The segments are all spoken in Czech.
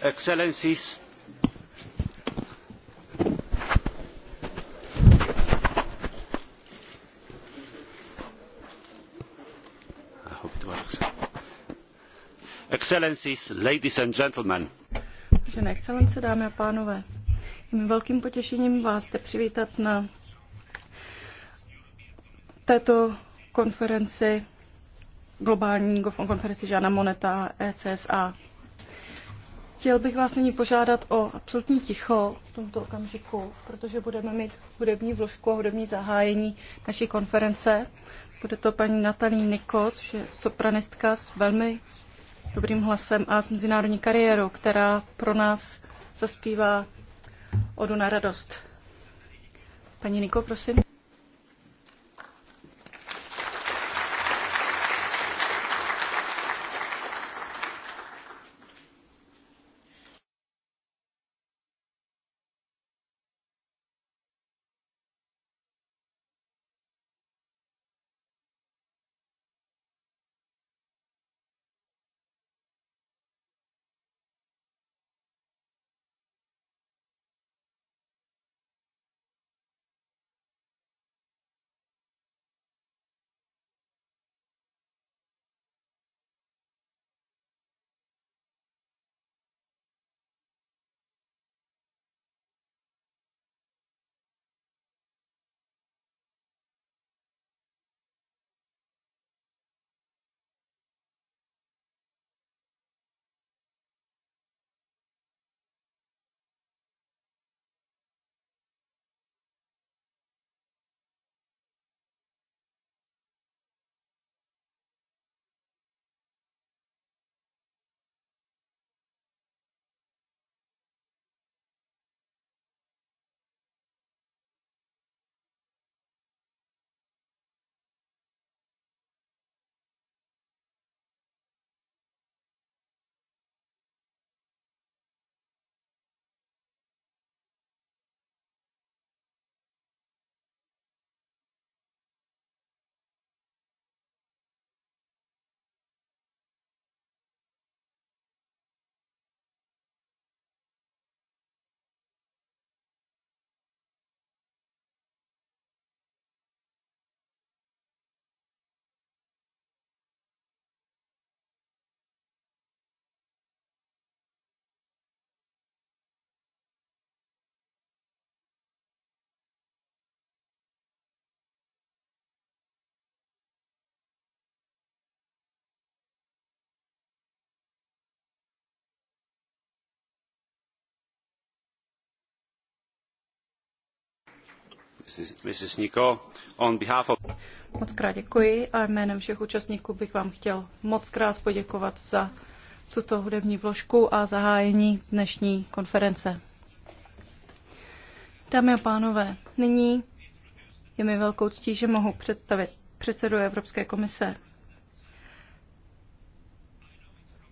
Excellencies, Excellencies, ladies and gentlemen. Vážené excelence, dámy a pánové, je mi velkým potěšením vás zde přivítat na této konferenci globální konferenci Žána Moneta ECSA. E Chtěl bych vás nyní požádat o absolutní ticho v tomto okamžiku, protože budeme mít hudební vložku a hudební zahájení naší konference. Bude to paní Natalí Niko, což je sopranistka s velmi dobrým hlasem a s mezinárodní kariérou, která pro nás zaspívá Odu na radost. Paní Niko, prosím. Moc krát děkuji a jménem všech účastníků bych vám chtěl moc krát poděkovat za tuto hudební vložku a zahájení dnešní konference. Dámy a pánové, nyní je mi velkou ctí, že mohu představit předsedu Evropské komise.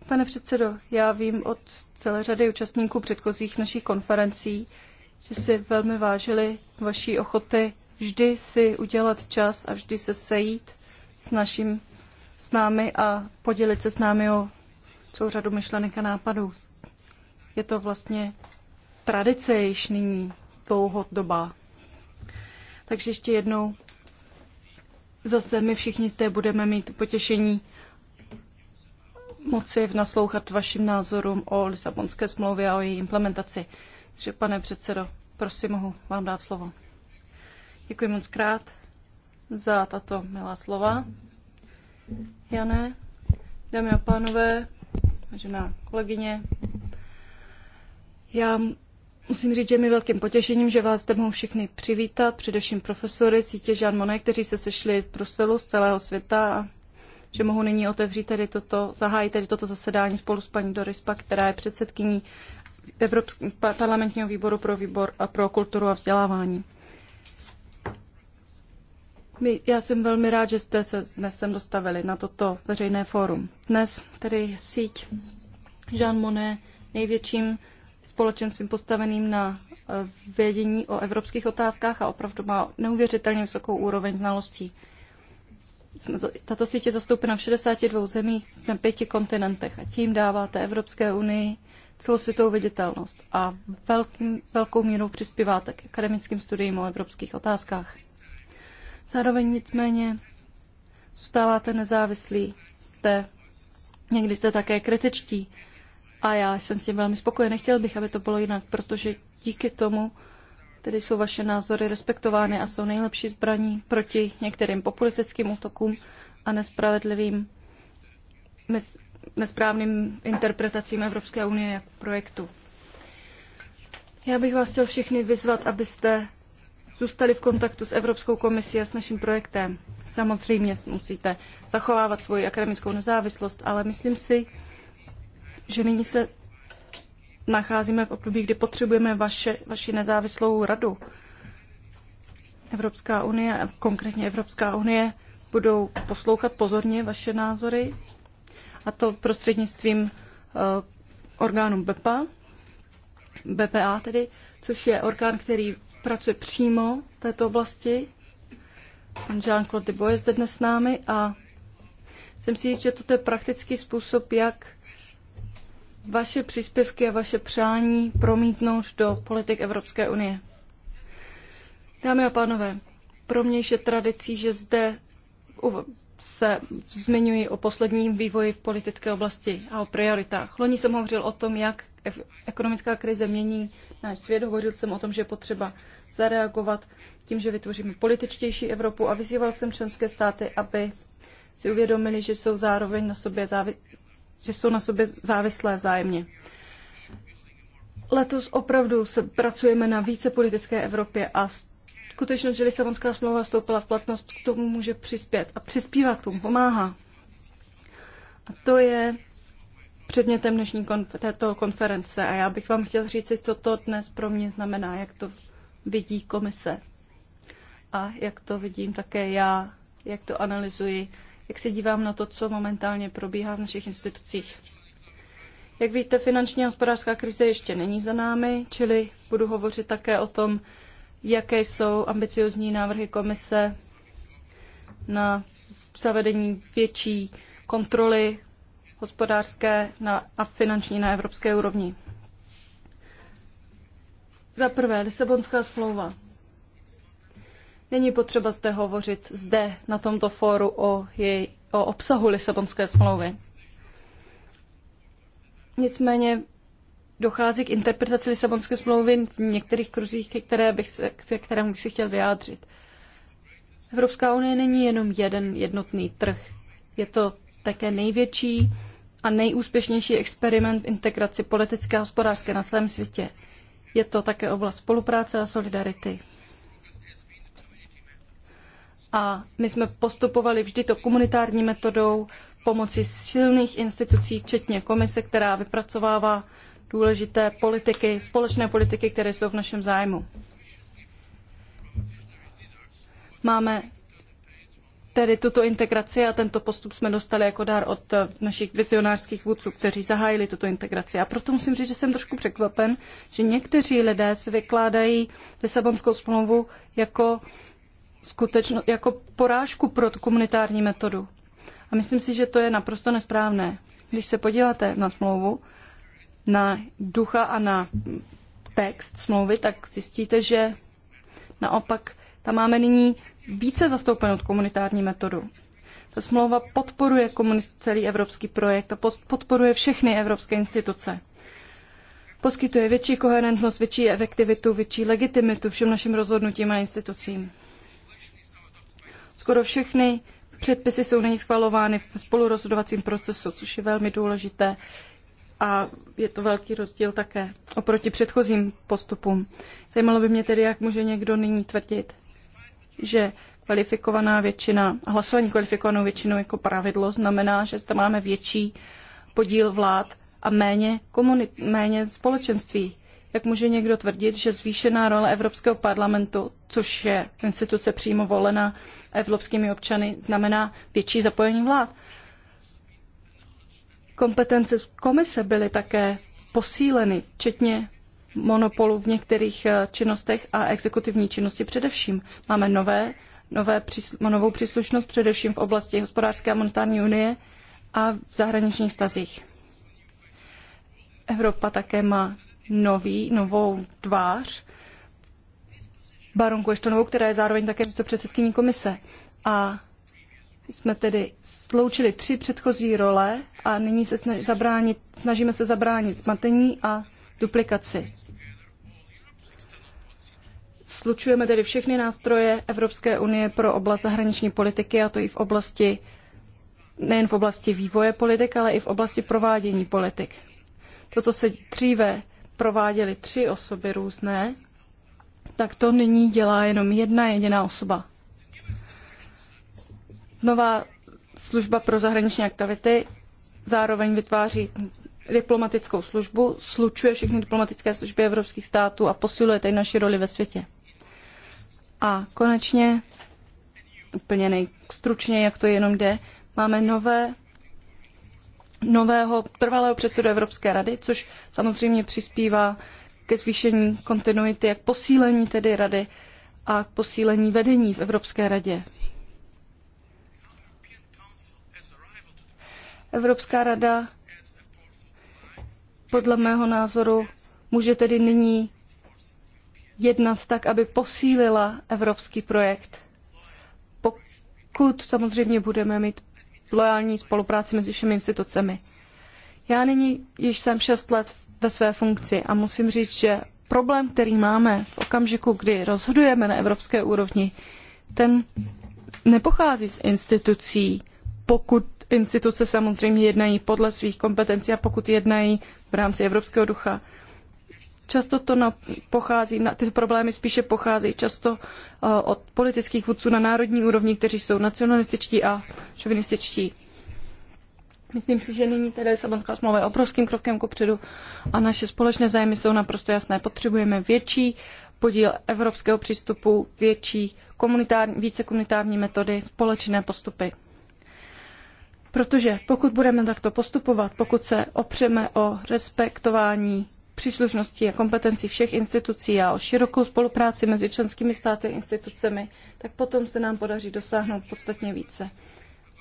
Pane předsedo, já vím od celé řady účastníků předchozích našich konferencí, že si velmi vážili vaší ochoty vždy si udělat čas a vždy se sejít s naším s námi a podělit se s námi o celou řadu myšlenek a nápadů. Je to vlastně tradice již nyní doba. Takže ještě jednou zase my všichni zde budeme mít potěšení moci naslouchat vašim názorům o Lisabonské smlouvě a o její implementaci že pane předsedo, prosím, mohu vám dát slovo. Děkuji moc krát za tato milá slova. Jane, dámy a pánové, vážená kolegyně, já musím říct, že je mi velkým potěšením, že vás zde mohu všichni přivítat, především profesory sítě Jean Monnet, kteří se sešli v Bruselu z celého světa a že mohu nyní otevřít tady toto, zahájit tady toto zasedání spolu s paní Doris Pak, která je předsedkyní Evropský parlamentního výboru pro, výbor, a pro kulturu a vzdělávání. My, já jsem velmi rád, že jste se dnes sem dostavili na toto veřejné fórum. Dnes tedy síť Jean Monnet největším společenstvím postaveným na eh, vědění o evropských otázkách a opravdu má neuvěřitelně vysokou úroveň znalostí. Tato síť je zastoupena v 62 zemích na pěti kontinentech a tím dává té Evropské unii celosvětovou viditelnost a velkým, velkou mírou přispíváte k akademickým studiím o evropských otázkách. Zároveň nicméně zůstáváte nezávislí, jste, někdy jste také kritičtí a já jsem s tím velmi spokojen. Nechtěl bych, aby to bylo jinak, protože díky tomu tedy jsou vaše názory respektovány a jsou nejlepší zbraní proti některým populistickým útokům a nespravedlivým nesprávným interpretacím Evropské unie jako projektu. Já bych vás chtěl všichni vyzvat, abyste zůstali v kontaktu s Evropskou komisí a s naším projektem. Samozřejmě musíte zachovávat svoji akademickou nezávislost, ale myslím si, že nyní se nacházíme v období, kdy potřebujeme vaše, vaši nezávislou radu. Evropská unie, konkrétně Evropská unie, budou poslouchat pozorně vaše názory a to prostřednictvím eh, orgánu BEPA, BPA tedy, což je orgán, který pracuje přímo v této oblasti. Pan Jean-Claude Debo je zde dnes s námi a jsem si jist, že toto je praktický způsob, jak vaše příspěvky a vaše přání promítnout do politik Evropské unie. Dámy a pánové, pro mě je tradicí, že zde se zmiňuji o posledním vývoji v politické oblasti a o prioritách. Loni jsem hovořil o tom, jak ekonomická krize mění náš svět. Hovořil jsem o tom, že je potřeba zareagovat tím, že vytvoříme političtější Evropu a vyzýval jsem členské státy, aby si uvědomili, že jsou zároveň na sobě, závi- že jsou na sobě závislé vzájemně. Letos opravdu se pracujeme na více politické Evropě a z Skutečnost, že Lisabonská smlouva vstoupila v platnost, k tomu může přispět a přispívá k tomu, pomáhá. A to je předmětem dnešní konf- této konference a já bych vám chtěl říct, co to dnes pro mě znamená, jak to vidí komise a jak to vidím také já, jak to analyzuji, jak se dívám na to, co momentálně probíhá v našich institucích. Jak víte, finanční a hospodářská krize ještě není za námi, čili budu hovořit také o tom, jaké jsou ambiciozní návrhy komise na zavedení větší kontroly hospodářské na, a finanční na evropské úrovni. Za prvé, Lisabonská smlouva. Není potřeba zde hovořit zde na tomto fóru o, jej, o obsahu Lisabonské smlouvy. Nicméně dochází k interpretaci Lisabonské smlouvy v některých kruzích, které bych se, k kterému bych se chtěl vyjádřit. Evropská unie není jenom jeden jednotný trh. Je to také největší a nejúspěšnější experiment v integraci politické a hospodářské na celém světě. Je to také oblast spolupráce a solidarity. A my jsme postupovali vždy to komunitární metodou pomocí silných institucí, včetně komise, která vypracovává důležité politiky, společné politiky, které jsou v našem zájmu. Máme tedy tuto integraci a tento postup jsme dostali jako dar od našich vizionářských vůdců, kteří zahájili tuto integraci. A proto musím říct, že jsem trošku překvapen, že někteří lidé si vykládají Lisabonskou smlouvu jako, skutečno, jako porážku pro tu komunitární metodu. A myslím si, že to je naprosto nesprávné. Když se podíváte na smlouvu na ducha a na text smlouvy, tak zjistíte, že naopak tam máme nyní více zastoupenou komunitární metodu. Ta smlouva podporuje celý evropský projekt a podporuje všechny evropské instituce. Poskytuje větší koherentnost, větší efektivitu, větší legitimitu všem našim rozhodnutím a institucím. Skoro všechny předpisy jsou nyní schvalovány v spolurozhodovacím procesu, což je velmi důležité a je to velký rozdíl také oproti předchozím postupům. Zajímalo by mě tedy, jak může někdo nyní tvrdit, že kvalifikovaná většina, hlasování kvalifikovanou většinou jako pravidlo znamená, že tam máme větší podíl vlád a méně, komunit, méně společenství. Jak může někdo tvrdit, že zvýšená role Evropského parlamentu, což je instituce přímo volena evropskými občany, znamená větší zapojení vlád? Kompetence komise byly také posíleny, včetně monopolu v některých eh, činnostech a exekutivní činnosti především. Máme nové, nové novou příslušnost především v oblasti hospodářské a monetární unie a v zahraničních stazích. Evropa také má nový, novou tvář, baronku Eštonovou, která je zároveň také místo předsedkyní komise. A jsme tedy sloučili tři předchozí role a nyní se snaž, zabránit, snažíme se zabránit zmatení a duplikaci. Slučujeme tedy všechny nástroje Evropské unie pro oblast zahraniční politiky, a to i v oblasti, nejen v oblasti vývoje politik, ale i v oblasti provádění politik. To, co se dříve prováděly tři osoby různé, tak to nyní dělá jenom jedna jediná osoba. Nová služba pro zahraniční aktivity zároveň vytváří diplomatickou službu, slučuje všechny diplomatické služby evropských států a posiluje tady naši roli ve světě. A konečně, úplně nejstručně, jak to jenom jde, máme nové, nového trvalého předsedu Evropské rady, což samozřejmě přispívá ke zvýšení kontinuity, jak posílení tedy rady a posílení vedení v Evropské radě. Evropská rada podle mého názoru může tedy nyní jednat tak, aby posílila evropský projekt. Pokud samozřejmě budeme mít loajální spolupráci mezi všemi institucemi. Já nyní již jsem 6 let ve své funkci a musím říct, že problém, který máme v okamžiku, kdy rozhodujeme na evropské úrovni, ten nepochází z institucí, pokud instituce samozřejmě jednají podle svých kompetencí a pokud jednají v rámci evropského ducha, často to na, pochází, na, ty problémy spíše pocházejí často uh, od politických vůdců na národní úrovni, kteří jsou nacionalističtí a šovinističtí. Myslím si, že nyní tedy Lisabonská smlouva je obrovským krokem kopředu a naše společné zájmy jsou naprosto jasné. Potřebujeme větší podíl evropského přístupu, větší komunitární, více komunitární metody, společné postupy. Protože pokud budeme takto postupovat, pokud se opřeme o respektování příslušnosti a kompetenci všech institucí a o širokou spolupráci mezi členskými státy a institucemi, tak potom se nám podaří dosáhnout podstatně více.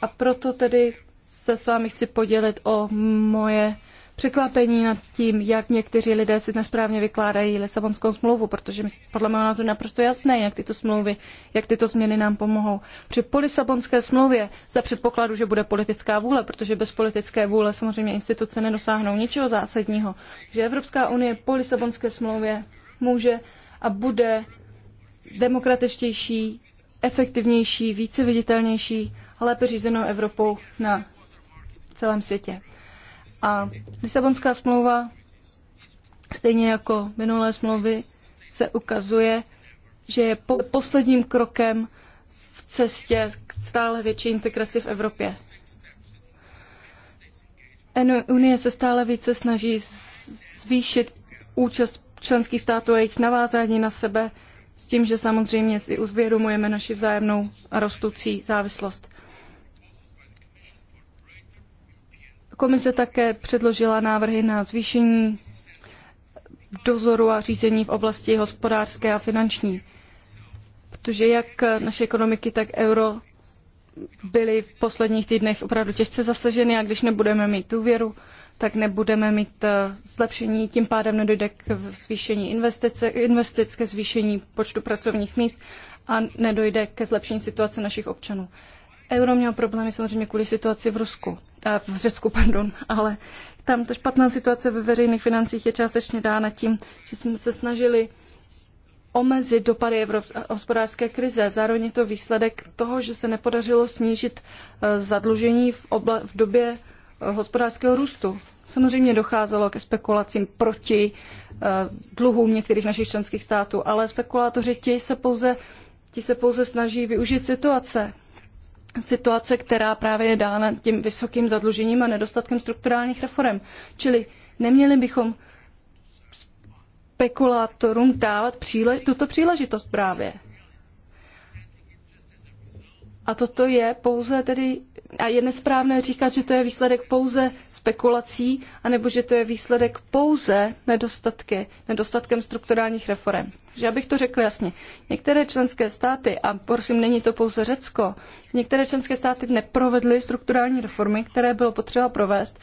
A proto tedy se s vámi chci podělit o moje překvapení nad tím, jak někteří lidé si nesprávně vykládají Lisabonskou smlouvu, protože podle mého názoru naprosto jasné, jak tyto smlouvy, jak tyto změny nám pomohou. Při polisabonské smlouvě za předpokladu, že bude politická vůle, protože bez politické vůle samozřejmě instituce nedosáhnou ničeho zásadního, že Evropská unie po Lisabonské smlouvě může a bude demokratičtější, efektivnější, více viditelnější a lépe řízenou Evropou na celém světě. A Lisabonská smlouva, stejně jako minulé smlouvy, se ukazuje, že je po- posledním krokem v cestě k stále větší integraci v Evropě. Unie se stále více snaží zvýšit účast členských států a jejich navázání na sebe s tím, že samozřejmě si uzvědomujeme naši vzájemnou a rostoucí závislost. Komise také předložila návrhy na zvýšení dozoru a řízení v oblasti hospodářské a finanční, protože jak naše ekonomiky, tak euro byly v posledních týdnech opravdu těžce zasaženy a když nebudeme mít důvěru, tak nebudeme mít eh, zlepšení, tím pádem nedojde k zvýšení investice, investice, ke zvýšení počtu pracovních míst a nedojde ke zlepšení situace našich občanů. Euro mělo problémy samozřejmě kvůli situaci v Rusku, eh, v Řecku, pardon, ale tam ta špatná situace ve veřejných financích je částečně dána tím, že jsme se snažili omezit dopady hospodářské krize. Zároveň je to výsledek toho, že se nepodařilo snížit eh, zadlužení v, obla- v době eh, hospodářského růstu. Samozřejmě docházelo ke spekulacím proti dluhům některých našich členských států, ale spekulátoři ti se pouze, ti se pouze snaží využít situace situace, která právě je dána tím vysokým zadlužením a nedostatkem strukturálních reform. Čili neměli bychom spekulátorům dávat příle- tuto příležitost právě. A toto je pouze tedy, a je nesprávné říkat, že to je výsledek pouze spekulací, anebo že to je výsledek pouze nedostatky, nedostatkem strukturálních reform. Že abych to řekl jasně, některé členské státy, a prosím, není to pouze Řecko, některé členské státy neprovedly strukturální reformy, které bylo potřeba provést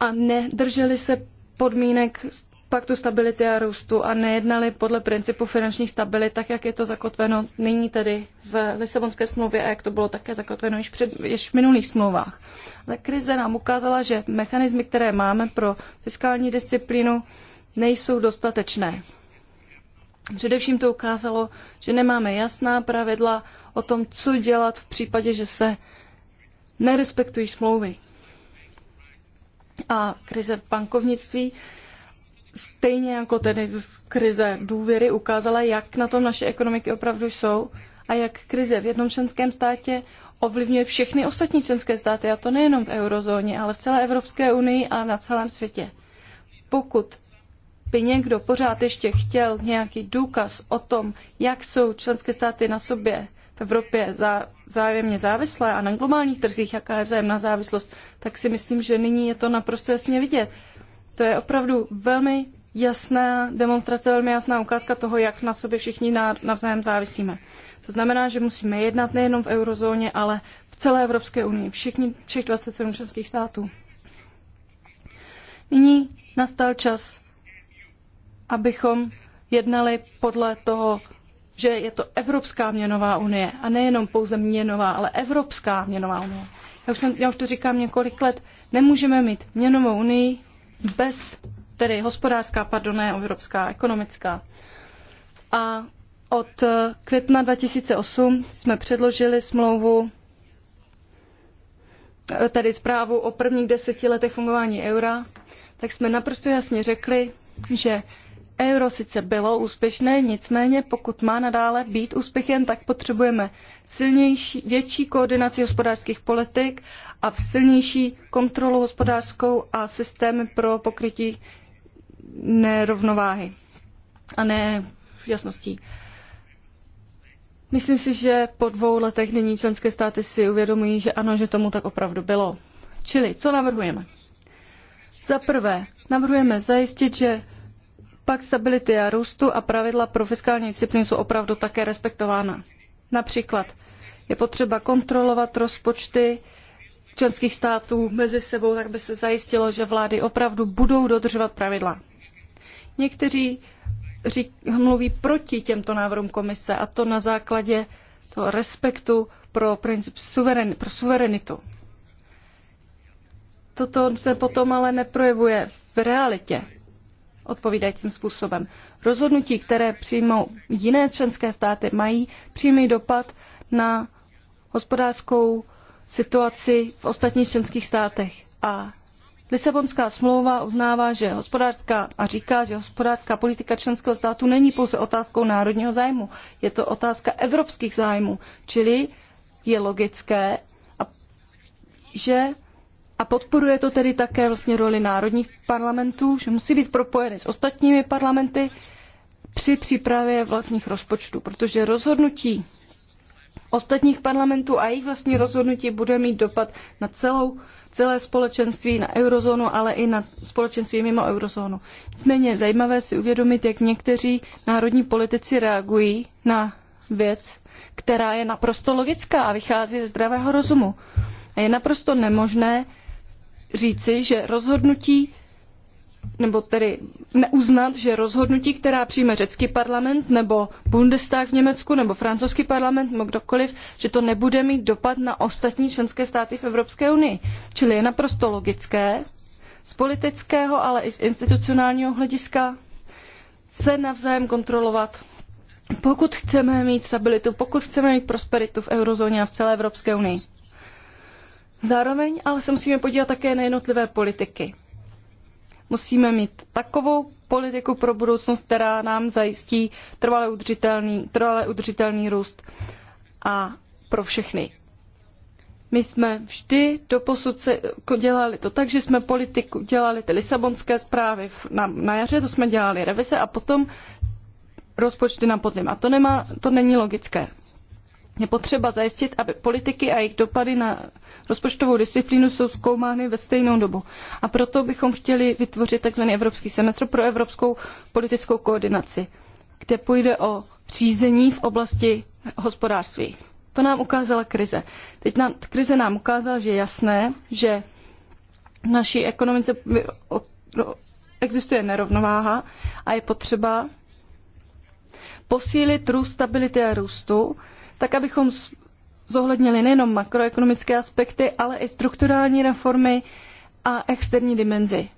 a nedrželi se podmínek paktu stability a růstu a nejednali podle principu finanční stability, tak jak je to zakotveno nyní tedy v Lisabonské smlouvě a jak to bylo také zakotveno již, před, již v minulých smlouvách. Ale krize nám ukázala, že mechanismy, které máme pro fiskální disciplínu, nejsou dostatečné. Především to ukázalo, že nemáme jasná pravidla o tom, co dělat v případě, že se nerespektují smlouvy. A krize v bankovnictví stejně jako tedy krize důvěry ukázala, jak na tom naše ekonomiky opravdu jsou a jak krize v jednom členském státě ovlivňuje všechny ostatní členské státy, a to nejenom v eurozóně, ale v celé Evropské unii a na celém světě. Pokud by někdo pořád ještě chtěl nějaký důkaz o tom, jak jsou členské státy na sobě v Evropě zá, zájemně závislé a na globálních trzích, jaká je vzájemná závislost, tak si myslím, že nyní je to naprosto jasně vidět. To je opravdu velmi jasná demonstrace, velmi jasná ukázka toho, jak na sobě všichni navzájem závisíme. To znamená, že musíme jednat nejenom v eurozóně, ale v celé Evropské unii, všichni, všech 27 členských států. Nyní nastal čas, abychom jednali podle toho, že je to Evropská měnová unie a nejenom pouze měnová, ale Evropská měnová unie. Já už, jsem, já už to říkám několik let, nemůžeme mít měnovou unii, bez, tedy hospodářská, pardon, ne evropská, ekonomická. A od eh, května 2008 jsme předložili smlouvu, eh, tedy zprávu o prvních deseti letech fungování eura, tak jsme naprosto jasně řekli, že Euro sice bylo úspěšné, nicméně pokud má nadále být úspěchem, tak potřebujeme silnější, větší koordinaci hospodářských politik a silnější kontrolu hospodářskou a systémy pro pokrytí nerovnováhy a ne jasností. Myslím si, že po dvou letech nyní členské státy si uvědomují, že ano, že tomu tak opravdu bylo. Čili, co navrhujeme? Za prvé, navrhujeme zajistit, že pak stability a růstu a pravidla pro fiskální disciplínu jsou opravdu také respektována. Například je potřeba kontrolovat rozpočty členských států mezi sebou, tak by se zajistilo, že vlády opravdu budou dodržovat pravidla. Někteří řík, mluví proti těmto návrhům komise a to na základě toho respektu pro princip suveren, pro suverenitu. Toto se potom ale neprojevuje v realitě odpovídajícím způsobem. Rozhodnutí, které přijmou jiné členské státy, mají přímý dopad na hospodářskou situaci v ostatních členských státech. A Lisabonská smlouva uznává, že hospodářská a říká, že hospodářská politika členského státu není pouze otázkou národního zájmu, je to otázka evropských zájmů, čili je logické, že a podporuje to tedy také vlastně roli národních parlamentů, že musí být propojeny s ostatními parlamenty při přípravě vlastních rozpočtů, protože rozhodnutí ostatních parlamentů a jejich vlastní rozhodnutí bude mít dopad na celou, celé společenství, na eurozónu, ale i na společenství mimo eurozónu. Nicméně je zajímavé si uvědomit, jak někteří národní politici reagují na věc, která je naprosto logická a vychází ze zdravého rozumu. A je naprosto nemožné říci, že rozhodnutí nebo tedy neuznat, že rozhodnutí, která přijme řecký parlament nebo Bundestag v Německu nebo francouzský parlament nebo kdokoliv, že to nebude mít dopad na ostatní členské státy v Evropské unii. Čili je naprosto logické z politického, ale i z institucionálního hlediska se navzájem kontrolovat. Pokud chceme mít stabilitu, pokud chceme mít prosperitu v eurozóně a v celé Evropské unii. Zároveň ale se musíme podívat také na jednotlivé politiky. Musíme mít takovou politiku pro budoucnost, která nám zajistí trvalé udržitelný, trvalé udržitelný růst a pro všechny. My jsme vždy do posud se jako dělali to tak, že jsme politiku dělali ty lisabonské zprávy na, na jaře, to jsme dělali revize a potom rozpočty na podzim. A to, nemá, to není logické. Je potřeba zajistit, aby politiky a jejich dopady na rozpočtovou disciplínu jsou zkoumány ve stejnou dobu. A proto bychom chtěli vytvořit tzv. evropský semestr pro evropskou politickou koordinaci, kde půjde o řízení v oblasti hospodářství. To nám ukázala krize. Teď nám, krize nám ukázala, že je jasné, že v naší ekonomice existuje nerovnováha a je potřeba posílit růst stability a růstu, tak abychom zohlednili nejenom makroekonomické aspekty, ale i strukturální reformy a externí dimenzi.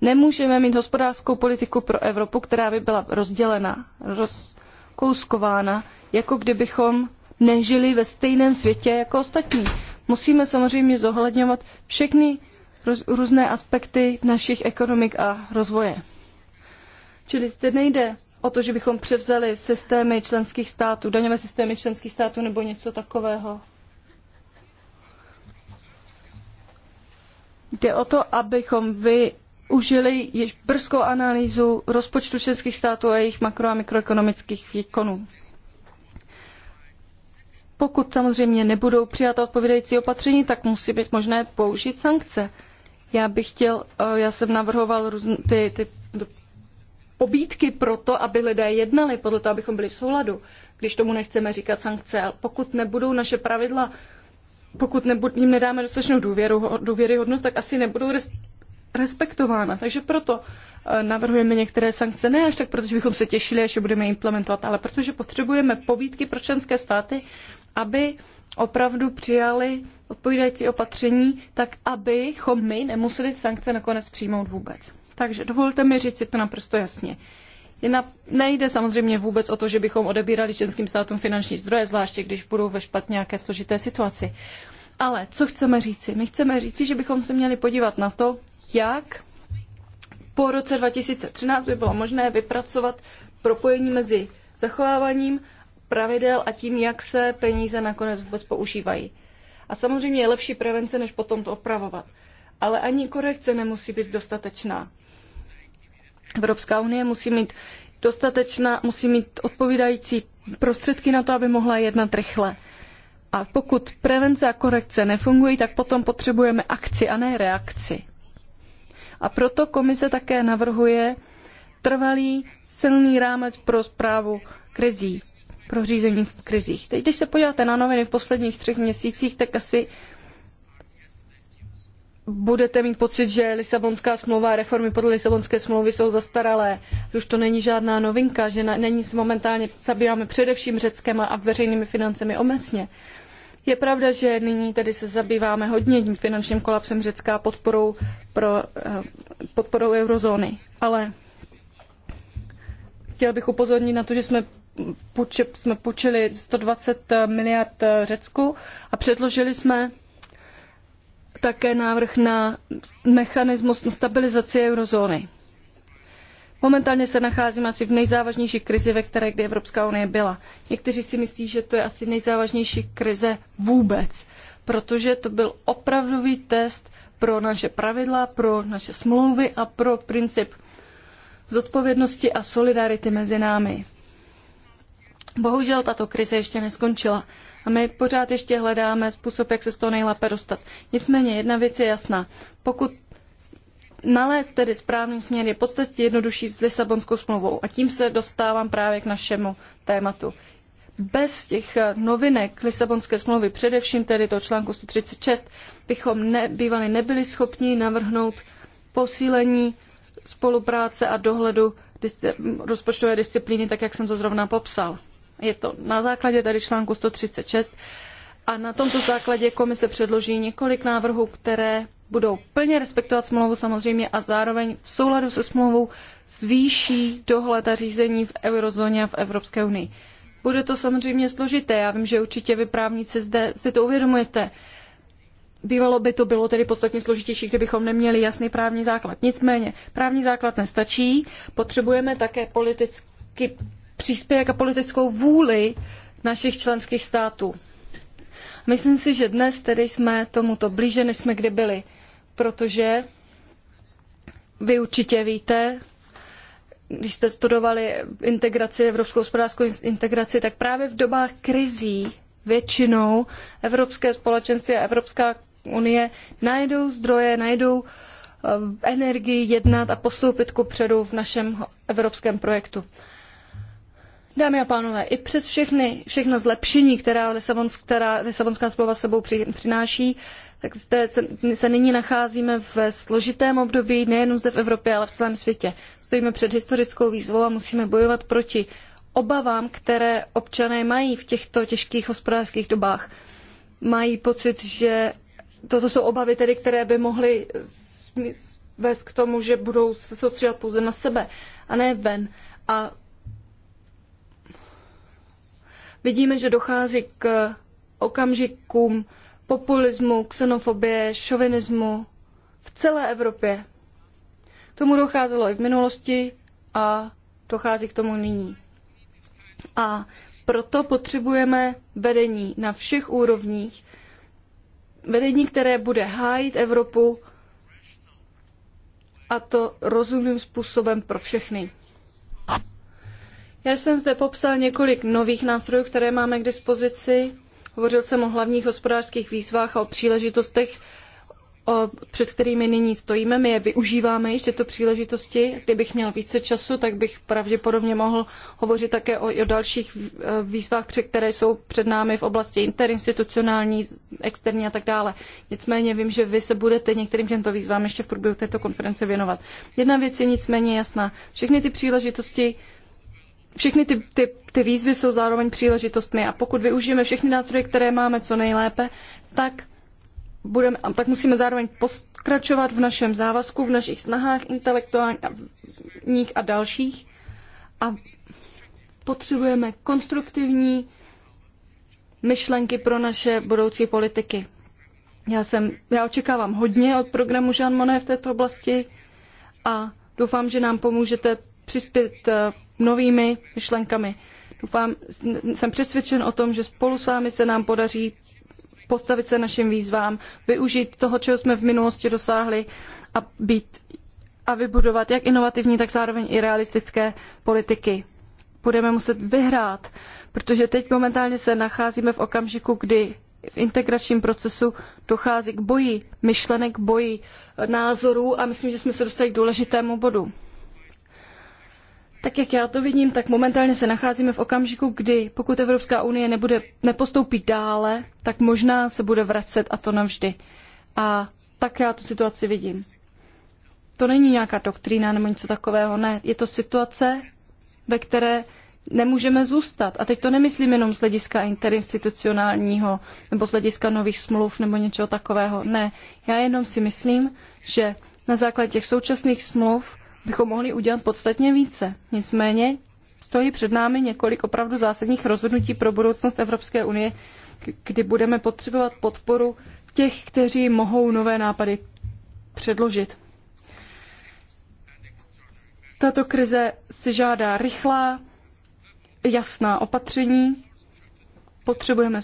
Nemůžeme mít hospodářskou politiku pro Evropu, která by byla rozdělena, rozkouskována, jako kdybychom nežili ve stejném světě jako ostatní. Musíme samozřejmě zohledňovat všechny roz, různé aspekty našich ekonomik a rozvoje. Čili zde nejde o to, že bychom převzali systémy členských států, daňové systémy členských států nebo něco takového. Jde o to, abychom využili již brzkou analýzu rozpočtu členských států a jejich makro- a mikroekonomických výkonů. Pokud samozřejmě nebudou přijata odpovídající opatření, tak musí být možné použít sankce. Já bych chtěl, eh, já jsem navrhoval různ, ty, ty pobídky pro to, aby lidé jednali, podle toho, abychom byli v souladu, když tomu nechceme říkat sankce. Ale pokud nebudou naše pravidla, pokud nebud, jim nedáme dostatečnou důvěru, důvěryhodnost, tak asi nebudou res, respektována. Takže proto eh, navrhujeme některé sankce, ne až tak, protože bychom se těšili, až je budeme implementovat, ale protože potřebujeme pobídky pro členské státy, aby opravdu přijali odpovídající opatření, tak abychom my nemuseli sankce nakonec přijmout vůbec. Takže dovolte mi říct si to naprosto jasně. Jedna, nejde samozřejmě vůbec o to, že bychom odebírali členským státům finanční zdroje, zvláště když budou ve špatně nějaké složité situaci. Ale co chceme říci? My chceme říci, že bychom se měli podívat na to, jak po roce 2013 by bylo možné vypracovat propojení mezi zachováváním pravidel a tím, jak se peníze nakonec vůbec používají. A samozřejmě je lepší prevence, než potom to opravovat. Ale ani korekce nemusí být dostatečná. Evropská unie musí mít dostatečná, musí mít odpovídající prostředky na to, aby mohla jednat rychle. A pokud prevence a korekce nefungují, tak potom potřebujeme akci a ne reakci. A proto komise také navrhuje trvalý silný rámec pro zprávu krizí, pro řízení v krizích. Teď, když se podíváte na noviny v posledních třech měsících, tak asi budete mít pocit, že Lisabonská smlouva a reformy podle Lisabonské smlouvy jsou zastaralé. Už to není žádná novinka, že na, není momentálně zabýváme především Řeckem a veřejnými financemi obecně. Je pravda, že nyní tedy se zabýváme hodně tím finančním kolapsem Řecka a podporou, pro, eh, podporou eurozóny. Ale chtěl bych upozornit na to, že jsme půjčili 120 miliard eh, Řecku a předložili jsme také návrh na mechanismus na stabilizaci eurozóny. Momentálně se nacházíme asi v nejzávažnější krizi, ve které kdy Evropská unie byla. Někteří si myslí, že to je asi nejzávažnější krize vůbec, protože to byl opravdový test pro naše pravidla, pro naše smlouvy a pro princip zodpovědnosti a solidarity mezi námi. Bohužel tato krize ještě neskončila. A my pořád ještě hledáme způsob, jak se z toho nejlépe dostat. Nicméně jedna věc je jasná. Pokud nalézt tedy správný směr je podstatě jednodušší s Lisabonskou smlouvou. A tím se dostávám právě k našemu tématu. Bez těch eh, novinek Lisabonské smlouvy, především tedy toho článku 136, bychom ne, bývali nebyli schopni navrhnout posílení spolupráce a dohledu rozpočtové disciplíny, tak jak jsem to zrovna popsal. Je to na základě tady článku 136 a na tomto základě komise předloží několik návrhů, které budou plně respektovat smlouvu samozřejmě a zároveň v souladu se smlouvou zvýší dohled a řízení v eurozóně a v Evropské unii. Bude to samozřejmě složité, já vím, že určitě vy právníci zde si to uvědomujete. Bývalo by to bylo tedy podstatně složitější, kdybychom neměli jasný právní základ. Nicméně právní základ nestačí, potřebujeme také politicky příspěvek a politickou vůli našich členských států. Myslím si, že dnes tedy jsme tomuto blíže, než jsme kdy byli, protože vy určitě víte, když jste studovali integraci, evropskou hospodářskou integraci, tak právě v dobách krizí většinou evropské společenství a Evropská unie najdou zdroje, najdou eh, energii jednat a postoupit ku předu v našem evropském projektu. Dámy a pánové, i přes všechny, všechna zlepšení, která, Lisabons, která Lisabonská smlouva sebou při, přináší, tak zde se, se nyní nacházíme v složitém období, nejen zde v Evropě, ale v celém světě. Stojíme před historickou výzvou a musíme bojovat proti obavám, které občané mají v těchto těžkých hospodářských dobách. Mají pocit, že toto jsou obavy, tedy, které by mohly vést k tomu, že budou se soustředit pouze na sebe a ne ven. A Vidíme, že dochází k okamžikům populismu, xenofobie, šovinismu v celé Evropě. K tomu docházelo i v minulosti a dochází k tomu nyní. A proto potřebujeme vedení na všech úrovních, vedení, které bude hájit Evropu a to rozumným způsobem pro všechny. Já jsem zde popsal několik nových nástrojů, které máme k dispozici. Hovořil jsem o hlavních hospodářských výzvách a o příležitostech, o, před kterými nyní stojíme. My je využíváme již tyto příležitosti. Kdybych měl více času, tak bych pravděpodobně mohl hovořit také o, o dalších e, výzvách, které jsou před námi v oblasti interinstitucionální, externí a tak dále. Nicméně vím, že vy se budete některým těmto výzvám ještě v průběhu této konference věnovat. Jedna věc je nicméně jasná. Všechny ty příležitosti všechny ty, ty, ty výzvy jsou zároveň příležitostmi a pokud využijeme všechny nástroje, které máme co nejlépe, tak, budeme, tak musíme zároveň pokračovat v našem závazku, v našich snahách intelektuálních a dalších a potřebujeme konstruktivní myšlenky pro naše budoucí politiky. Já, jsem, já očekávám hodně od programu Jean Monnet v této oblasti a doufám, že nám pomůžete přispět eh, novými myšlenkami. Doufám, jsem přesvědčen o tom, že spolu s vámi se nám podaří postavit se našim výzvám, využít toho, čeho jsme v minulosti dosáhli a být a vybudovat jak inovativní, tak zároveň i realistické politiky. Budeme muset vyhrát, protože teď momentálně se nacházíme v okamžiku, kdy v integračním procesu dochází k boji myšlenek, boji názorů a myslím, že jsme se dostali k důležitému bodu. Tak jak já to vidím, tak momentálně se nacházíme v okamžiku, kdy pokud Evropská unie nebude, nepostoupí dále, tak možná se bude vracet a to navždy. A tak já tu situaci vidím. To není nějaká doktrína nebo něco takového, ne. Je to situace, ve které nemůžeme zůstat. A teď to nemyslím jenom z hlediska interinstitucionálního nebo z hlediska nových smluv nebo něčeho takového. Ne, já jenom si myslím, že na základě těch současných smluv bychom mohli udělat podstatně více. Nicméně stojí před námi několik opravdu zásadních rozhodnutí pro budoucnost Evropské unie, kdy budeme potřebovat podporu těch, kteří mohou nové nápady předložit. Tato krize si žádá rychlá, jasná opatření, potřebujeme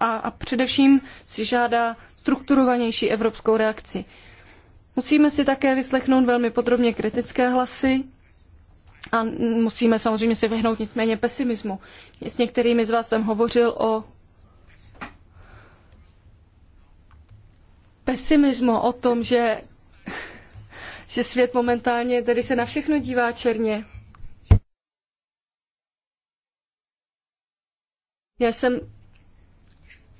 a, a především si žádá strukturovanější evropskou reakci. Musíme si také vyslechnout velmi podrobně kritické hlasy a musíme samozřejmě si vyhnout nicméně pesimismu. S některými z vás jsem hovořil o pesimismu, o tom, že, že svět momentálně tedy se na všechno dívá černě. Já jsem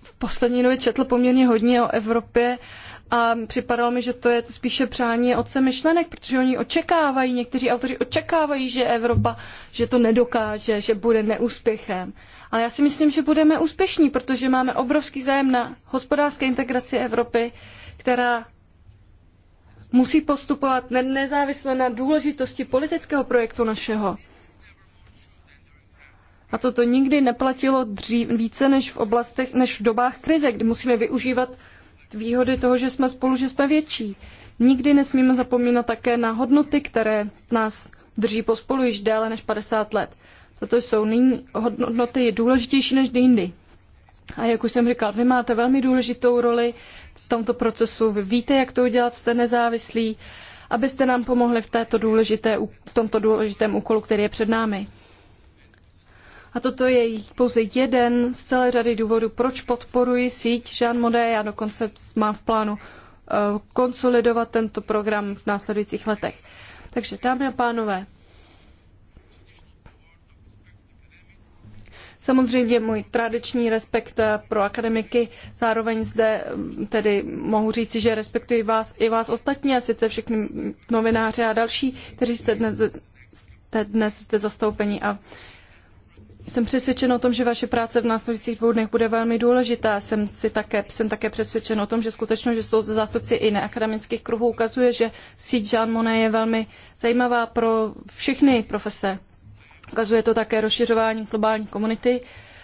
v poslední době četl poměrně hodně o Evropě a připadalo mi, že to je spíše přání otce myšlenek, protože oni očekávají, někteří autoři očekávají, že Evropa, že to nedokáže, že bude neúspěchem. Ale já si myslím, že budeme úspěšní, protože máme obrovský zájem na hospodářské integraci Evropy, která musí postupovat nezávisle na důležitosti politického projektu našeho. A toto nikdy neplatilo dřív, více než v oblastech, než v dobách krize, kdy musíme využívat výhody toho, že jsme spolu, že jsme větší. Nikdy nesmíme zapomínat také na hodnoty, které nás drží pospolu již déle než 50 let. Toto jsou nyní hodnoty důležitější než jindy. A jak už jsem říkal, vy máte velmi důležitou roli v tomto procesu. Vy víte, jak to udělat, jste nezávislí, abyste nám pomohli v, této důležité, v tomto důležitém úkolu, který je před námi. A toto je pouze jeden z celé řady důvodů, proč podporuji síť Jean Modé. Já dokonce mám v plánu eh, konsolidovat tento program v následujících letech. Takže dámy a pánové, Samozřejmě můj tradiční respekt eh, pro akademiky, zároveň zde hm, tedy mohu říci, že respektuji vás i vás ostatní, a sice všechny novináře a další, kteří jste dnes, jste dnes zde zastoupeni a jsem přesvědčen o tom, že vaše práce v následujících dvou dnech bude velmi důležitá. Jsem, si také, jsem také přesvědčen o tom, že skutečnost, že jsou zástupci i neakademických kruhů, ukazuje, že síť Jean Monnet je velmi zajímavá pro všechny profese. Ukazuje to také rozšiřování globální komunity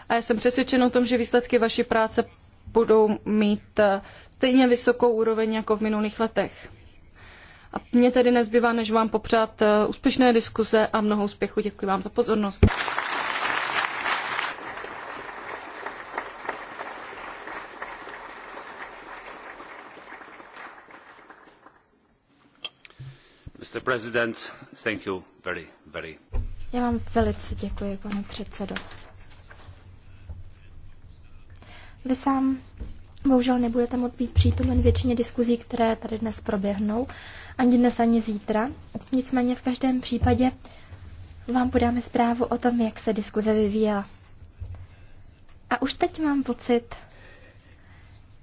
a já jsem přesvědčen o tom, že výsledky vaší práce budou mít eh, stejně vysokou úroveň jako v minulých letech. A mně tedy nezbývá, než vám popřát eh, úspěšné diskuze a mnoho úspěchu. Děkuji vám za pozornost. Mr. President, thank you very, very. Já vám velice děkuji, pane předsedo. Vy sám bohužel nebudete moct být přítomen většině diskuzí, které tady dnes proběhnou, ani dnes, ani zítra. Nicméně v každém případě vám podáme zprávu o tom, jak se diskuze vyvíjela. A už teď mám pocit,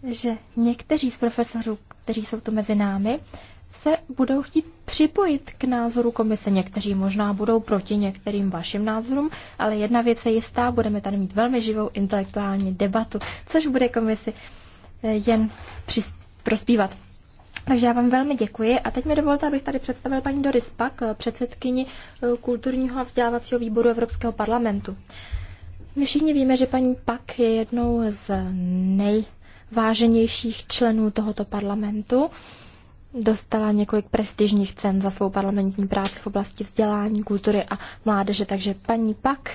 že někteří z profesorů, kteří jsou tu mezi námi, se budou chtít připojit k názoru komise. Někteří možná budou proti některým vašim názorům, ale jedna věc je jistá, budeme tady mít velmi živou intelektuální debatu, což bude komisi eh, jen prospívat. Takže já vám velmi děkuji a teď mi dovolte, abych tady představil paní Doris Pak, eh, předsedkyni eh, Kulturního a vzdělávacího výboru Evropského parlamentu. My všichni víme, že paní Pak je jednou z nejváženějších členů tohoto parlamentu. Dostala několik prestižních cen za svou parlamentní práci v oblasti vzdělání, kultury a mládeže, takže paní Pak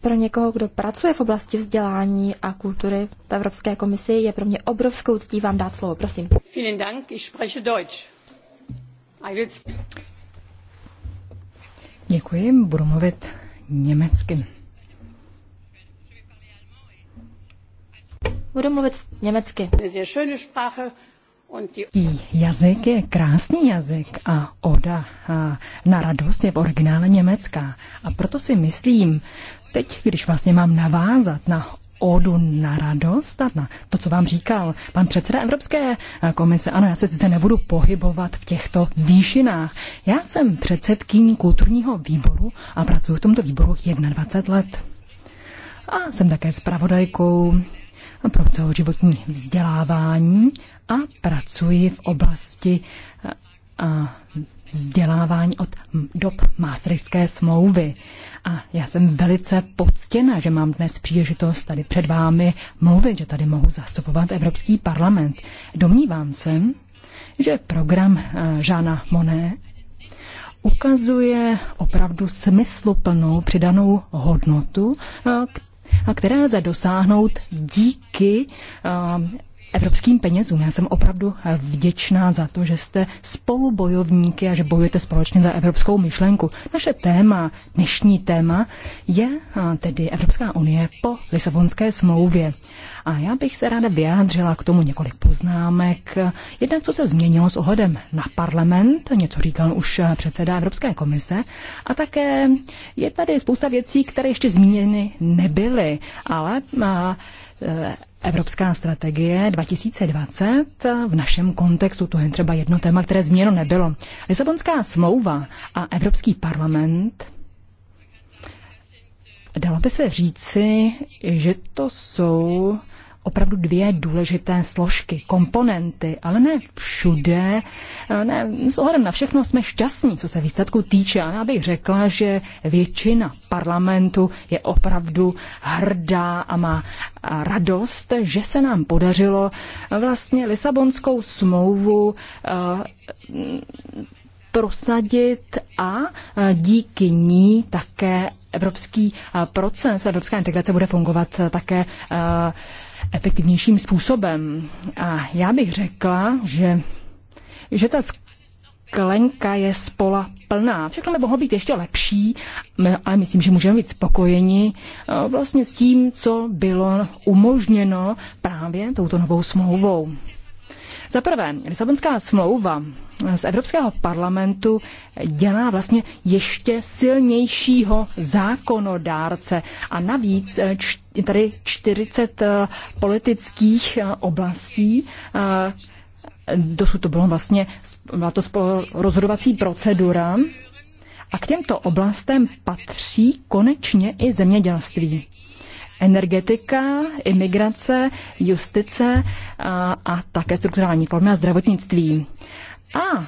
pro někoho, kdo pracuje v oblasti vzdělání a kultury v Evropské komisi, je pro mě obrovskou ctí vám dát slovo. Prosím. Vielen Dank, ich spreche Deutsch. Děkuji, budu mluvit německy. Budu mluvit německy. Jazyk je krásný jazyk a oda a na radost je v originále německá. A proto si myslím, teď, když vlastně mám navázat na odu na radost a na to, co vám říkal pan předseda Evropské komise. Ano, já se zde nebudu pohybovat v těchto výšinách. Já jsem předsedkyní kulturního výboru a pracuji v tomto výboru 21 let. A jsem také zpravodajkou pro celoživotní vzdělávání a pracuji v oblasti eh, a vzdělávání od dob Maastrichtské smlouvy. A já jsem velice poctěna, že mám dnes příležitost tady před vámi mluvit, že tady mohu zastupovat Evropský parlament. Domnívám se, že program eh, Žána Moné ukazuje opravdu smysluplnou přidanou hodnotu, eh, které lze dosáhnout díky evropským penězům. Já jsem opravdu eh, vděčná za to, že jste spolubojovníky a že bojujete společně za evropskou myšlenku. Naše téma, dnešní téma, je eh, tedy Evropská unie po Lisabonské smlouvě. A já bych se ráda vyjádřila k tomu několik poznámek. Jednak, co se změnilo s ohledem na parlament, něco říkal už eh, předseda Evropské komise, a také je tady spousta věcí, které ještě zmíněny nebyly, ale a, Eh, Evropská strategie 2020 v našem kontextu, to je třeba jedno téma, které změno nebylo. Lisabonská smlouva a Evropský parlament, dalo by se říci, že to jsou opravdu dvě důležité složky, komponenty, ale ne všude. Ne, s ohledem na všechno jsme šťastní, co se výsledku týče. A já bych řekla, že většina parlamentu je opravdu hrdá a má radost, že se nám podařilo vlastně Lisabonskou smlouvu eh, prosadit a eh, díky ní také evropský eh, proces, evropská integrace bude fungovat také efektivnějším způsobem. A já bych řekla, že, že ta sklenka je spola plná. Všechno by mohlo být ještě lepší, ale myslím, že můžeme být spokojeni eh, vlastně s tím, co bylo umožněno právě touto novou smlouvou. Za prvé, Lisabonská smlouva z Evropského parlamentu dělá vlastně ještě silnějšího zákonodárce a navíc eh, tady 40 eh, politických eh, oblastí Dosud to bylo vlastně, byla to rozhodovací procedura a k těmto oblastem patří konečně i zemědělství energetika, imigrace, justice a, a také strukturální formy a zdravotnictví. A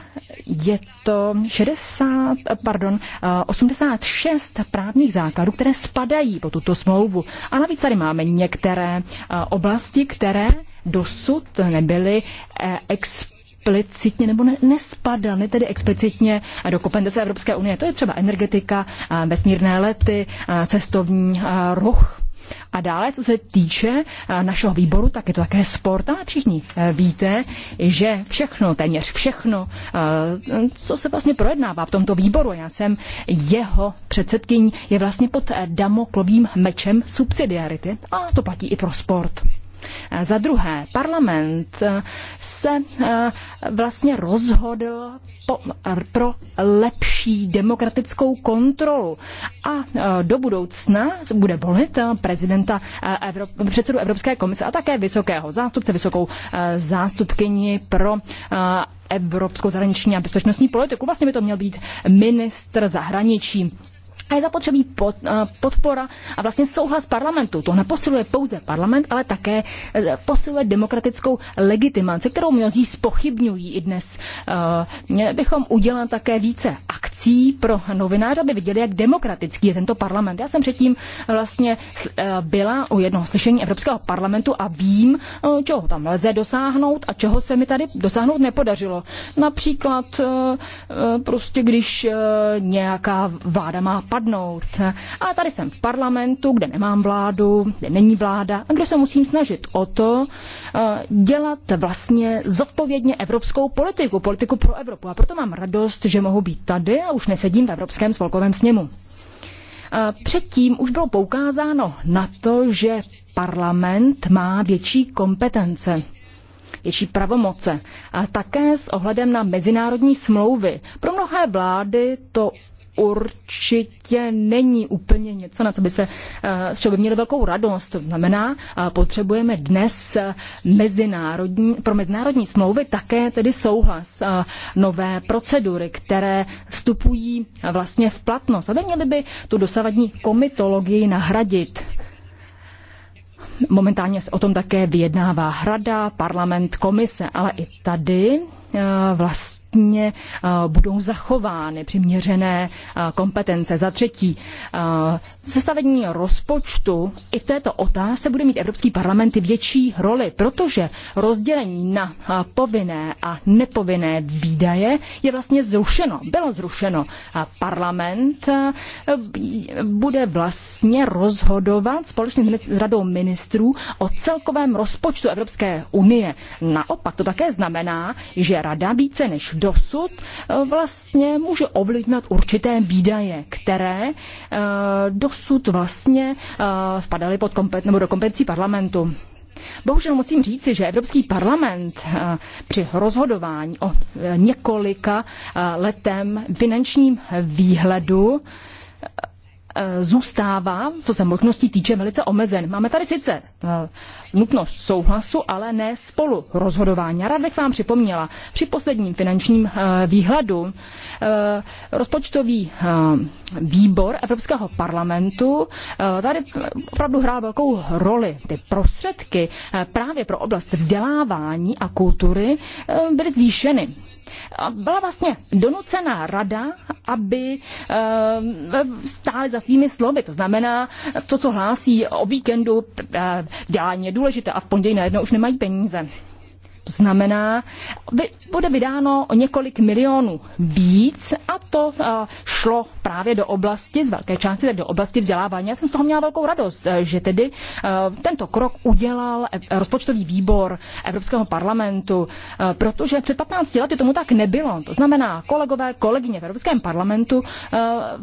je to 60, pardon, 86 právních základů, které spadají po tuto smlouvu. A navíc tady máme některé oblasti, které dosud nebyly e, explicitně nebo ne, nespadaly tedy explicitně do kompetence Evropské unie. To je třeba energetika, vesmírné lety, cestovní ruch a dále, co se týče eh, našeho výboru, tak je to také sport. A všichni eh, víte, že všechno, téměř všechno, eh, co se vlastně projednává v tomto výboru, já jsem jeho předsedkyní, je vlastně pod damoklovým mečem subsidiarity. A to platí i pro sport. Eh, za druhé, parlament eh, se eh, vlastně rozhodl po, pro lepší demokratickou kontrolu a do budoucna bude volit prezidenta Evrop, předsedu Evropské komise a také vysokého zástupce, vysokou zástupkyni pro evropskou zahraniční a bezpečnostní politiku. Vlastně by to měl být ministr zahraničí. A je zapotřebí pod, eh, podpora a vlastně souhlas parlamentu. To neposiluje pouze parlament, ale také eh, posiluje demokratickou legitimaci, kterou mnozí spochybňují i dnes. Eh, měli bychom udělat také více akcí pro novináře, aby viděli, jak demokratický je tento parlament. Já jsem předtím vlastně byla u jednoho slyšení Evropského parlamentu a vím, čeho tam lze dosáhnout a čeho se mi tady dosáhnout nepodařilo. Například prostě, když nějaká vláda má parlament, padnout. A tady jsem v parlamentu, kde nemám vládu, kde není vláda, a kde se musím snažit o to, eh, dělat vlastně zodpovědně evropskou politiku, politiku pro Evropu. A proto mám radost, že mohu být tady a už nesedím v Evropském spolkovém sněmu. Eh, předtím už bylo poukázáno na to, že parlament má větší kompetence větší pravomoce a také s ohledem na mezinárodní smlouvy. Pro mnohé vlády to určitě není úplně něco, na co by se, eh, z čeho by měli velkou radost. To znamená, eh, potřebujeme dnes eh, mezinárodní, pro mezinárodní smlouvy také tedy souhlas nové procedury, které vstupují vlastně v platnost. A měli by tu dosavadní komitologii nahradit. Momentálně se o tom také vyjednává Hrada, parlament, komise, ale i tady vlastně vlastně budou zachovány přiměřené eh, kompetence. Za třetí, eh, sestavení rozpočtu i v této otázce bude mít Evropský parlament větší roli, protože rozdělení na povinné a nepovinné výdaje je vlastně zrušeno, bylo zrušeno. A parlament bude vlastně rozhodovat společně s radou ministrů o celkovém rozpočtu Evropské unie. Naopak to také znamená, že rada více než dosud eh, vlastně může ovlivňovat určité výdaje, které eh, dosud vlastně eh, spadaly pod kompet, nebo do kompetencí parlamentu. Bohužel musím říci, že Evropský parlament při rozhodování o několika letem finančním výhledu zůstává, co se možností týče, velice omezen. Máme tady sice nutnost souhlasu, ale ne spolu rozhodování. Rád bych vám připomněla, při posledním finančním eh, výhledu eh, rozpočtový eh, výbor Evropského parlamentu tady opravdu hrál velkou roli. Ty prostředky právě pro oblast vzdělávání a kultury byly zvýšeny. Byla vlastně donucená rada, aby stály za svými slovy. To znamená, to, co hlásí o víkendu, dělání důležité a v pondělí najednou už nemají peníze. To znamená, bude vydáno o několik milionů víc a to šlo právě do oblasti, z velké části tedy do oblasti vzdělávání. Já jsem z toho měla velkou radost, eh, že tedy eh, tento krok udělal eh, rozpočtový výbor Evropského parlamentu, protože před 15 lety tomu tak nebylo. To znamená, kolegové, kolegyně v Evropském parlamentu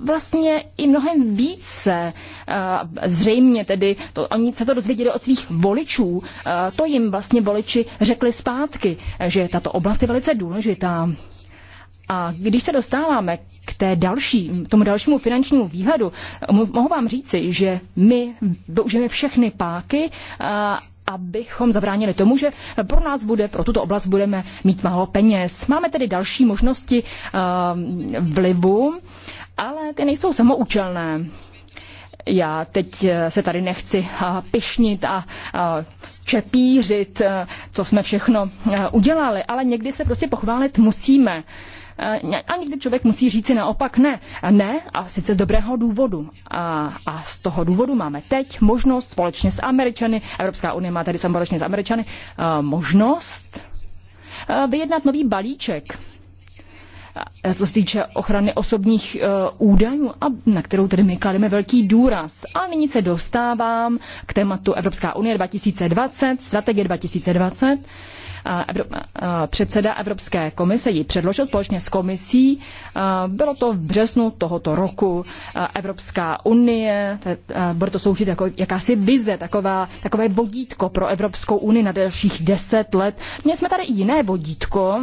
vlastně i mnohem více zřejmě tedy, to, oni se to dozvěděli od svých voličů, to jim vlastně voliči řekli zpátky, že tato oblast je velice důležitá. A když se dostáváme k té další, tomu dalšímu finančnímu výhledu, mohu vám říci, že my využijeme všechny páky, a, abychom zabránili tomu, že pro nás bude, pro tuto oblast budeme mít málo peněz. Máme tedy další možnosti a, vlivu, ale ty nejsou samoučelné. Já teď e, se tady nechci pišnit a čepířit, e, co jsme všechno e, udělali, ale někdy se prostě pochválit musíme. Eh, a někdy člověk musí říci naopak ne. Ne, a sice z dobrého důvodu. A, a z toho důvodu máme teď možnost společně s Američany, Evropská unie má tady společně s Američany, eh, možnost eh, vyjednat nový balíček co se týče ochrany osobních údajů, a na kterou tedy my klademe velký důraz. A nyní se dostávám k tématu Evropská unie 2020, strategie 2020 předseda Evropské komise ji předložil společně s komisí. Bylo to v březnu tohoto roku. Evropská unie, bude to sloužit jako jakási vize, taková, takové vodítko pro Evropskou unii na dalších deset let. Měli jsme tady jiné vodítko,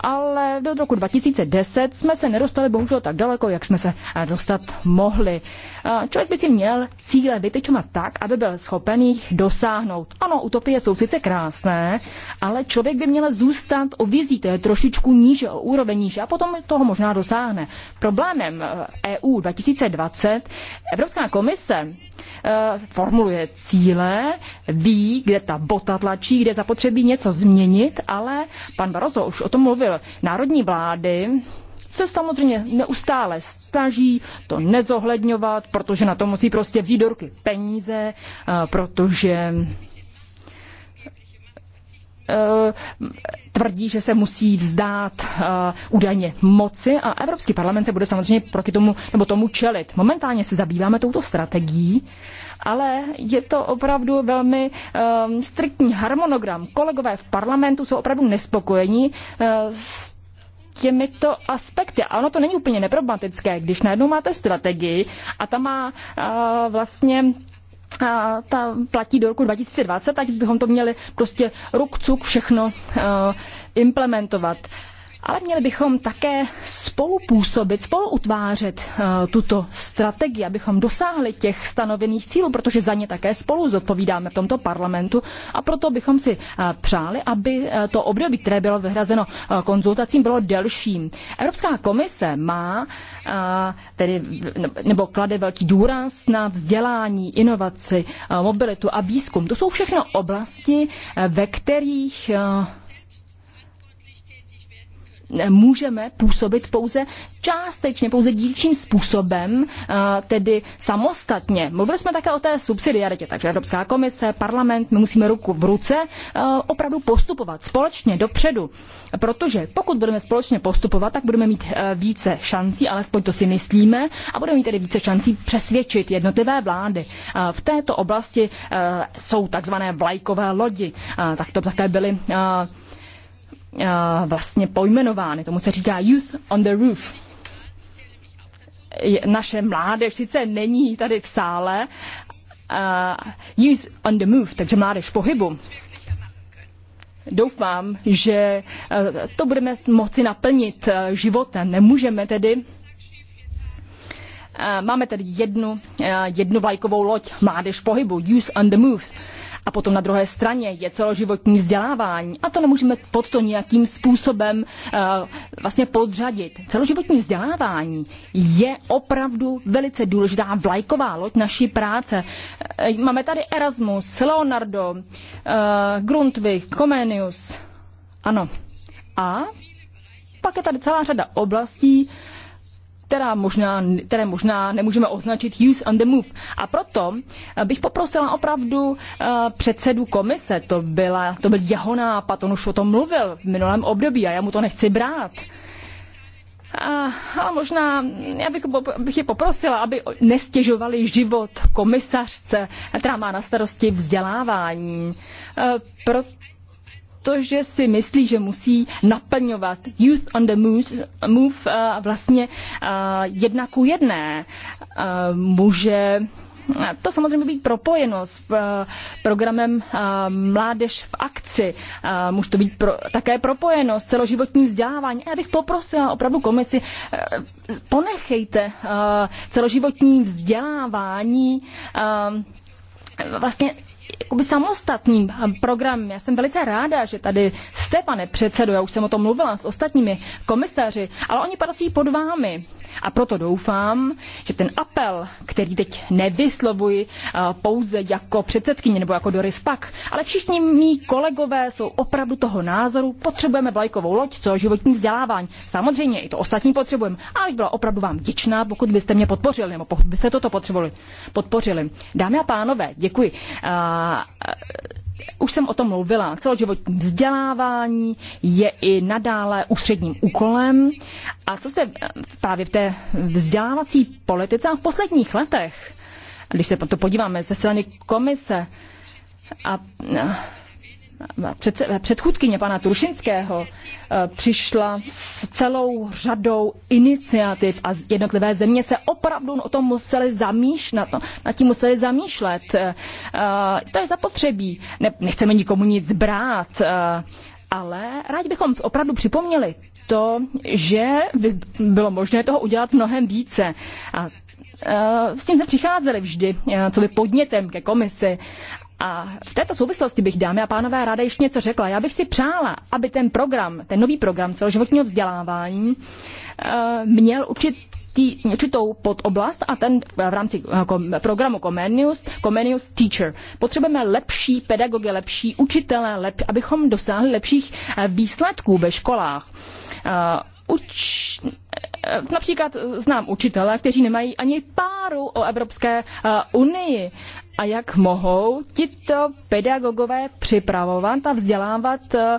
ale do roku 2010 jsme se nedostali bohužel tak daleko, jak jsme se eh, dostat mohli. Eh, člověk by si měl cíle vytyčovat tak, aby byl schopen jich dosáhnout. Ano, utopie jsou sice krásné, ale člověk by měl zůstat o vizí, to je trošičku níž, o úroveň níž a potom toho možná dosáhne. Problémem EU eh, e 2020 Evropská komise Eh, formuluje cíle, ví, kde ta bota tlačí, kde zapotřebí něco změnit, ale pan Barozo už o tom mluvil. Národní vlády se samozřejmě neustále snaží to nezohledňovat, protože na to musí prostě vzít do ruky peníze, eh, protože Eh, tvrdí, že se musí vzdát eh, údajně moci a Evropský parlament se bude samozřejmě proti tomu nebo tomu čelit. Momentálně se zabýváme touto strategií, ale je to opravdu velmi um, striktní harmonogram. Kolegové v parlamentu jsou opravdu nespokojení uh, s těmito aspekty. A ono to není úplně neproblematické, když najednou máte strategii a ta má uh, vlastně a ta platí do roku 2020, tak bychom to měli prostě ruk-cuk všechno eh, implementovat. Ale měli bychom také spolupůsobit, spoluutvářet eh, tuto strategii, abychom dosáhli těch stanovených cílů, protože za ně také spolu zodpovídáme v tomto parlamentu a proto bychom si eh, přáli, aby to období, které bylo vyhrazeno konzultacím, bylo delším. Evropská komise má a tedy, nebo klade velký důraz na vzdělání, inovaci, mobilitu a výzkum. To jsou všechno oblasti, eh, ve kterých eh, můžeme působit pouze částečně, pouze dílčím způsobem, eh, tedy samostatně. Mluvili jsme také o té subsidiaritě, takže Evropská komise, parlament, my musíme ruku v ruce eh, opravdu postupovat společně dopředu, protože pokud budeme společně postupovat, tak budeme mít eh, více šancí, alespoň to si myslíme, a budeme mít tedy více šancí přesvědčit jednotlivé vlády. V této oblasti jsou takzvané vlajkové lodi, tak to také byly Eh, vlastně pojmenovány. Tomu se říká Youth on the Roof. Naše mládež sice není tady v sále, uh, Youth on the Move, takže mládež v pohybu. Doufám, že uh, to budeme moci naplnit uh, životem. Nemůžeme tedy Máme tedy jednu, jednu vlajkovou loď Mládež v pohybu, Youth on the Move. A potom na druhé straně je celoživotní vzdělávání. A to nemůžeme pod to nějakým způsobem uh, vlastně podřadit. Celoživotní vzdělávání je opravdu velice důležitá vlajková loď naší práce. Eh, máme tady Erasmus, Leonardo, uh, Grundtvig, Comenius. Ano. A pak je tady celá řada oblastí, která možná, které možná nemůžeme označit use on the move. A proto eh, bych poprosila opravdu eh, předsedu komise, to, byla, to byl jeho nápad, on už o tom mluvil v minulém období a já mu to nechci brát. A, a možná mm, já bych, bych je poprosila, aby nestěžovali život komisařce, která má na starosti vzdělávání, eh, protože protože si myslí, že musí naplňovat Youth on the Move, move eh, vlastně eh, jedna ku jedné. Eh, může to samozřejmě být propojeno s programem Mládež v akci. Může to být pro, také propojeno s celoživotním vzděláváním. Já bych poprosila opravdu komisi, ponechejte celoživotní vzdělávání vlastně jakoby samostatným programem. Já jsem velice ráda, že tady jste, pane předsedo, já už jsem o tom mluvila s ostatními komisaři, ale oni pracují pod vámi. A proto doufám, že ten apel, který teď nevyslovuji eh, pouze jako předsedkyně nebo jako Doris Pak, ale všichni mý kolegové jsou opravdu toho názoru, potřebujeme vlajkovou loď, co životní vzdělávání. Samozřejmě i to ostatní potřebujeme. A bych byla opravdu vám vděčná, pokud byste mě podpořili, nebo pokud byste toto potřebovali, podpořili. Dámy a pánové, děkuji. Uh, E, už jsem o tom mluvila. Celoživotní vzdělávání je i nadále ústředním úkolem. A co se e, právě v té vzdělávací politice a v posledních letech, když se to podíváme ze strany komise a e, před, předchůdkyně pana Turšinského eh, přišla s celou řadou iniciativ a jednotlivé země se opravdu o tom museli zamýšlet, nad tím museli zamýšlet. Eh, eh, to je zapotřebí. Ne, nechceme nikomu nic brát, ale rádi bychom opravdu připomněli to, že by bylo možné toho udělat mnohem více. A s tím jsme přicházeli vždy, co by podnětem ke komisi a v této souvislosti bych, dámy a pánové, ráda ještě něco řekla. Já bych si přála, aby ten program, ten nový program celoživotního vzdělávání, eh, měl určitý, určitou podoblast a ten eh, v rámci eh, programu Comenius, Comenius Teacher. Potřebujeme lepší pedagogy, lepší učitele, lep, abychom dosáhli lepších výsledků ve školách. Uč... Například znám učitele, kteří nemají ani páru o Evropské unii a jak mohou tito pedagogové připravovat a vzdělávat eh,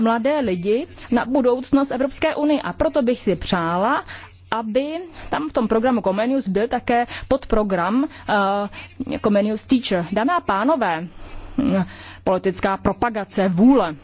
mladé lidi na budoucnost Evropské unie. A proto bych si přála, aby tam v tom programu Comenius byl také podprogram eh, Comenius Teacher. Dámy a pánové, eh, politická propagace vůle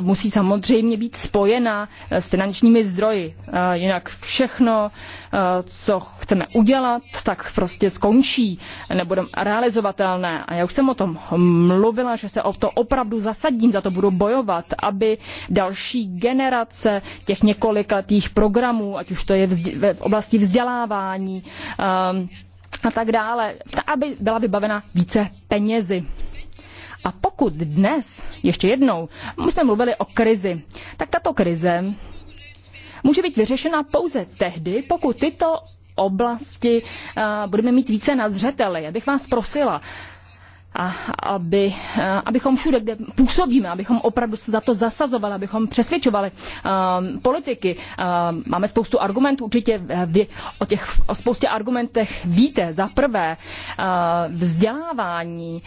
musí samozřejmě být spojena eh, s finančními zdroji. Eh, jinak všechno, eh, co chceme udělat, tak prostě skončí, nebude realizovatelné. A já už jsem o tom mluvila, že se o to opravdu zasadím, za to budu bojovat, aby další generace těch několikatých programů, ať už to je v oblasti vzdělávání, ehm, a tak dále, aby byla vybavena více penězi. A pokud dnes, ještě jednou, my jsme mluvili o krizi, tak tato krize může být vyřešena pouze tehdy, pokud tyto oblasti uh, budeme mít více na zřeteli. Já bych vás prosila, uh, a aby, eh, abychom všude, kde působíme, abychom opravdu za to zasazovali, abychom přesvědčovali um, politiky. Um, máme spoustu argumentů, určitě vy o, těch, o spoustě argumentech víte. Za prvé uh, vzdělávání.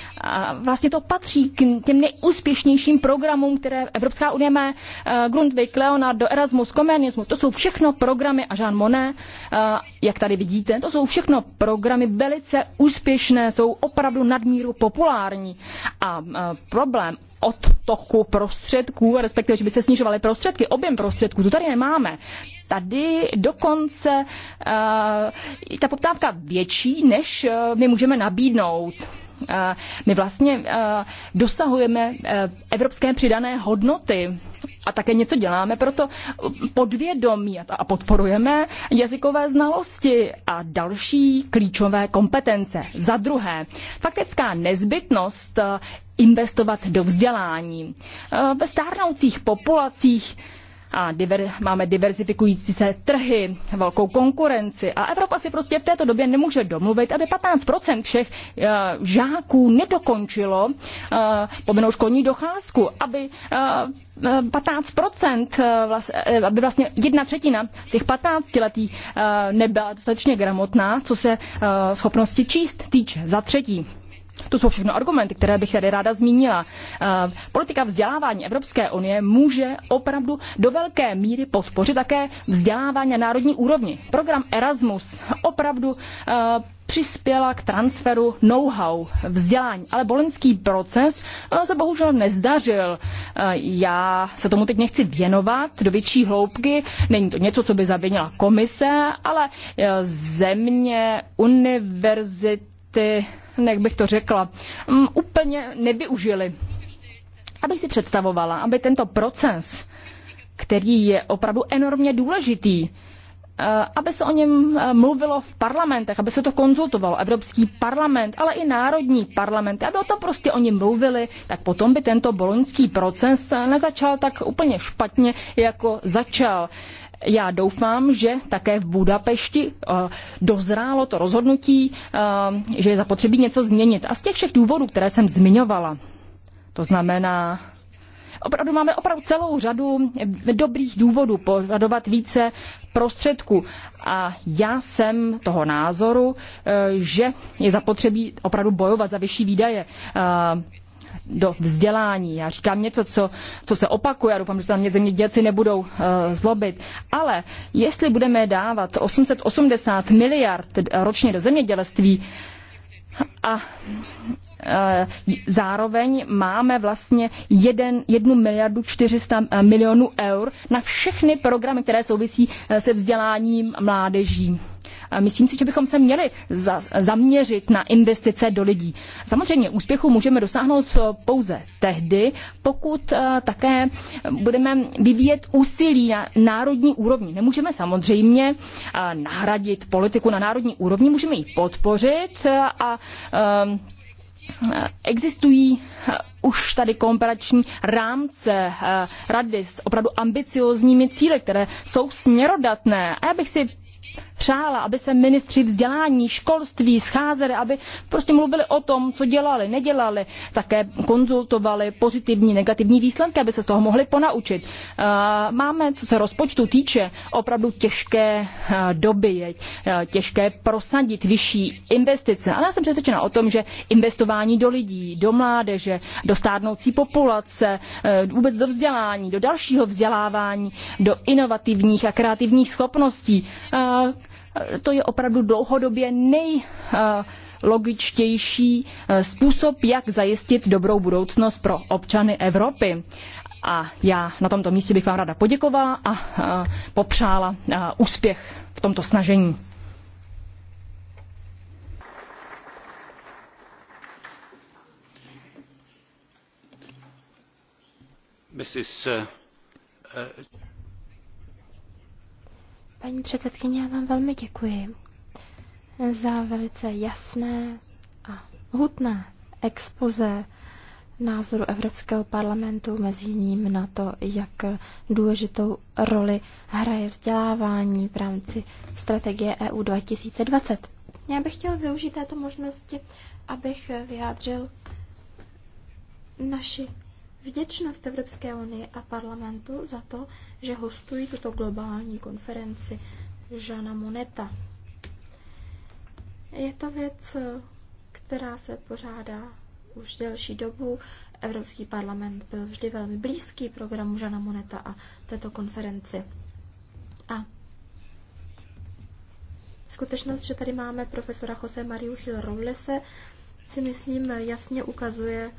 Uh, vlastně to patří k těm nejúspěšnějším programům, které Evropská unie má. Uh, Grundvik, Leonardo, Erasmus, Comeniusmu, to jsou všechno programy a Jean Monnet, uh, jak tady vidíte, to jsou všechno programy velice úspěšné, jsou opravdu nadmíru populární populární. A e, problém odtoku prostředků, respektive, že by se snižovaly prostředky, objem prostředků, to tady nemáme. Tady dokonce uh, ta poptávka větší, než uh, my můžeme nabídnout. My vlastně dosahujeme e, evropské přidané hodnoty a také něco děláme pro to podvědomí a podporujeme jazykové znalosti a další klíčové kompetence. Za druhé, faktická nezbytnost e, investovat do vzdělání. E, ve stárnoucích populacích a diver, máme diverzifikující se trhy, velkou konkurenci a Evropa si prostě v této době nemůže domluvit, aby 15% všech uh, žáků nedokončilo uh, povinnou školní docházku, aby uh, eh, 15%, aby vlastně jedna třetina těch 15-letých nebyla dostatečně gramotná, co se schopnosti číst týče. Za třetí, to jsou všechno argumenty, které bych tady ráda zmínila. Eh, politika vzdělávání Evropské unie může opravdu do velké míry podpořit také vzdělávání na národní úrovni. Program Erasmus opravdu eh, přispěla k transferu know-how, vzdělání. Ale bolenský proces eh, se bohužel nezdařil. Já se tomu teď nechci věnovat do větší hloubky. Není to něco, co by zavinila komise, ale země, univerzity, jak bych to řekla, um, úplně nevyužili. Aby si představovala, aby tento proces, který je opravdu enormně důležitý, eh, aby se o něm eh, mluvilo v parlamentech, aby se to konzultovalo, Evropský parlament, ale i národní parlamenty, aby o tom prostě o něm mluvili, tak potom by tento boloňský proces eh, nezačal tak úplně špatně, jako začal já doufám, že také v Budapešti eh, dozrálo to rozhodnutí, eh, že je zapotřebí něco změnit. A z těch všech důvodů, které jsem zmiňovala, to znamená, opravdu máme opravdu celou řadu dobrých důvodů požadovat více prostředků. A já jsem toho názoru, eh, že je zapotřebí opravdu bojovat za vyšší výdaje do vzdělání. Já říkám něco, co, co se opakuje, já doufám, že se na mě zemědělci nebudou uh, zlobit, ale jestli budeme dávat 880 miliard ročně do zemědělství a eh, zároveň máme vlastně 1, 1 miliardu 400 eh, milionů eur na všechny programy, které souvisí se vzděláním mládeží myslím si, že bychom se měli za, zaměřit na investice do lidí. Samozřejmě úspěchu můžeme dosáhnout pouze tehdy, pokud eh, také budeme vyvíjet úsilí na národní úrovni. Nemůžeme samozřejmě eh, nahradit politiku na národní úrovni, můžeme ji podpořit eh, a Existují už tady komparační rámce rady s opravdu ambiciozními cíle, které jsou směrodatné. A já bych si přála, aby se ministři vzdělání, školství scházeli, aby prostě mluvili o tom, co dělali, nedělali, také konzultovali pozitivní, negativní výsledky, aby se z toho mohli ponaučit. Eh, máme, co se rozpočtu týče, opravdu těžké eh, doby, je eh, těžké prosadit vyšší investice. Ale já jsem přesvědčena o tom, že investování do lidí, do mládeže, do stárnoucí populace, vůbec do vzdělání, do dalšího vzdělávání, do inovativních a kreativních schopností, to je opravdu dlouhodobě nej logičtější eh, způsob, jak zajistit dobrou budoucnost pro občany Evropy. A já na tomto místě bych vám ráda poděkovala a eh, popřála eh, úspěch v tomto snažení. Mrs. Paní předsedkyně, já vám velmi děkuji za velice jasné a hutné expoze názoru Evropského parlamentu mezi jiným na to, jak důležitou roli hraje vzdělávání v rámci strategie EU 2020. Já bych chtěl využít této možnosti, abych vyjádřil naši vděčnost Evropské unie a parlamentu za to, že hostují tuto globální konferenci Žana Moneta. Je to věc, která se pořádá už delší dobu. Evropský parlament byl vždy velmi blízký programu Žana Moneta a této konferenci. A skutečnost, že tady máme profesora Jose Mariu Chil Roulese, si myslím jasně ukazuje,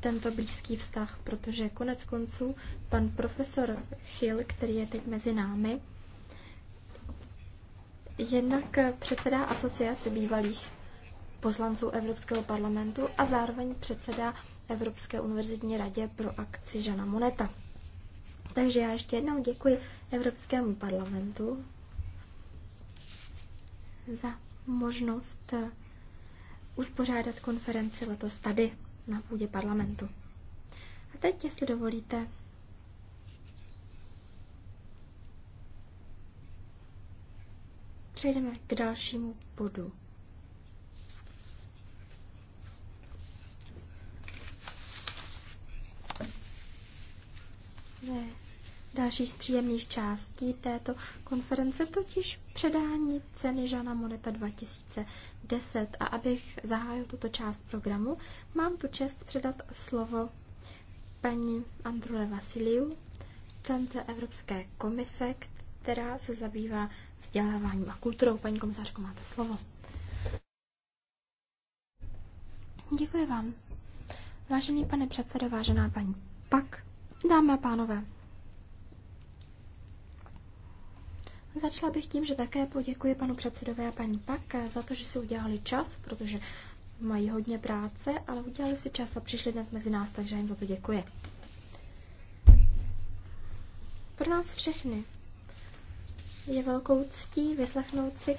tento blízký vztah, protože konec konců pan profesor Chil, který je teď mezi námi, jednak předsedá asociace bývalých poslanců Evropského parlamentu a zároveň předseda Evropské univerzitní radě pro akci Žana Moneta. Takže já ještě jednou děkuji Evropskému parlamentu za možnost uspořádat konferenci letos tady na půdě parlamentu. A teď, jestli dovolíte, přejdeme k dalšímu bodu. Ne. Další z příjemných částí této konference totiž předání ceny Žana Moneta 2010. A abych zahájil tuto část programu, mám tu čest předat slovo paní Andrule Vasiliu, člence Evropské komise, která se zabývá vzděláváním a kulturou. Paní komisářko, máte slovo. Děkuji vám. Vážený pane předsedo, vážená paní Pak, dámy a pánové, Začala bych tím, že také poděkuji panu předsedové a paní Pak za to, že si udělali čas, protože mají hodně práce, ale udělali si čas a přišli dnes mezi nás, takže jim za to děkuji. Pro nás všechny je velkou ctí vyslechnout si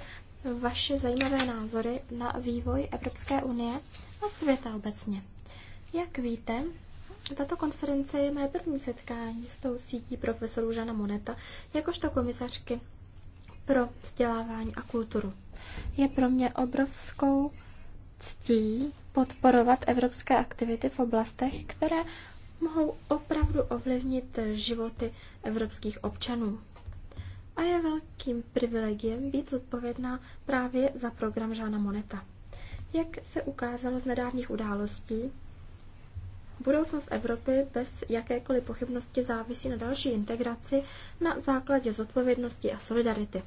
vaše zajímavé názory na vývoj Evropské unie a světa obecně. Jak víte, tato konference je mé první setkání s tou sítí profesorů Žana Moneta, jakožto komisařky pro vzdělávání a kulturu. Je pro mě obrovskou ctí podporovat evropské aktivity v oblastech, které mohou opravdu ovlivnit životy evropských občanů. A je velkým privilegiem být zodpovědná právě za program Žána Moneta. Jak se ukázalo z nedávných událostí, budoucnost Evropy bez jakékoliv pochybnosti závisí na další integraci na základě zodpovědnosti a solidarity.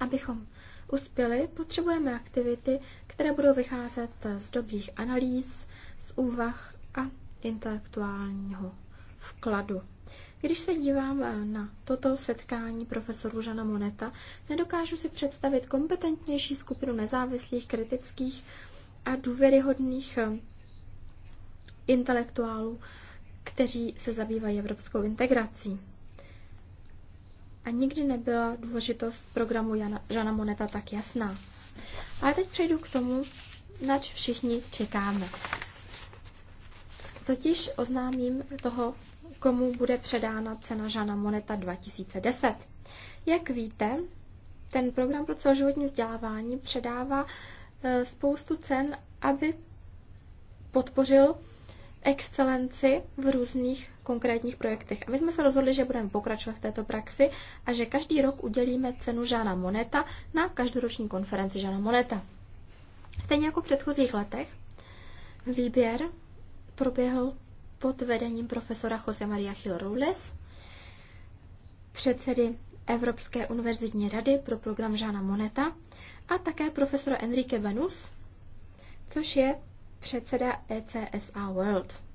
Abychom uspěli, potřebujeme aktivity, které budou vycházet z dobrých analýz, z úvah a intelektuálního vkladu. Když se dívám eh, na toto setkání profesoru Žana Moneta, nedokážu si představit kompetentnější skupinu nezávislých, kritických a důvěryhodných eh, intelektuálů, kteří se zabývají evropskou integrací a nikdy nebyla důležitost programu Jana, Žana Moneta tak jasná. Ale teď přejdu k tomu, nač všichni čekáme. Totiž oznámím toho, komu bude předána cena Žana Moneta 2010. Jak víte, ten program pro celoživotní vzdělávání předává e, spoustu cen, aby podpořil excelenci v různých konkrétních projektech. A my jsme se rozhodli, že budeme pokračovat v této praxi a že každý rok udělíme cenu Žána Moneta na každoroční konferenci Žána Moneta. Stejně jako v předchozích letech, výběr proběhl pod vedením profesora Jose Maria Gil Roules, předsedy Evropské univerzitní rady pro program Žána Moneta a také profesora Enrique Venus, což je předseda ECSA World.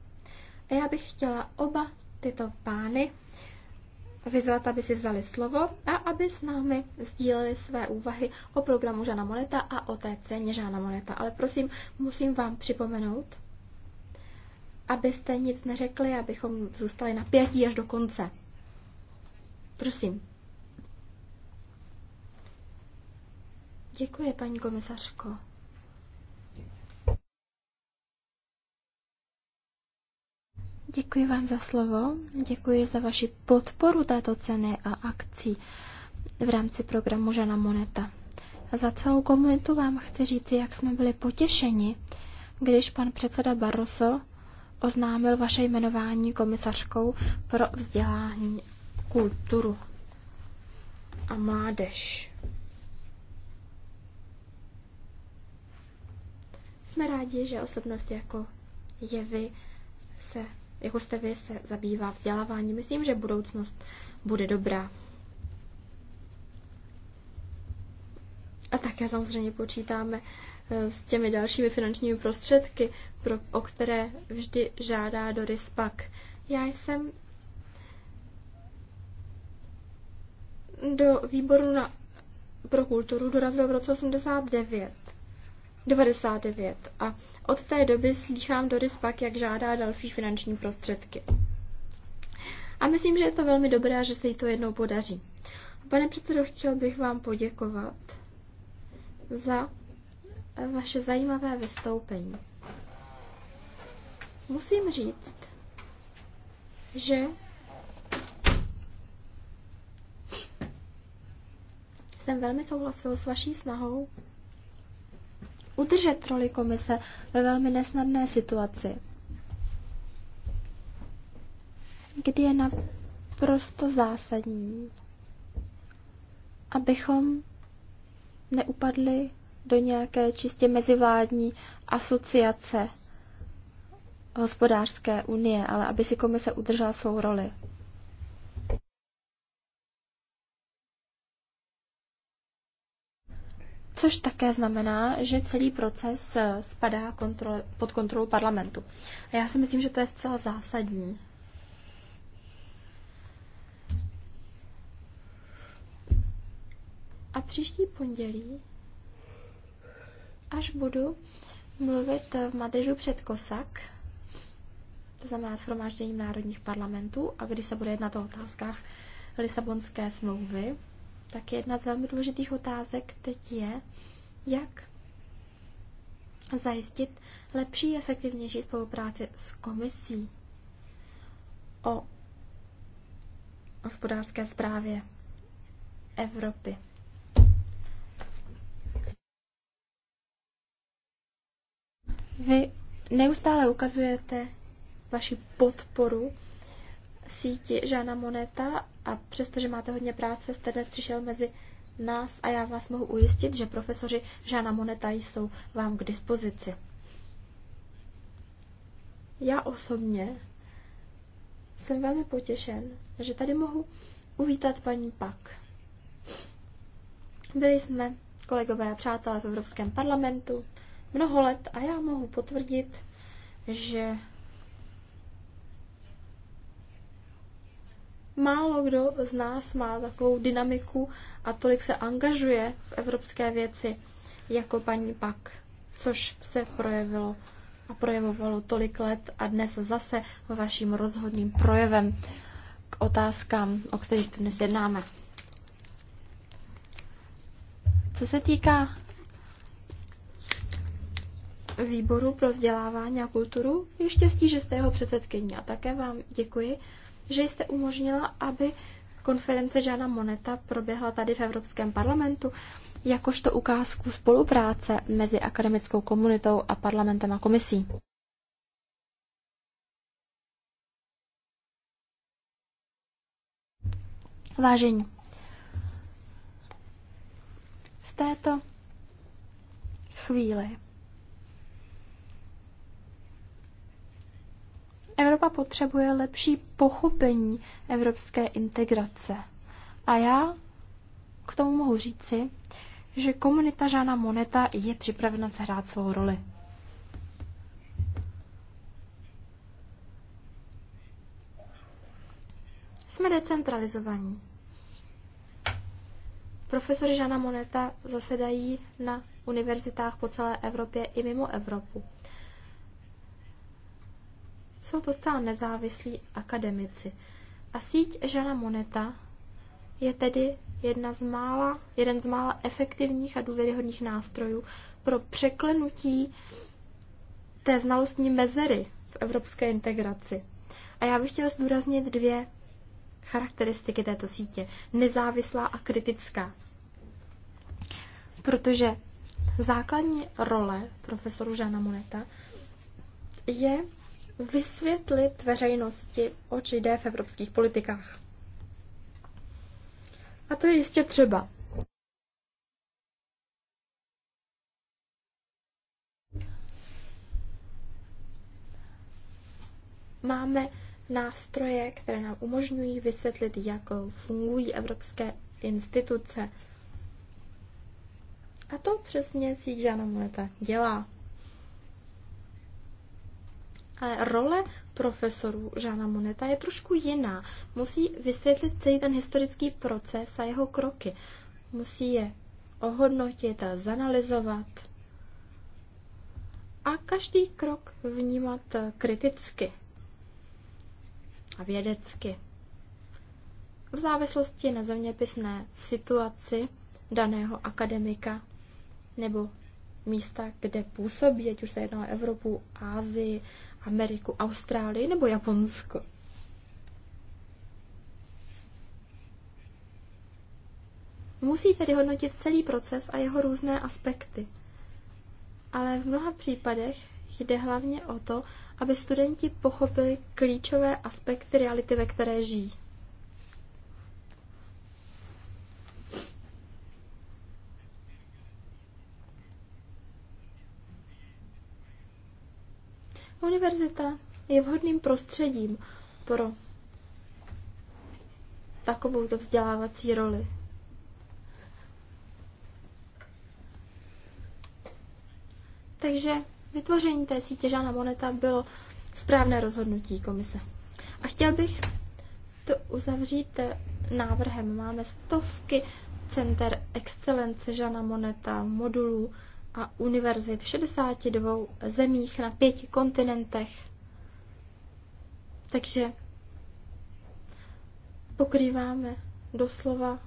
A já bych chtěla oba tyto pány vyzvat, aby si vzali slovo a aby s námi sdíleli své úvahy o programu Žana Moneta a o té ceně Žána Moneta. Ale prosím, musím vám připomenout, abyste nic neřekli, abychom zůstali na pětí až do konce. Prosím. Děkuji, paní komisařko. Děkuji vám za slovo, děkuji za vaši podporu této ceny a akcí v rámci programu Žana Moneta. A za celou komunitu vám chci říct, jak jsme byli potěšeni, když pan předseda Barroso oznámil vaše jmenování komisařkou pro vzdělání, kulturu a mládež. Jsme rádi, že osobnost jako vy se jako jste vy, se zabývá vzdělávání. Myslím, že budoucnost bude dobrá. A také samozřejmě počítáme eh, s těmi dalšími finančními prostředky, pro, o které vždy žádá Doris Pak. Já jsem do výboru na, pro kulturu dorazil v roce 89. 99 a od té doby slýchám Doris pak, jak žádá další finanční prostředky. A myslím, že je to velmi dobré že se jí to jednou podaří. Pane předsedo, chtěl bych vám poděkovat za eh, vaše zajímavé vystoupení. Musím říct, že jsem velmi souhlasil s vaší snahou udržet roli komise ve velmi nesnadné situaci, kdy je naprosto zásadní, abychom neupadli do nějaké čistě mezivládní asociace hospodářské unie, ale aby si komise udržela svou roli. což také znamená, že celý proces eh, spadá kontrol, pod kontrolu parlamentu. A já si myslím, že to je zcela zásadní. A příští pondělí, až budu mluvit v Madežu před Kosak, to znamená shromážděním národních parlamentů, a když se bude jednat o otázkách Lisabonské smlouvy, tak jedna z velmi důležitých otázek teď je, jak zajistit lepší, efektivnější spolupráci s komisí o hospodářské zprávě Evropy. Vy neustále ukazujete vaši podporu síti Žána Moneta a přestože máte hodně práce, jste dnes přišel mezi nás a já vás mohu ujistit, že profesoři Žána Moneta jsou vám k dispozici. Já osobně jsem velmi potěšen, že tady mohu uvítat paní Pak. Byli jsme kolegové a přátelé v Evropském parlamentu mnoho let a já mohu potvrdit, že Málo kdo z nás má takovou dynamiku a tolik se angažuje v evropské věci jako paní Pak, což se projevilo a projevovalo tolik let a dnes zase vaším rozhodným projevem k otázkám, o kterých dnes jednáme. Co se týká výboru pro vzdělávání a kulturu, je štěstí, že jste jeho předsedkyní a také vám děkuji že jste umožnila, aby konference Žana Moneta proběhla tady v Evropském parlamentu jakožto ukázku spolupráce mezi akademickou komunitou a parlamentem a komisí. Vážení, v této chvíli Evropa potřebuje lepší pochopení evropské integrace. A já k tomu mohu říci, že komunita Žána Moneta je připravena zhrát svou roli. Jsme decentralizovaní. Profesory Žana Moneta zasedají na univerzitách po celé Evropě i mimo Evropu. Jsou to zcela nezávislí akademici. A síť Žana Moneta je tedy jedna z mála, jeden z mála efektivních a důvěryhodných nástrojů pro překlenutí té znalostní mezery v evropské integraci. A já bych chtěla zdůraznit dvě charakteristiky této sítě. Nezávislá a kritická. Protože základní role profesoru Žana Moneta je vysvětlit veřejnosti, oč jde v evropských politikách. A to je jistě třeba. Máme nástroje, které nám umožňují vysvětlit, jak fungují evropské instituce. A to přesně Sijana Moneta dělá ale role profesorů Žána Moneta je trošku jiná. Musí vysvětlit celý ten historický proces a jeho kroky. Musí je ohodnotit a zanalizovat a každý krok vnímat kriticky a vědecky. V závislosti na zeměpisné situaci daného akademika nebo místa, kde působí, ať už se jedná o Evropu, Ázii Ameriku, Austrálii nebo Japonsko? Musí tedy hodnotit celý proces a jeho různé aspekty. Ale v mnoha případech jde hlavně o to, aby studenti pochopili klíčové aspekty reality, ve které žijí. Univerzita je vhodným prostředím pro takovouto vzdělávací roli. Takže vytvoření té sítě Žána Moneta bylo správné rozhodnutí komise. A chtěl bych to uzavřít návrhem. Máme stovky center excelence Žana Moneta, modulů, a univerzit v 62 zemích na pěti kontinentech. Takže pokrýváme doslova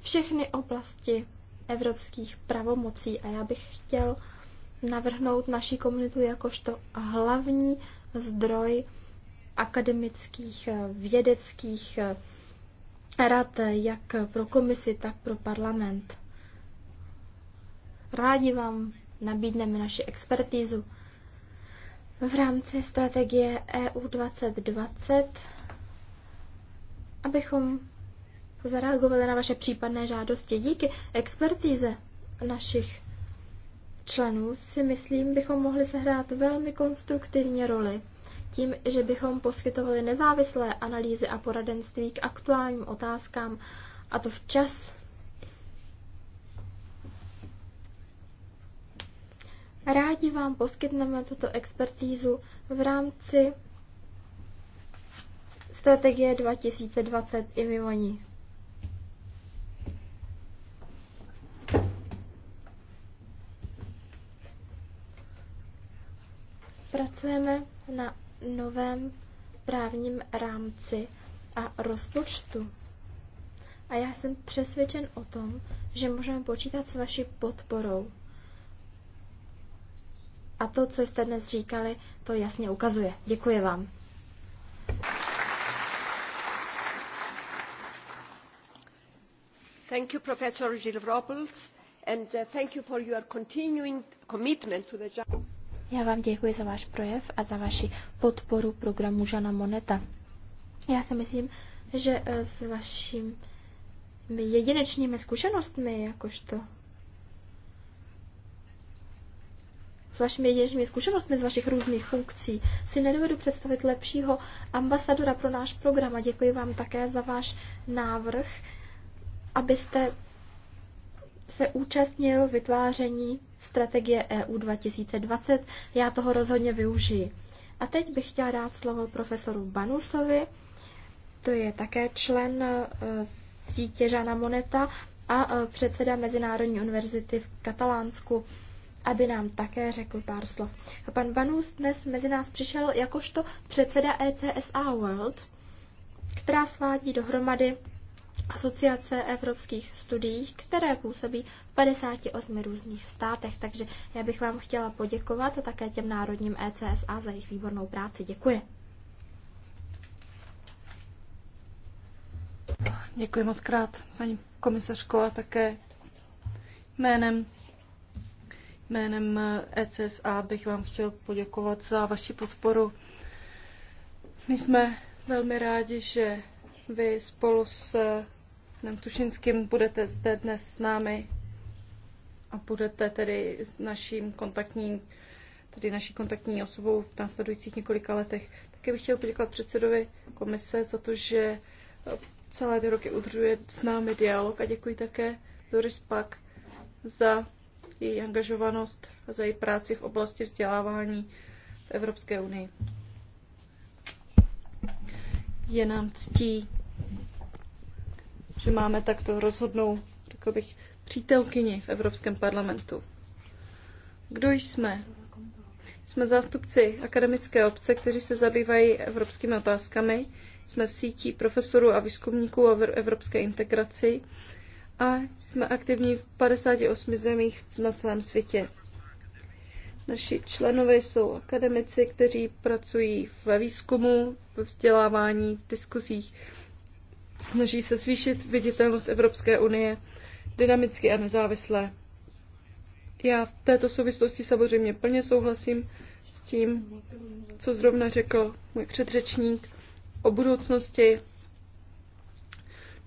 všechny oblasti evropských pravomocí a já bych chtěl navrhnout naši komunitu jakožto hlavní zdroj akademických, vědeckých rad jak pro komisi, tak pro parlament. Rádi vám nabídneme naši expertízu. V rámci strategie EU 2020, abychom zareagovali na vaše případné žádosti díky expertíze našich členů, si myslím, bychom mohli sehrát velmi konstruktivní roli tím, že bychom poskytovali nezávislé analýzy a poradenství k aktuálním otázkám, a to včas Rádi vám poskytneme tuto expertízu v rámci strategie 2020 i mimo ní. Pracujeme na novém právním rámci a rozpočtu. A já jsem přesvědčen o tom, že můžeme počítat s vaší podporou. A to, co jste dnes říkali, to jasně ukazuje. Děkuji vám. Thank you, Professor Robles, and uh, thank you for your continuing commitment to the Já vám děkuji za váš projev a za vaši podporu programu Žana Moneta. Já si myslím, že eh, s vaším jedinečnými zkušenostmi, jakožto s vašimi jedinečnými zkušenostmi z vašich různých funkcí si nedovedu představit lepšího ambasadora pro náš program a děkuji vám také za váš návrh, abyste se účastnil vytváření strategie EU 2020. Já toho rozhodně využiji. A teď bych chtěla dát slovo profesoru Banusovi, to je také člen e, sítě Žana Moneta a e, předseda Mezinárodní univerzity v Katalánsku aby nám také řekl pár slov. Pan Vanus dnes mezi nás přišel jakožto předseda ECSA World, která svádí dohromady Asociace evropských studií, které působí v 58 různých státech. Takže já bych vám chtěla poděkovat a také těm národním ECSA za jejich výbornou práci. Děkuji. Děkuji moc krát, paní komisařko, a také jménem Jménem ECSA bych vám chtěl poděkovat za vaši podporu. My jsme velmi rádi, že vy spolu s Nem Tušinským budete zde dnes s námi a budete tedy s naším kontaktním, tedy naší kontaktní osobou v následujících několika letech. Také bych chtěl poděkovat předsedovi komise za to, že celé ty roky udržuje s námi dialog a děkuji také Doris Pak za její angažovanost a za její práci v oblasti vzdělávání v Evropské unii. Je nám ctí, že máme takto rozhodnou, takových bych, přítelkyni v Evropském parlamentu. Kdo jsme? Jsme zástupci akademické obce, kteří se zabývají evropskými otázkami. Jsme sítí profesorů a výzkumníků o evropské integraci a jsme aktivní v 58 zemích na celém světě. Naši členové jsou akademici, kteří pracují ve výzkumu, ve vzdělávání, v diskuzích. Snaží se zvýšit viditelnost Evropské unie dynamicky a nezávisle. Já v této souvislosti samozřejmě plně souhlasím s tím, co zrovna řekl můj předřečník o budoucnosti,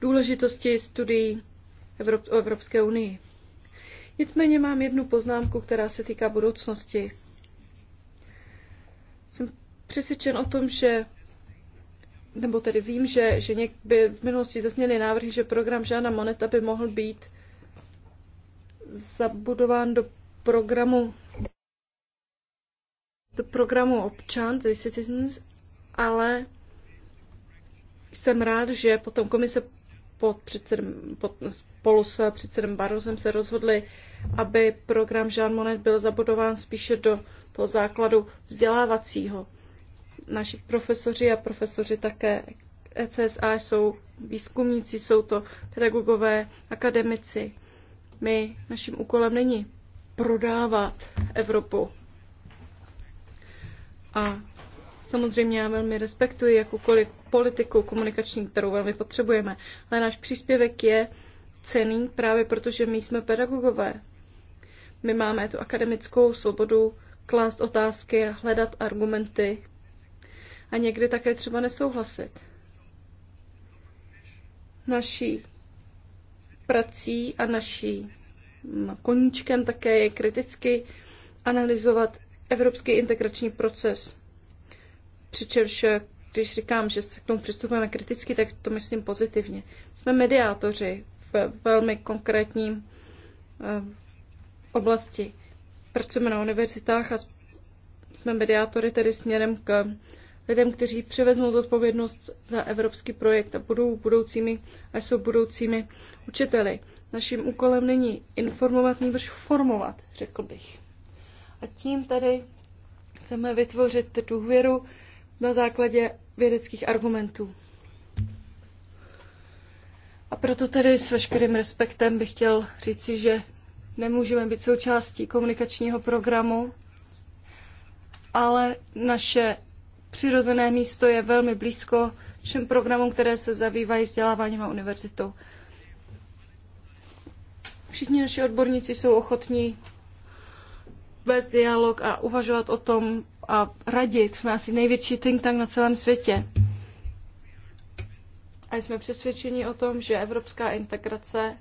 důležitosti studií Evrop, o Evropské unii. Nicméně mám jednu poznámku, která se týká budoucnosti. Jsem přesvědčen o tom, že nebo tedy vím, že, že někdy v minulosti zazněly návrhy, že program Žána Moneta by mohl být zabudován do programu do programu občan, tedy citizens, ale jsem rád, že potom komise pod, předsedem, pod, spolu s předsedem Barozem se rozhodli, aby program Jean Monnet byl zabudován spíše do toho základu vzdělávacího. Naši profesoři a profesoři také ECSA jsou výzkumníci, jsou to pedagogové, akademici. My, naším úkolem není prodávat Evropu. A samozřejmě já velmi respektuji jakoukoliv politiku komunikační, kterou velmi potřebujeme, ale náš příspěvek je cený právě protože my jsme pedagogové. My máme tu akademickou svobodu klást otázky, hledat argumenty a někdy také třeba nesouhlasit. Naší prací a naší koníčkem také je kriticky analyzovat evropský integrační proces. Přičemž, když říkám, že se k tomu přistupujeme kriticky, tak to myslím pozitivně. Jsme mediátoři, ve velmi konkrétní eh, oblasti. Pracujeme na univerzitách a jsme mediátory tedy směrem k lidem, kteří převezmou zodpovědnost za evropský projekt a budou budoucími, a jsou budoucími učiteli. Naším úkolem není informovat, nebož formovat, řekl bych. A tím tady chceme vytvořit důvěru na základě vědeckých argumentů. A proto tedy s veškerým respektem bych chtěl říci, že nemůžeme být součástí komunikačního programu, ale naše přirozené místo je velmi blízko všem programům, které se zabývají vzděláváním a univerzitou. Všichni naši odborníci jsou ochotní vést dialog a uvažovat o tom a radit. Jsme asi největší think tank na celém světě. A jsme přesvědčeni o tom, že evropská integrace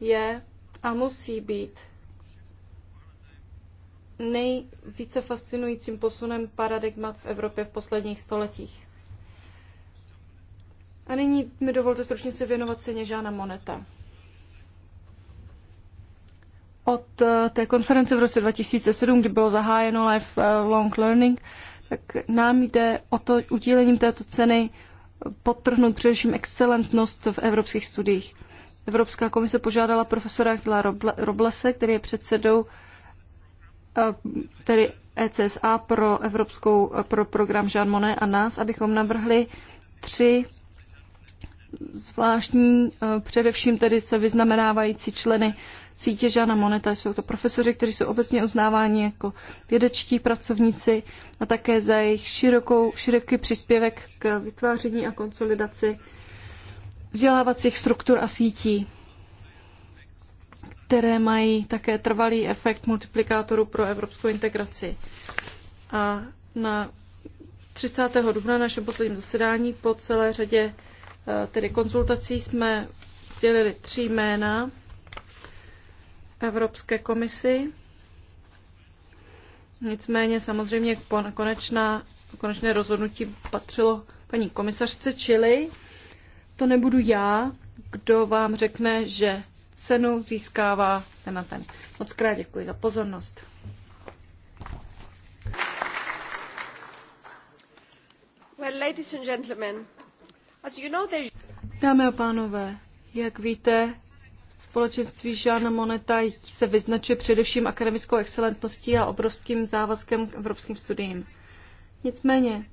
je a musí být nejvíce fascinujícím posunem paradigmat v Evropě v posledních stoletích. A nyní mi dovolte stručně se věnovat ceně Žána Moneta. Od eh, té konference v roce 2007, kdy bylo zahájeno Life Long Learning, tak nám jde o to udílením této ceny podtrhnout především excelentnost v evropských studiích. Evropská komise požádala profesora Dla Roblese, který je předsedou eh, tedy ECSA pro, evropskou, eh, pro program Jean Monnet a nás, abychom navrhli tři zvláštní, eh, především tedy se vyznamenávající členy sítě Žána Moneta. Jsou to profesoři, kteří jsou obecně uznáváni jako vědečtí pracovníci a také za jejich širokou, široký příspěvek k vytváření a konsolidaci vzdělávacích struktur a sítí, které mají také trvalý efekt multiplikátoru pro evropskou integraci. A na 30. dubna našem posledním zasedání po celé řadě eh, tedy konzultací jsme sdělili tři jména Evropské komisi. Nicméně samozřejmě konečná, konečné rozhodnutí patřilo paní komisařce, čili to nebudu já, kdo vám řekne, že cenu získává ten na ten. Moc krát děkuji za pozornost. Well, ladies and gentlemen, as you know, Dámy a pánové, jak víte, společenství Jean Moneta se vyznačuje především akademickou excelentností a obrovským závazkem k evropským studiím. Nicméně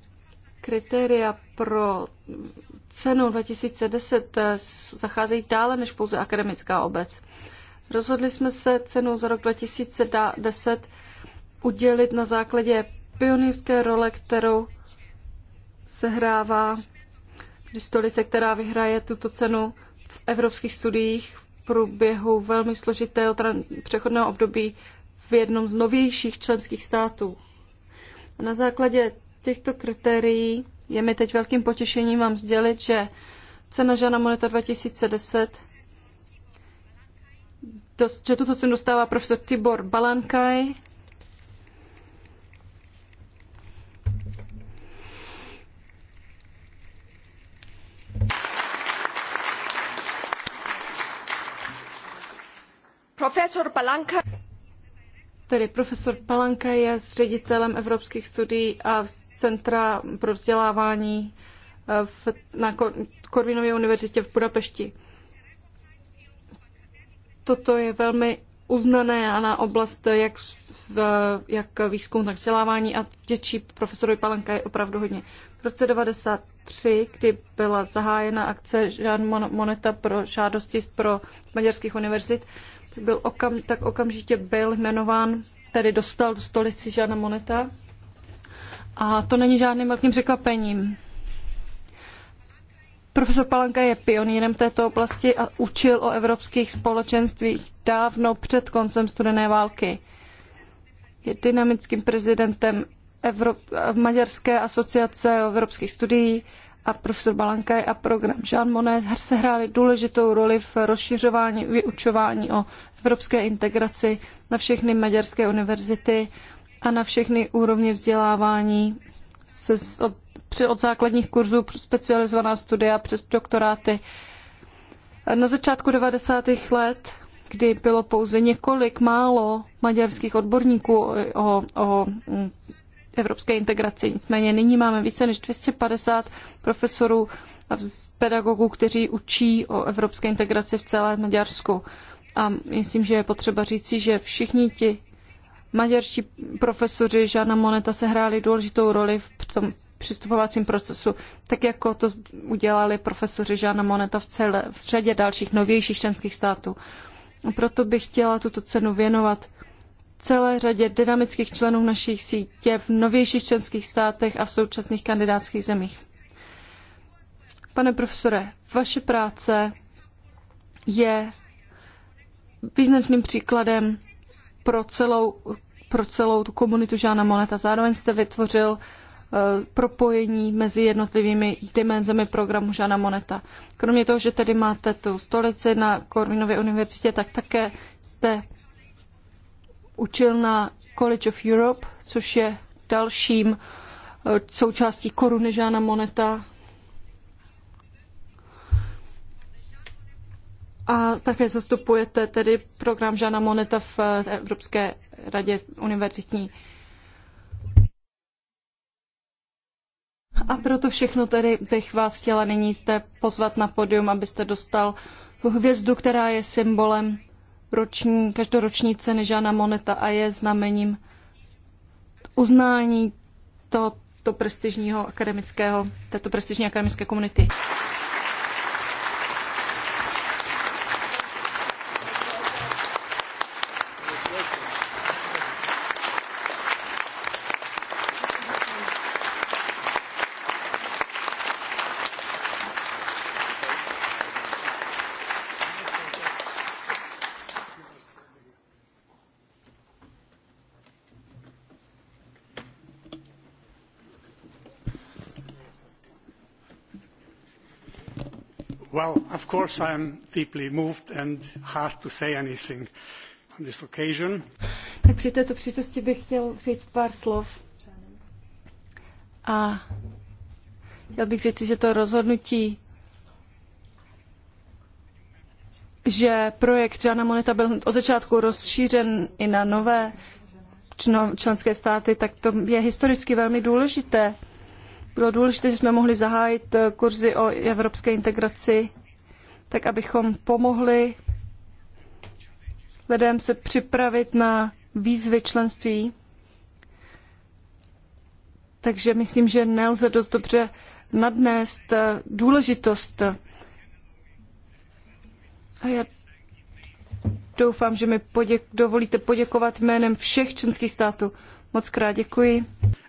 kritéria pro cenu 2010 zacházejí dále než pouze akademická obec. Rozhodli jsme se cenu za rok 2010 udělit na základě pionýrské role, kterou sehrává když stolice, která vyhraje tuto cenu v evropských studiích průběhu velmi složitého přechodného období v jednom z novějších členských států. A na základě těchto kritérií je mi teď velkým potěšením vám sdělit, že cena Žana Moneta 2010 to, že tuto cenu dostává profesor Tibor Balankaj, Profesor Palanka. Tedy profesor Palanka je s ředitelem evropských studií a Centra pro vzdělávání eh, v, na Korvinově univerzitě v Budapešti. Toto je velmi uznané a na oblast eh, jak, v, jak výzkum, tak vzdělávání a děčí profesorovi Palankovi je opravdu hodně. V roce 1993, kdy byla zahájena akce Jean Moneta pro žádosti pro maďarských univerzit, byl okam, tak okamžitě byl jmenován, tedy dostal do stolici žádná moneta. A to není žádným velkým překvapením. Profesor Palanka je pionýrem této oblasti a učil o evropských společenstvích dávno před koncem studené války. Je dynamickým prezidentem Evrop- Maďarské asociace evropských studií a profesor Balankaj a program Jean Monnet se hráli důležitou roli v rozšiřování vyučování o evropské integraci na všechny maďarské univerzity a na všechny úrovně vzdělávání se od, od základních kurzů specializovaná studia přes doktoráty. Na začátku 90. let, kdy bylo pouze několik málo maďarských odborníků o, o evropské integraci. Nicméně nyní máme více než 250 profesorů a pedagogů, kteří učí o evropské integraci v celé Maďarsku. A myslím, že je potřeba říci, že všichni ti maďarští profesoři Žána Moneta sehráli důležitou roli v tom přistupovacím procesu, tak jako to udělali profesoři Žána Moneta v, celé, v řadě dalších novějších členských států. Proto bych chtěla tuto cenu věnovat celé řadě dynamických členů našich sítě v novějších členských státech a v současných kandidátských zemích. Pane profesore, vaše práce je význačným příkladem pro celou, pro celou tu komunitu Žána Moneta. Zároveň jste vytvořil uh, propojení mezi jednotlivými dimenzemi programu Žana Moneta. Kromě toho, že tedy máte tu stolici na Korvinově univerzitě, tak také jste učil na College of Europe, což je dalším eh, součástí koruny Žána Moneta. A také zastupujete tedy program Žána Moneta v Evropské radě univerzitní. A proto všechno tedy bych vás chtěla nyní zde pozvat na podium, abyste dostal hvězdu, která je symbolem roční, každoroční ceny Žána Moneta a je znamením uznání tohoto prestižního akademického, této prestižní akademické komunity. Of course, I am deeply moved and hard to say anything on this occasion. Tak při této příležitosti bych chtěl říct pár slov. A chtěl bych říct, že to rozhodnutí že projekt Žána Moneta byl od začátku rozšířen i na nové členské státy, tak to je historicky velmi důležité. Bylo důležité, že jsme mohli zahájit kurzy o evropské integraci tak abychom pomohli lidem se připravit na výzvy členství. Takže myslím, že nelze dost dobře nadnést eh, důležitost. A já doufám, že mi poděk- dovolíte poděkovat jménem všech členských států. Moc krát děkuji.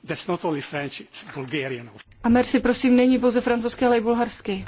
That's not only French, it's Bulgarian. A merci, prosím, není pouze francouzské, ale i bulharský.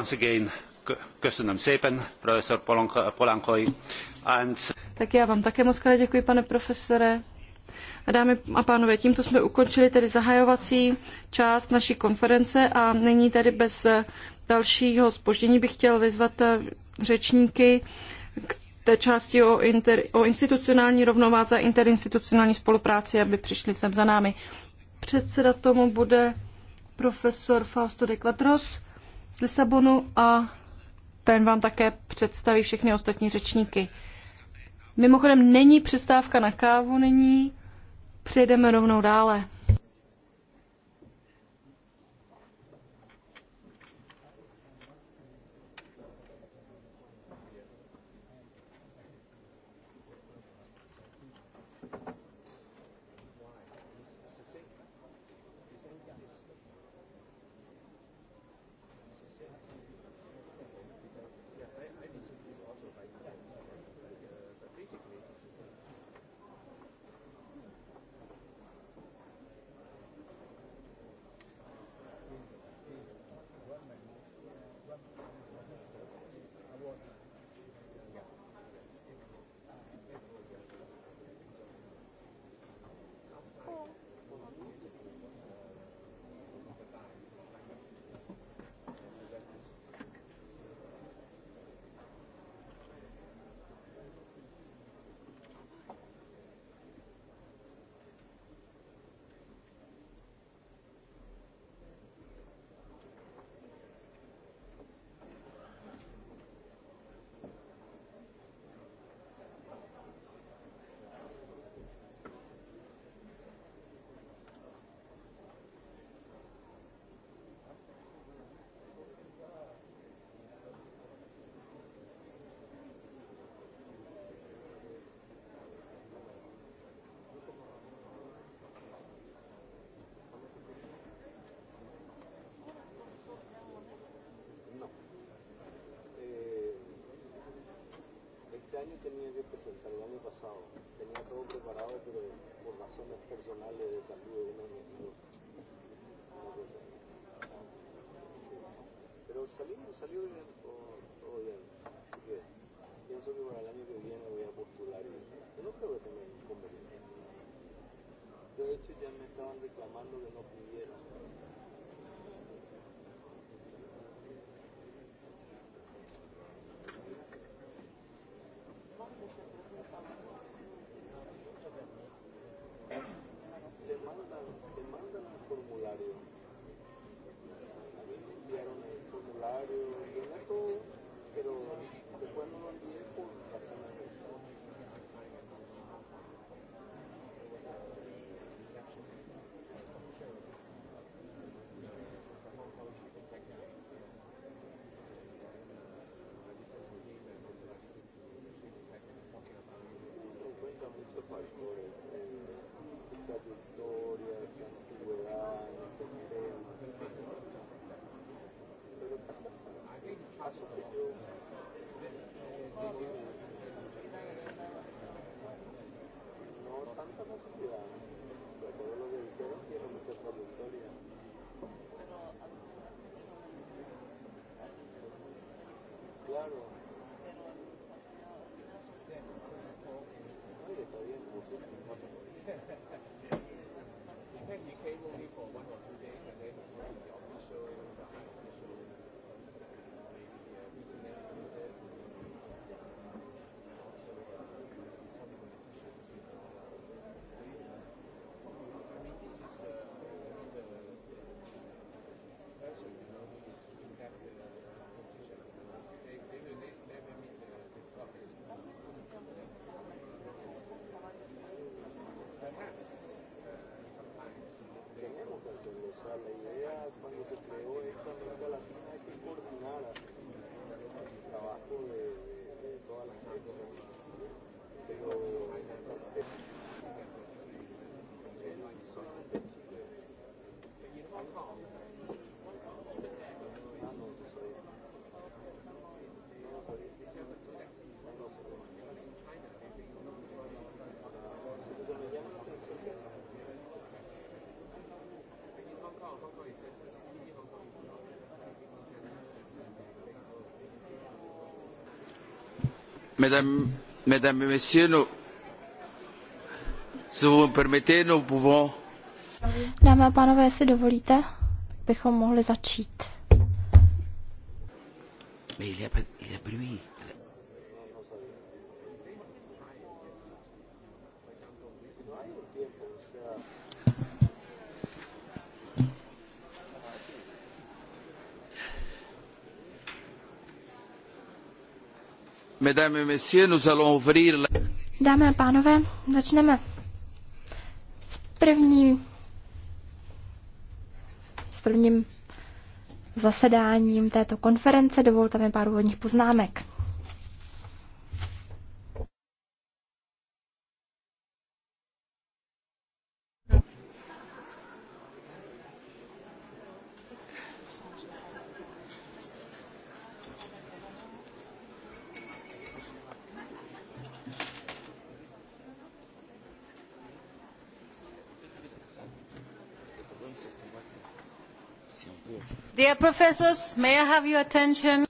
once again köszönöm szépen, And... Tak já vám také moc krát děkuji, pane profesore. A dámy a pánové, tímto jsme ukončili tedy zahajovací část naší konference a nyní tedy bez dalšího spoždění bych chtěl vyzvat řečníky k té části o, inter, o institucionální rovnováze a interinstitucionální spolupráci, aby přišli sem za námi. Předseda tomu bude profesor Fausto de Quatros z Lisabonu a ten vám také představí všechny ostatní řečníky. Mimochodem není přestávka na kávu, není. Přejdeme rovnou dále. año tenía que presentar, el año pasado. Tenía todo preparado, pero por razones personales de salud de uno de mis hijos. Pero salimos, salió bien, todo todo bien. Así que pienso que para el año que viene voy a postular. Yo no creo que tenga inconveniente. De hecho, ya me estaban reclamando que no trayectoria, su antigüedad, en ese nivel. Pero pasa, hay que yo no tanta posibilidad, de lo que dijeron, tiene mucha trayectoria. Claro. Austrálii. Mesdames, et Messieurs, nous, si vous me permettez, nous pouvons... Dámy a pánové, jestli dovolíte, bychom mohli začít. Mais il y a, pas, il y a bruit. Dámy a pánové, začneme s prvním, s prvním zasedáním této konference. Dovolte mi pár úvodních poznámek. professors, may I have your attention?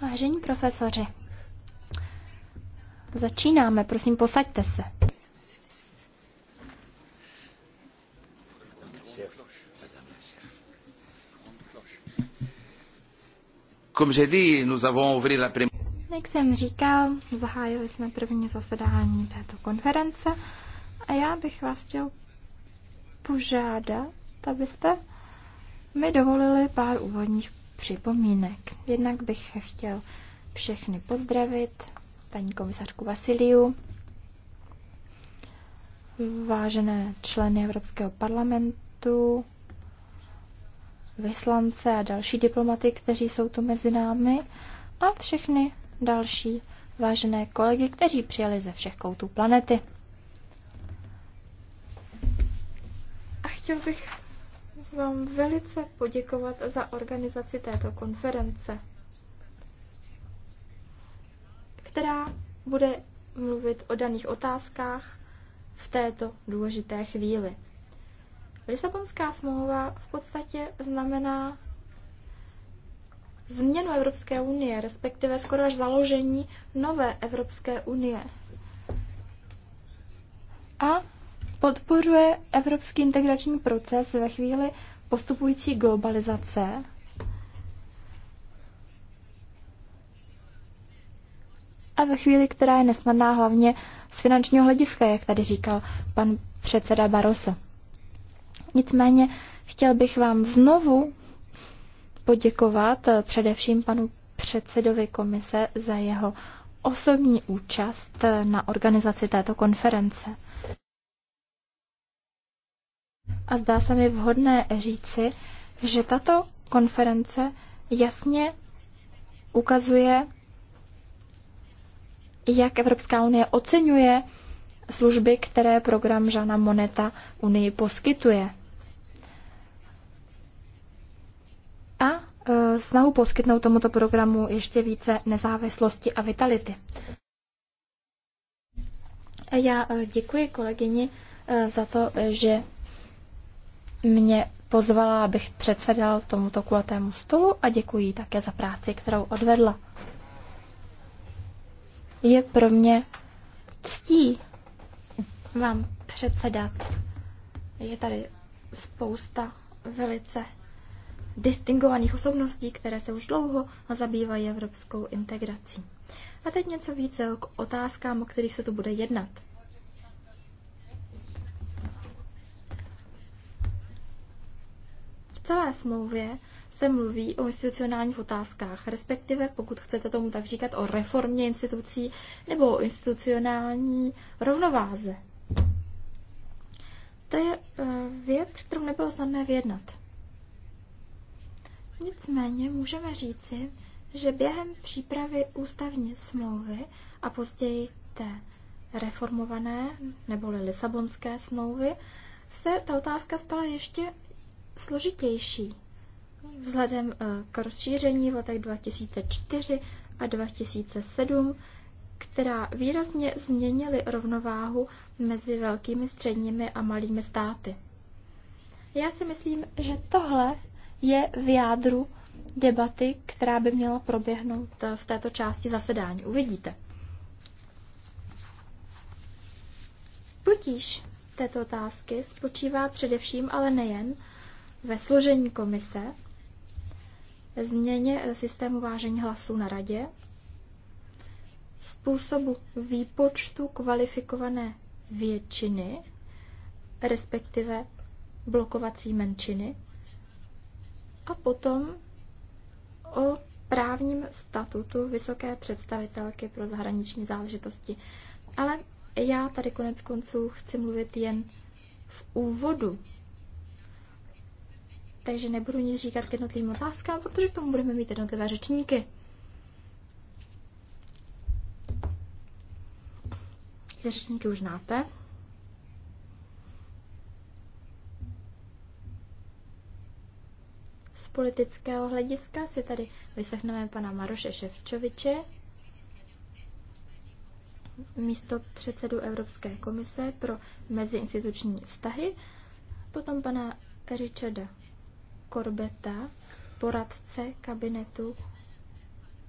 Vážení profesoři, začínáme, prosím, posaďte se. Comme j'ai dit, nous avons ouvert la première jak jsem říkal, zahájili jsme první zasedání této konference a já bych vás chtěl požádat, abyste mi dovolili pár úvodních připomínek. Jednak bych chtěl všechny pozdravit, paní komisařku Vasiliu, vážené členy Evropského parlamentu, vyslance a další diplomaty, kteří jsou tu mezi námi, a všechny další vážené kolegy, kteří přijeli ze všech koutů planety. A chtěl bych vám velice poděkovat za organizaci této konference, která bude mluvit o daných otázkách v této důležité chvíli. Lisabonská smlouva v podstatě znamená změnu Evropské unie, respektive skoro až založení nové Evropské unie. A podpořuje evropský integrační proces ve chvíli postupující globalizace a ve chvíli, která je nesnadná hlavně z finančního hlediska, jak tady říkal pan předseda Barroso. Nicméně chtěl bych vám znovu poděkovat eh, především panu předsedovi komise za jeho osobní účast eh, na organizaci této konference a zdá se mi vhodné říci, že tato konference jasně ukazuje, jak Evropská unie oceňuje služby, které program Žana Moneta Unii poskytuje. A e, snahu poskytnout tomuto programu ještě více nezávislosti a vitality. Já e, děkuji kolegyni e, za to, že mě pozvala, abych předsedal tomuto kulatému stolu a děkuji také za práci, kterou odvedla. Je pro mě ctí vám předsedat. Je tady spousta velice distingovaných osobností, které se už dlouho zabývají evropskou integrací. A teď něco více k otázkám, o kterých se tu bude jednat. celé smlouvě se mluví o institucionálních otázkách, respektive, pokud chcete tomu tak říkat, o reformě institucí nebo o institucionální rovnováze. To je eh, věc, kterou nebylo snadné vyjednat. Nicméně můžeme říci, že během přípravy ústavní smlouvy a později té reformované neboli Lisabonské smlouvy se ta otázka stala ještě složitější vzhledem eh, k rozšíření v letech 2004 a 2007, která výrazně změnily rovnováhu mezi velkými, středními a malými státy. Já si myslím, že tohle je v jádru debaty, která by měla proběhnout eh, v této části zasedání. Uvidíte. Potíž této otázky spočívá především, ale nejen, ve složení komise, změně eh, systému vážení hlasů na radě, způsobu výpočtu kvalifikované většiny, respektive blokovací menšiny, a potom o právním statutu vysoké představitelky pro zahraniční záležitosti. Ale já tady konec konců chci mluvit jen v úvodu takže nebudu nic říkat k jednotlivým otázkám, protože k tomu budeme mít jednotlivé řečníky. Ty řečníky už znáte. Z politického hlediska si tady vyslechneme pana Maroše Ševčoviče, místo předsedu Evropské komise pro meziinstituční vztahy, potom pana Richarda Korbeta, poradce kabinetu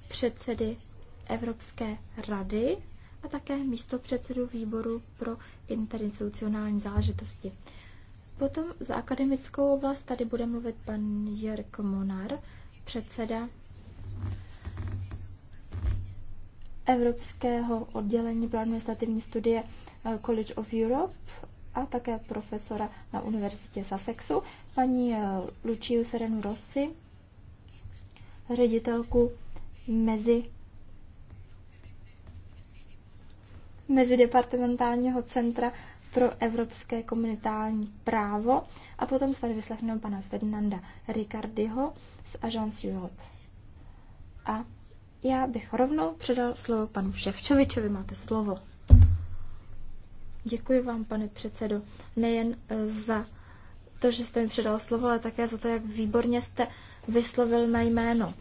předsedy Evropské rady a také místo předsedu výboru pro interinstitucionální záležitosti. Potom za akademickou oblast tady bude mluvit pan Jirk Monar, předseda Evropského oddělení pro administrativní studie eh, College of Europe a také profesora na univerzitě Sussexu, paní eh, Luciu Serenu Rossi, ředitelku mezi Mezidepartementálního centra pro evropské komunitální právo a potom se tady vyslechneme pana Ferdinanda Ricardiho z Agence Europe. A já bych rovnou předal slovo panu Ševčovičovi, máte slovo. Děkuji vám, pane předsedo, nejen eh, za to, že jste mi předal slovo, ale také za to, jak výborně jste vyslovil mé jméno.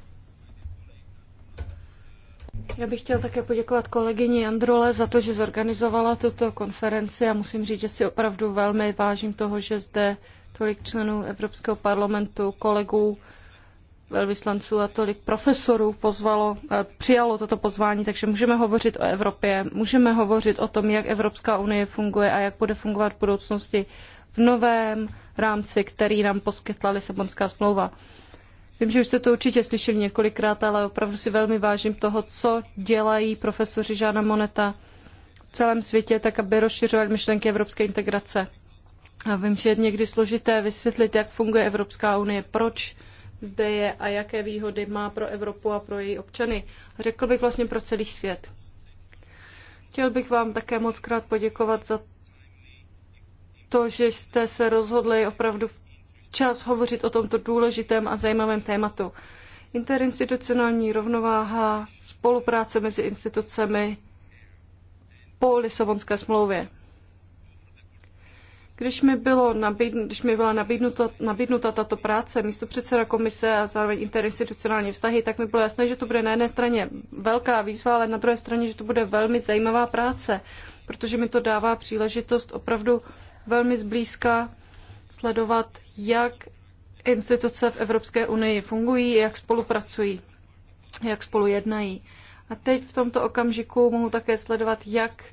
Já bych chtěl také poděkovat kolegyni Androle za to, že zorganizovala tuto konferenci a musím říct, že si opravdu velmi vážím toho, že zde tolik členů Evropského parlamentu, kolegů velvyslanců a tolik profesorů pozvalo, eh, přijalo toto pozvání, takže můžeme hovořit o Evropě, můžeme hovořit o tom, jak Evropská unie funguje a jak bude fungovat v budoucnosti v novém rámci, který nám poskytla Lisabonská smlouva. Vím, že už jste to určitě slyšeli několikrát, ale opravdu si velmi vážím toho, co dělají profesoři Žána Moneta v celém světě, tak aby rozšiřovali myšlenky evropské integrace. A vím, že je někdy složité vysvětlit, jak funguje Evropská unie, proč zde je a jaké výhody má pro Evropu a pro její občany. Řekl bych vlastně pro celý svět. Chtěl bych vám také moc krát poděkovat za to, že jste se rozhodli opravdu včas hovořit o tomto důležitém a zajímavém tématu. Interinstitucionální rovnováha, spolupráce mezi institucemi po Lisabonské smlouvě. Když mi, bylo nabídnu, když mi byla nabídnuta, nabídnuta tato práce místo předseda komise a zároveň interinstitucionální vztahy, tak mi bylo jasné, že to bude na jedné straně velká výzva, ale na druhé straně, že to bude velmi zajímavá práce, protože mi to dává příležitost opravdu velmi zblízka sledovat, jak instituce v Evropské unii fungují, jak spolupracují, jak spolu jednají. A teď v tomto okamžiku mohu také sledovat, jak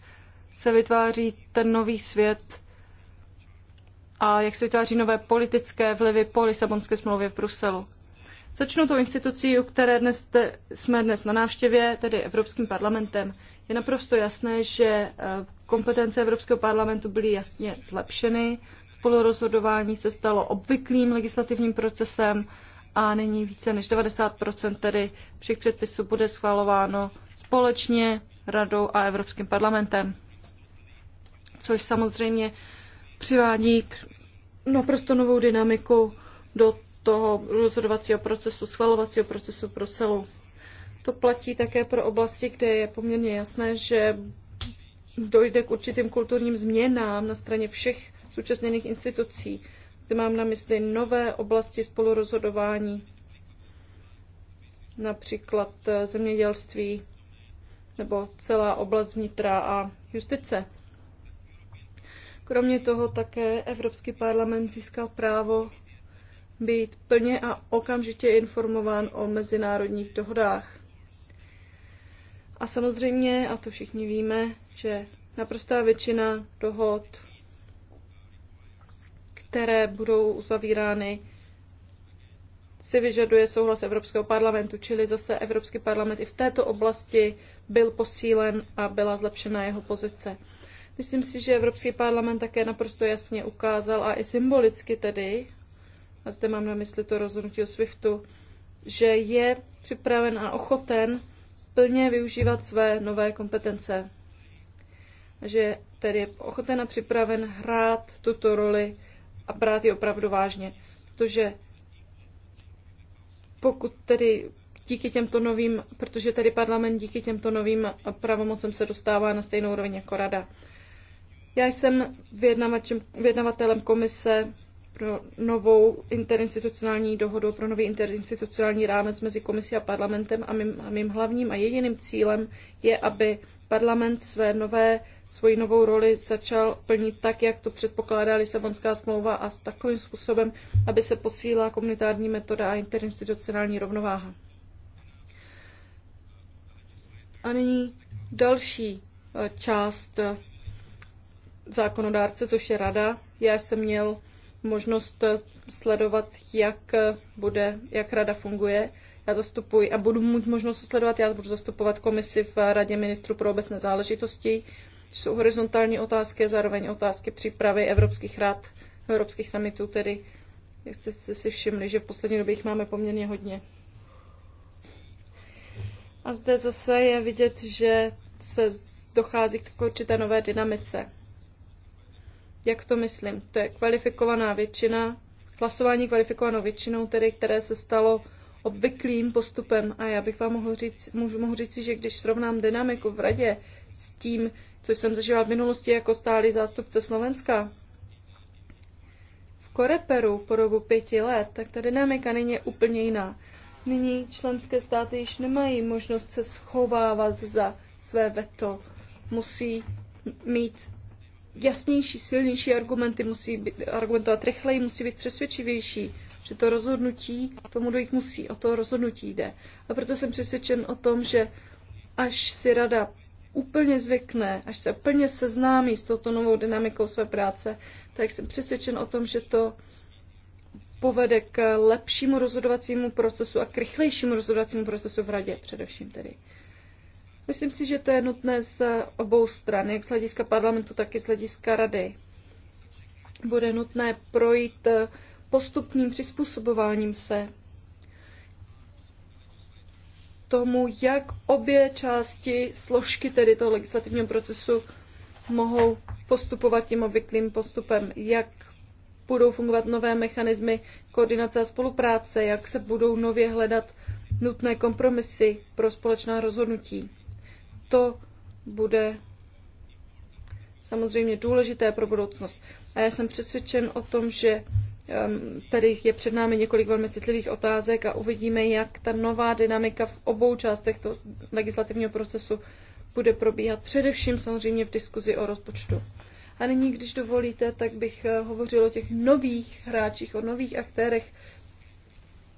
se vytváří ten nový svět a jak se vytváří nové politické vlivy po Lisabonské smlouvě v Bruselu. Začnu tou institucí, u které dnes te, jsme dnes na návštěvě, tedy Evropským parlamentem. Je naprosto jasné, že e, kompetence Evropského parlamentu byly jasně zlepšeny, spolurozhodování se stalo obvyklým legislativním procesem a nyní více než 90 tedy všech předpisů bude schvalováno společně Radou a Evropským parlamentem. Což samozřejmě přivádí naprosto novou dynamiku do toho rozhodovacího procesu, schvalovacího procesu pro celou. To platí také pro oblasti, kde je poměrně jasné, že dojde k určitým kulturním změnám na straně všech současněných institucí. Zde mám na mysli nové oblasti spolurozhodování, například eh, zemědělství nebo celá oblast vnitra a justice. Kromě toho také Evropský parlament získal právo být plně a okamžitě informován o mezinárodních dohodách. A samozřejmě, a to všichni víme, že naprostá většina dohod, které budou uzavírány, si vyžaduje souhlas Evropského parlamentu, čili zase Evropský parlament i v této oblasti byl posílen a byla zlepšena jeho pozice. Myslím si, že Evropský parlament také naprosto jasně ukázal, a i symbolicky tedy, a zde mám na mysli to rozhodnutí o SWIFTu, že je připraven a ochoten plně využívat své nové kompetence. Že tedy je ochoten a připraven hrát tuto roli a brát ji opravdu vážně. Protože pokud tedy díky těmto novým, protože tedy parlament díky těmto novým pravomocem se dostává na stejnou úroveň jako rada. Já jsem vyjednavatelem komise pro novou interinstitucionální dohodu, pro nový interinstitucionální rámec mezi komisí a parlamentem a mým, a mým hlavním a jediným cílem je, aby parlament své nové, svoji novou roli začal plnit tak, jak to předpokládá Lisabonská smlouva a s takovým způsobem, aby se posílila komunitární metoda a interinstitucionální rovnováha. A nyní další eh, část zákonodárce, což je rada. Já jsem měl možnost sledovat, jak bude, jak rada funguje. Já zastupuji a budu mít možnost sledovat, já budu zastupovat komisi v Radě ministru pro obecné záležitosti. Jsou horizontální otázky a zároveň otázky přípravy evropských rad, evropských samitů, tedy jak jste, jste si všimli, že v poslední době jich máme poměrně hodně. A zde zase je vidět, že se dochází k určité nové dynamice. Jak to myslím? To je kvalifikovaná většina, hlasování kvalifikovanou většinou, tedy které se stalo obvyklým postupem. A já bych vám mohl říct, můžu, mohu říct, že když srovnám dynamiku v radě s tím, co jsem zažila v minulosti jako stálý zástupce Slovenska, v Koreperu po dobu pěti let, tak ta dynamika není úplně jiná. Nyní členské státy již nemají možnost se schovávat za své veto. Musí mít jasnější, silnější argumenty, musí být, argumentovat rychleji, musí být přesvědčivější, že to rozhodnutí tomu dojít musí, o to rozhodnutí jde. A proto jsem přesvědčen o tom, že až si rada úplně zvykne, až se plně seznámí s touto novou dynamikou své práce, tak jsem přesvědčen o tom, že to povede k lepšímu rozhodovacímu procesu a k rychlejšímu rozhodovacímu procesu v radě především tedy. Myslím si, že to je nutné z obou stran, jak z hlediska parlamentu, tak i z hlediska rady. Bude nutné projít postupným přizpůsobováním se tomu, jak obě části složky tedy toho legislativního procesu mohou postupovat tím obvyklým postupem, jak budou fungovat nové mechanismy koordinace a spolupráce, jak se budou nově hledat nutné kompromisy pro společná rozhodnutí to bude samozřejmě důležité pro budoucnost. A já jsem přesvědčen o tom, že tady je před námi několik velmi citlivých otázek a uvidíme, jak ta nová dynamika v obou částech toho legislativního procesu bude probíhat, především samozřejmě v diskuzi o rozpočtu. A nyní, když dovolíte, tak bych eh, hovořil o těch nových hráčích, o nových aktérech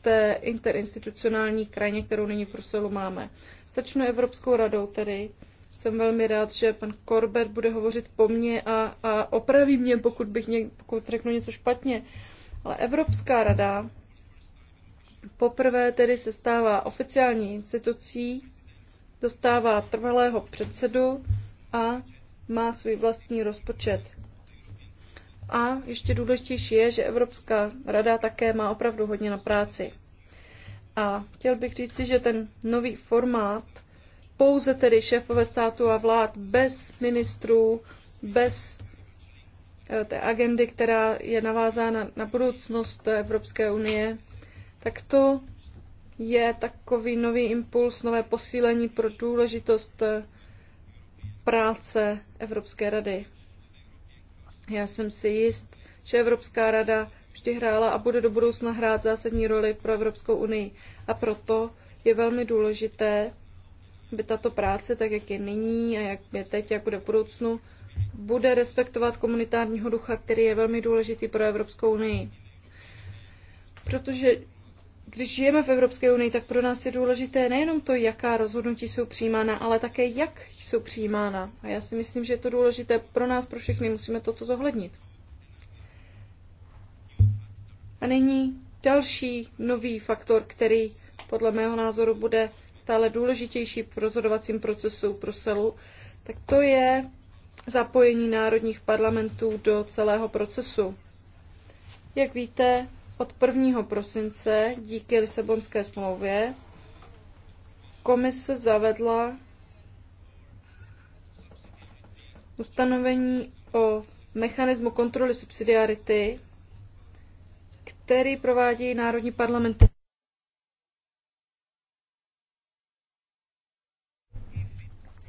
té interinstitucionální krajině, kterou nyní v Bruselu máme. Začnu Evropskou radou tedy. Jsem velmi rád, že pan Korbert bude hovořit po mně a, a opraví mě, pokud, bych něk, pokud řeknu něco špatně. Ale Evropská rada poprvé tedy se stává oficiální institucí, dostává trvalého předsedu a má svůj vlastní rozpočet. A ještě důležitější je, že Evropská rada také má opravdu hodně na práci. A chtěl bych říci, že ten nový formát, pouze tedy šéfové státu a vlád bez ministrů, bez eh, té agendy, která je navázána na budoucnost Evropské unie, tak to je takový nový impuls, nové posílení pro důležitost eh, práce Evropské rady. Já jsem si jist, že Evropská rada vždy hrála a bude do budoucna hrát zásadní roli pro Evropskou unii. A proto je velmi důležité, aby tato práce, tak jak je nyní a jak je teď, jak bude v budoucnu, bude respektovat komunitárního ducha, který je velmi důležitý pro Evropskou unii. Protože když žijeme v Evropské unii, tak pro nás je důležité nejenom to, jaká rozhodnutí jsou přijímána, ale také jak jsou přijímána. A já si myslím, že je to důležité pro nás, pro všechny. Musíme toto zohlednit. A nyní další nový faktor, který podle mého názoru bude stále důležitější v rozhodovacím procesu v Bruselu, tak to je zapojení národních parlamentů do celého procesu. Jak víte, od 1. prosince díky Lisabonské smlouvě komise zavedla ustanovení o mechanismu kontroly subsidiarity, který provádějí národní parlamenty.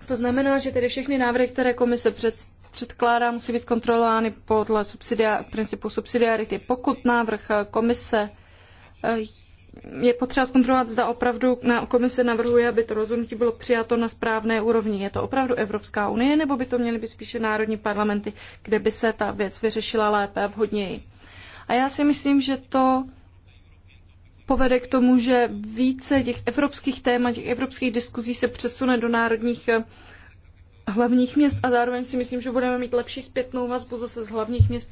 To znamená, že tedy všechny návrhy, které komise představí, předkládá, musí být kontrolovány podle subsidia, principu subsidiarity. Pokud návrh eh, komise eh, je potřeba zkontrolovat, zda opravdu na komise navrhuje, aby to rozhodnutí bylo přijato na správné úrovni. Je to opravdu Evropská unie, nebo by to měly být spíše národní parlamenty, kde by se ta věc vyřešila lépe a vhodněji? A já si myslím, že to povede k tomu, že více těch evropských témat, těch evropských diskuzí se přesune do národních eh, hlavních měst a zároveň si myslím, že budeme mít lepší zpětnou vazbu zase z hlavních měst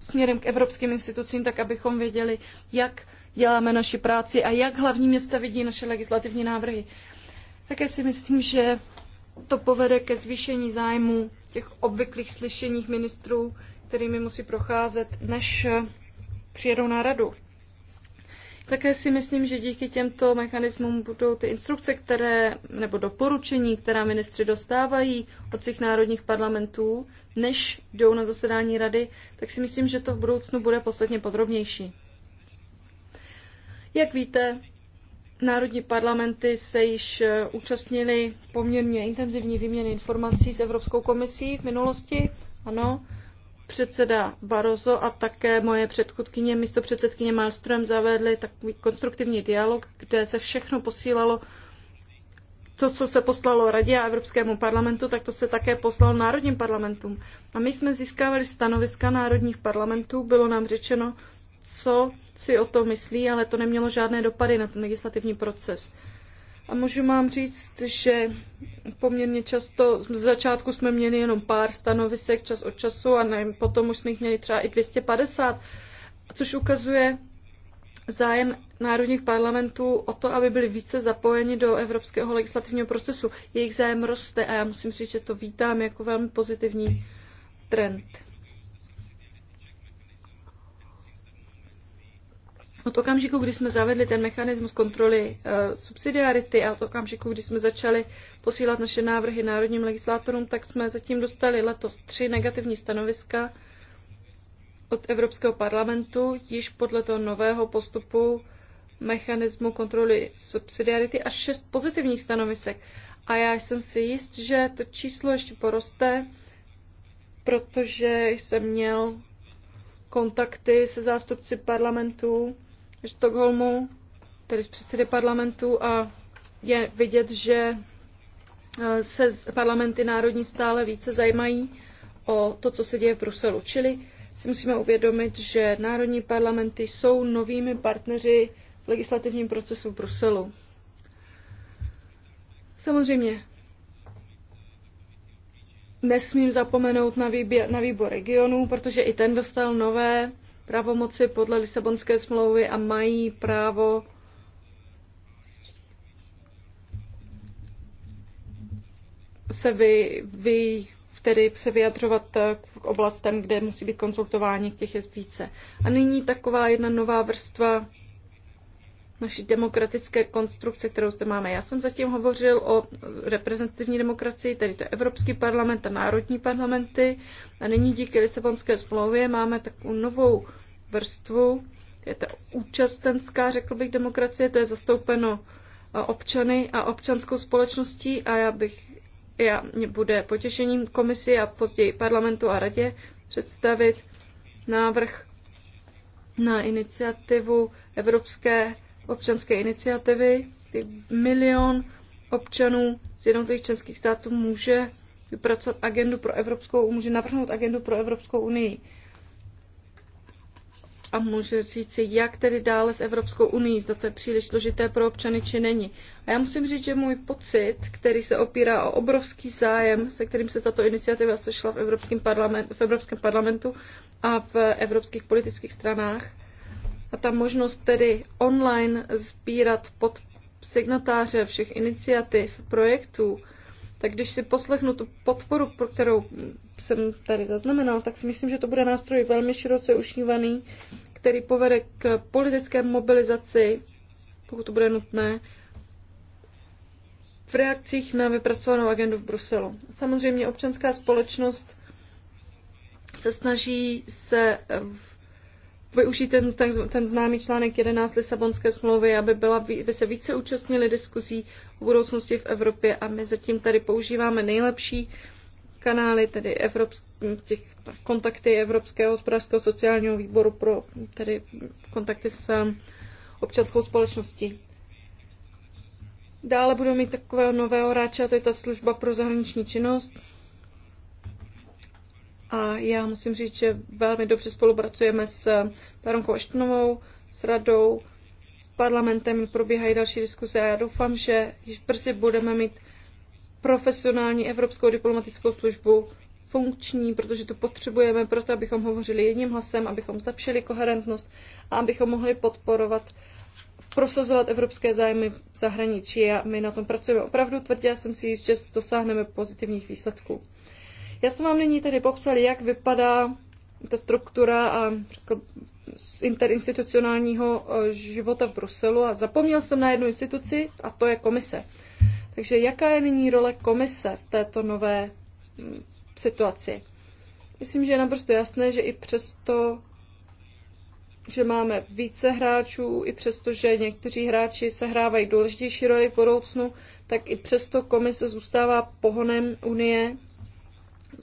směrem k evropským institucím, tak abychom věděli, jak děláme naši práci a jak hlavní města vidí naše legislativní návrhy. Také si myslím, že to povede ke zvýšení zájmu těch obvyklých slyšeních ministrů, kterými musí procházet, než přijedou na radu. Také si myslím, že díky těmto mechanismům budou ty instrukce, které, nebo doporučení, která ministři dostávají od svých národních parlamentů, než jdou na zasedání rady, tak si myslím, že to v budoucnu bude posledně podrobnější. Jak víte, národní parlamenty se již eh, účastnili poměrně intenzivní výměny informací s Evropskou komisí v minulosti. Ano, předseda Barroso a také moje předchůdkyně, místo předsedkyně Malström, zavedli takový konstruktivní dialog, kde se všechno posílalo to, co se poslalo Radě a Evropskému parlamentu, tak to se také poslalo národním parlamentům. A my jsme získávali stanoviska národních parlamentů, bylo nám řečeno, co si o to myslí, ale to nemělo žádné dopady na ten legislativní proces. A můžu vám říct, že poměrně často, z začátku jsme měli jenom pár stanovisek čas od času a nevím, potom už jsme jich měli třeba i 250, což ukazuje zájem národních parlamentů o to, aby byli více zapojeni do evropského legislativního procesu. Jejich zájem roste a já musím říct, že to vítám jako velmi pozitivní trend. Od no, okamžiku, kdy jsme zavedli ten mechanismus kontroly uh, subsidiarity a od okamžiku, kdy jsme začali posílat naše návrhy národním legislátorům, tak jsme zatím dostali letos tři negativní stanoviska od Evropského parlamentu, již podle toho nového postupu mechanismu kontroly subsidiarity a šest pozitivních stanovisek. A já jsem si jist, že to číslo ještě poroste, protože jsem měl kontakty se zástupci parlamentů Štokholmu, tedy z předsedy parlamentu a je vidět, že e, se parlamenty národní stále více zajímají o to, co se děje v Bruselu. Čili si musíme uvědomit, že národní parlamenty jsou novými partneři v legislativním procesu v Bruselu. Samozřejmě nesmím zapomenout na, výbě- na výbor regionů, protože i ten dostal nové pravomoci podle Lisabonské smlouvy a mají právo se vy, vy tedy se vyjadřovat k oblastem, kde musí být konzultování, těch je více. A nyní taková jedna nová vrstva naší demokratické konstrukce, kterou zde máme. Já jsem zatím hovořil o reprezentativní demokracii, tedy to Evropský parlament a národní parlamenty. A nyní díky Lisabonské smlouvě máme takovou novou vrstvu, je to účastenská, řekl bych, demokracie, to je zastoupeno občany a občanskou společností a já bych, já, mě bude potěšením komisi a později parlamentu a radě představit návrh na iniciativu Evropské občanské iniciativy, ty milion občanů z jednotlivých členských států může vypracovat agendu pro Evropskou, může navrhnout agendu pro Evropskou unii. A může říct si, jak tedy dále s Evropskou unii, zda to je příliš složité pro občany, či není. A já musím říct, že můj pocit, který se opírá o obrovský zájem, se kterým se tato iniciativa sešla v, Evropském parlament, v Evropském parlamentu a v evropských politických stranách, a ta možnost tedy online sbírat pod signatáře všech iniciativ, projektů, tak když si poslechnu tu podporu, pro kterou jsem tady zaznamenal, tak si myslím, že to bude nástroj velmi široce ušívaný, který povede k politické mobilizaci, pokud to bude nutné, v reakcích na vypracovanou agendu v Bruselu. Samozřejmě občanská společnost se snaží se v využít ten, ten, ten známý článek 11 Lisabonské smlouvy, aby, byla, aby se více účastnili diskuzí o budoucnosti v Evropě a my zatím tady používáme nejlepší kanály, tedy evropský, těch kontakty Evropského hospodářského sociálního výboru pro tedy kontakty s um, občanskou společností. Dále budou mít takového nového hráče, a to je ta služba pro zahraniční činnost. A já musím říct, že velmi dobře spolupracujeme s baronkou Eštnovou, s radou, s parlamentem, probíhají další diskuze a já doufám, že již brzy budeme mít profesionální evropskou diplomatickou službu funkční, protože to potřebujeme proto, abychom hovořili jedním hlasem, abychom zlepšili koherentnost a abychom mohli podporovat, prosazovat evropské zájmy v zahraničí. A my na tom pracujeme opravdu tvrdě a jsem si jist, že dosáhneme pozitivních výsledků. Já jsem vám nyní tedy popsal, jak vypadá ta struktura a z interinstitucionálního eh, života v Bruselu a zapomněl jsem na jednu instituci a to je komise. Takže jaká je nyní role komise v této nové hm, situaci? Myslím, že je naprosto jasné, že i přesto, že máme více hráčů, i přesto, že někteří hráči sehrávají důležitější roli v budoucnu, tak i přesto komise zůstává pohonem Unie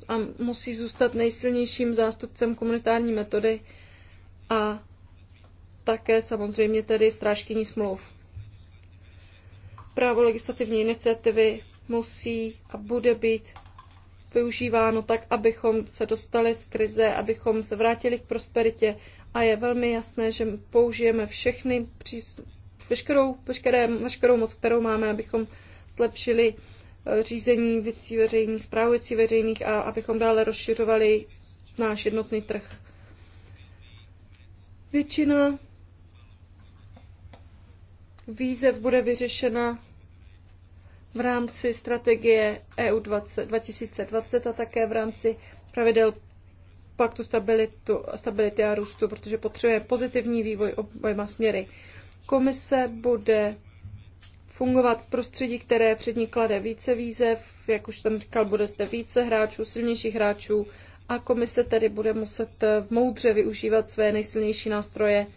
a musí zůstat nejsilnějším zástupcem komunitární metody a také samozřejmě tedy strážkyní smluv. Právo legislativní iniciativy musí a bude být využíváno tak, abychom se dostali z krize, abychom se vrátili k prosperitě a je velmi jasné, že použijeme všechny přístup, veškerou, veškeré, veškerou moc, kterou máme, abychom zlepšili Eh, řízení věcí veřejných, zprávu věcí veřejných a abychom dále rozšiřovali náš jednotný trh. Většina výzev bude vyřešena v rámci strategie EU 20, 2020 a také v rámci pravidel paktu stabilitu, stability a růstu, protože potřebuje pozitivní vývoj oběma směry. Komise bude fungovat v prostředí, které před ní klade více výzev, jak už jsem říkal, bude zde více hráčů, silnějších hráčů a komise tedy bude muset eh, v moudře využívat své nejsilnější nástroje,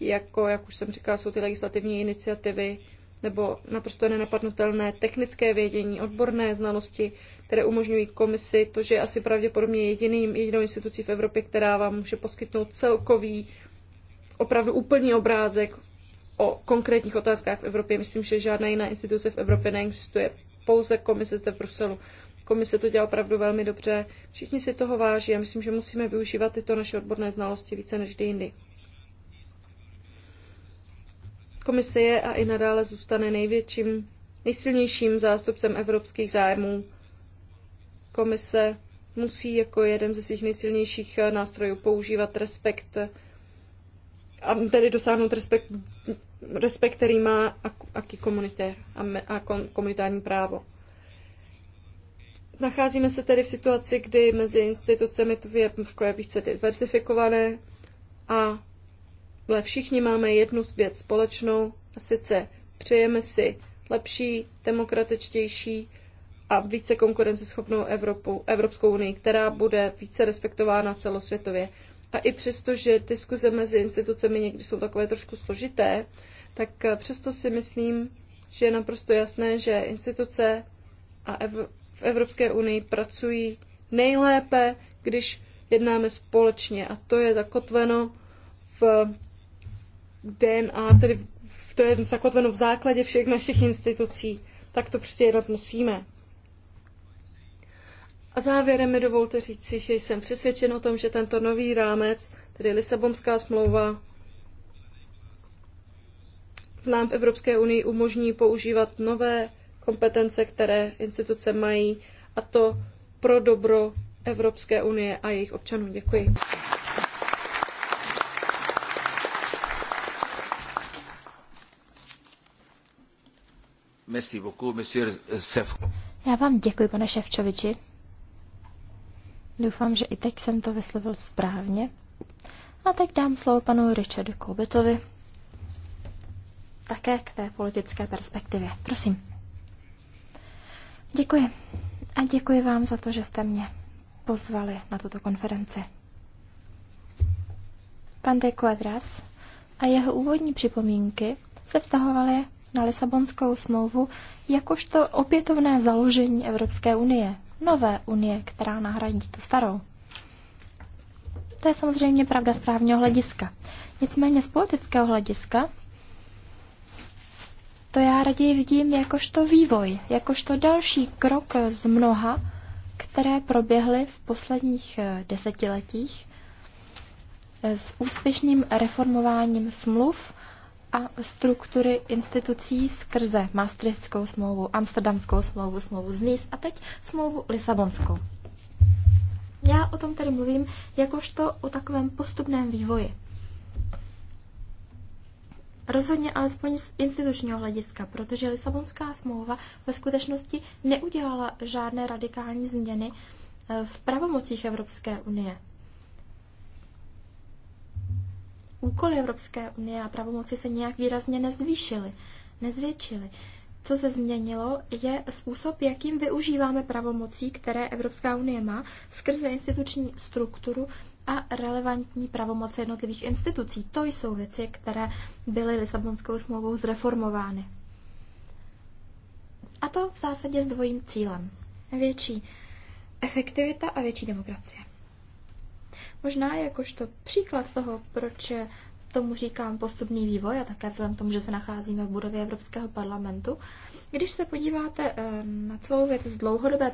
jako, jak už jsem říkal, jsou ty legislativní iniciativy nebo naprosto nenapadnutelné technické vědění, odborné znalosti, které umožňují komisi, to, že je asi pravděpodobně jediným, jedinou institucí v Evropě, která vám může poskytnout celkový, opravdu úplný obrázek o konkrétních otázkách v Evropě. Myslím, že žádná jiná instituce v Evropě neexistuje, pouze komise zde v Bruselu. Komise to dělá opravdu velmi dobře. Všichni si toho váží a myslím, že musíme využívat tyto naše odborné znalosti více než kdy jindy. Komise je a i nadále zůstane největším, nejsilnějším zástupcem evropských zájmů. Komise musí jako jeden ze svých nejsilnějších nástrojů používat respekt a tedy dosáhnout respekt, respekt který má aký komunitér a, a komunitární právo. Nacházíme se tedy v situaci, kdy mezi institucemi to je více diversifikované a ale všichni máme jednu věc společnou, a sice přejeme si lepší, demokratičtější a více konkurenceschopnou Evropu, Evropskou unii, která bude více respektována celosvětově. A i přesto, že diskuze mezi institucemi někdy jsou takové trošku složité, tak eh, přesto si myslím, že je naprosto jasné, že instituce a ev- v Evropské unii pracují nejlépe, když jednáme společně. A to je zakotveno v DNA, tedy to je zakotveno v základě všech našich institucí. Tak to prostě jednat musíme. A závěrem mi dovolte říci, že jsem přesvědčen o tom, že tento nový rámec, tedy Lisabonská smlouva, v nám v Evropské unii umožní používat nové kompetence, které instituce mají, a to pro dobro Evropské unie a jejich občanů. Děkuji. Já vám děkuji, pane Ševčoviči. Doufám, že i teď jsem to vyslovil správně. A tak dám slovo panu Richardu Corbettovi také k té politické perspektivě. Prosím. Děkuji. A děkuji vám za to, že jste mě pozvali na tuto konferenci. Pan de Quadras a jeho úvodní připomínky se vztahovaly na Lisabonskou smlouvu jakožto opětovné založení Evropské unie nové unie, která nahradí tu starou. To je samozřejmě pravda z právního hlediska. Nicméně z politického hlediska to já raději vidím jakožto vývoj, jakožto další krok z mnoha, které proběhly v posledních eh, desetiletích eh, s úspěšným reformováním smluv a struktury institucí skrze Maastrichtskou smlouvu, Amsterdamskou smlouvu, smlouvu z Nice a teď smlouvu Lisabonskou. Já o tom tedy mluvím jakožto o takovém postupném vývoji. Rozhodně alespoň z institučního hlediska, protože Lisabonská smlouva ve skutečnosti neudělala žádné radikální změny eh, v pravomocích Evropské unie. úkoly Evropské unie a pravomoci se nějak výrazně nezvýšily, nezvětšily. Co se změnilo, je způsob, jakým využíváme pravomocí, které Evropská unie má skrze instituční strukturu a relevantní pravomoce jednotlivých institucí. To jsou věci, které byly Lisabonskou smlouvou zreformovány. A to v zásadě s dvojím cílem. Větší efektivita a větší demokracie. Možná jakožto příklad toho, proč tomu říkám postupný vývoj a také vzhledem tomu, že se nacházíme v budově Evropského parlamentu. Když se podíváte ehm, na celou věc z dlouhodobé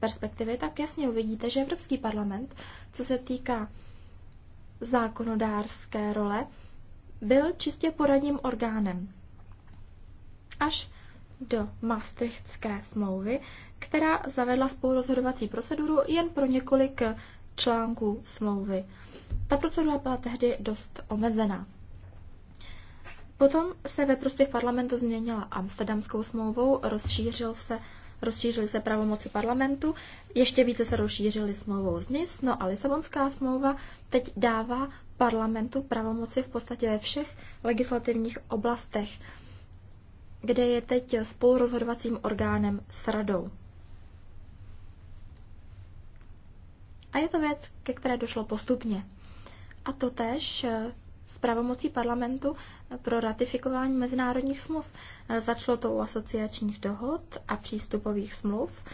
perspektivy, tak jasně uvidíte, že Evropský parlament, co se týká zákonodárské role, byl čistě poradním orgánem. Až do Maastrichtské smlouvy, která zavedla spolurozhodovací proceduru jen pro několik článků smlouvy. Ta procedura byla tehdy dost omezená. Potom se ve prospěch parlamentu změnila Amsterdamskou smlouvou, rozšířil se, rozšířily se pravomoci parlamentu, ještě více se rozšířily smlouvou z NIS, no a Lisabonská smlouva teď dává parlamentu pravomoci v podstatě ve všech legislativních oblastech, kde je teď spolurozhodovacím orgánem s radou. A je to věc, ke které došlo postupně. A to tež eh, s pravomocí parlamentu eh, pro ratifikování mezinárodních smluv. Eh, začalo to u asociačních dohod a přístupových smluv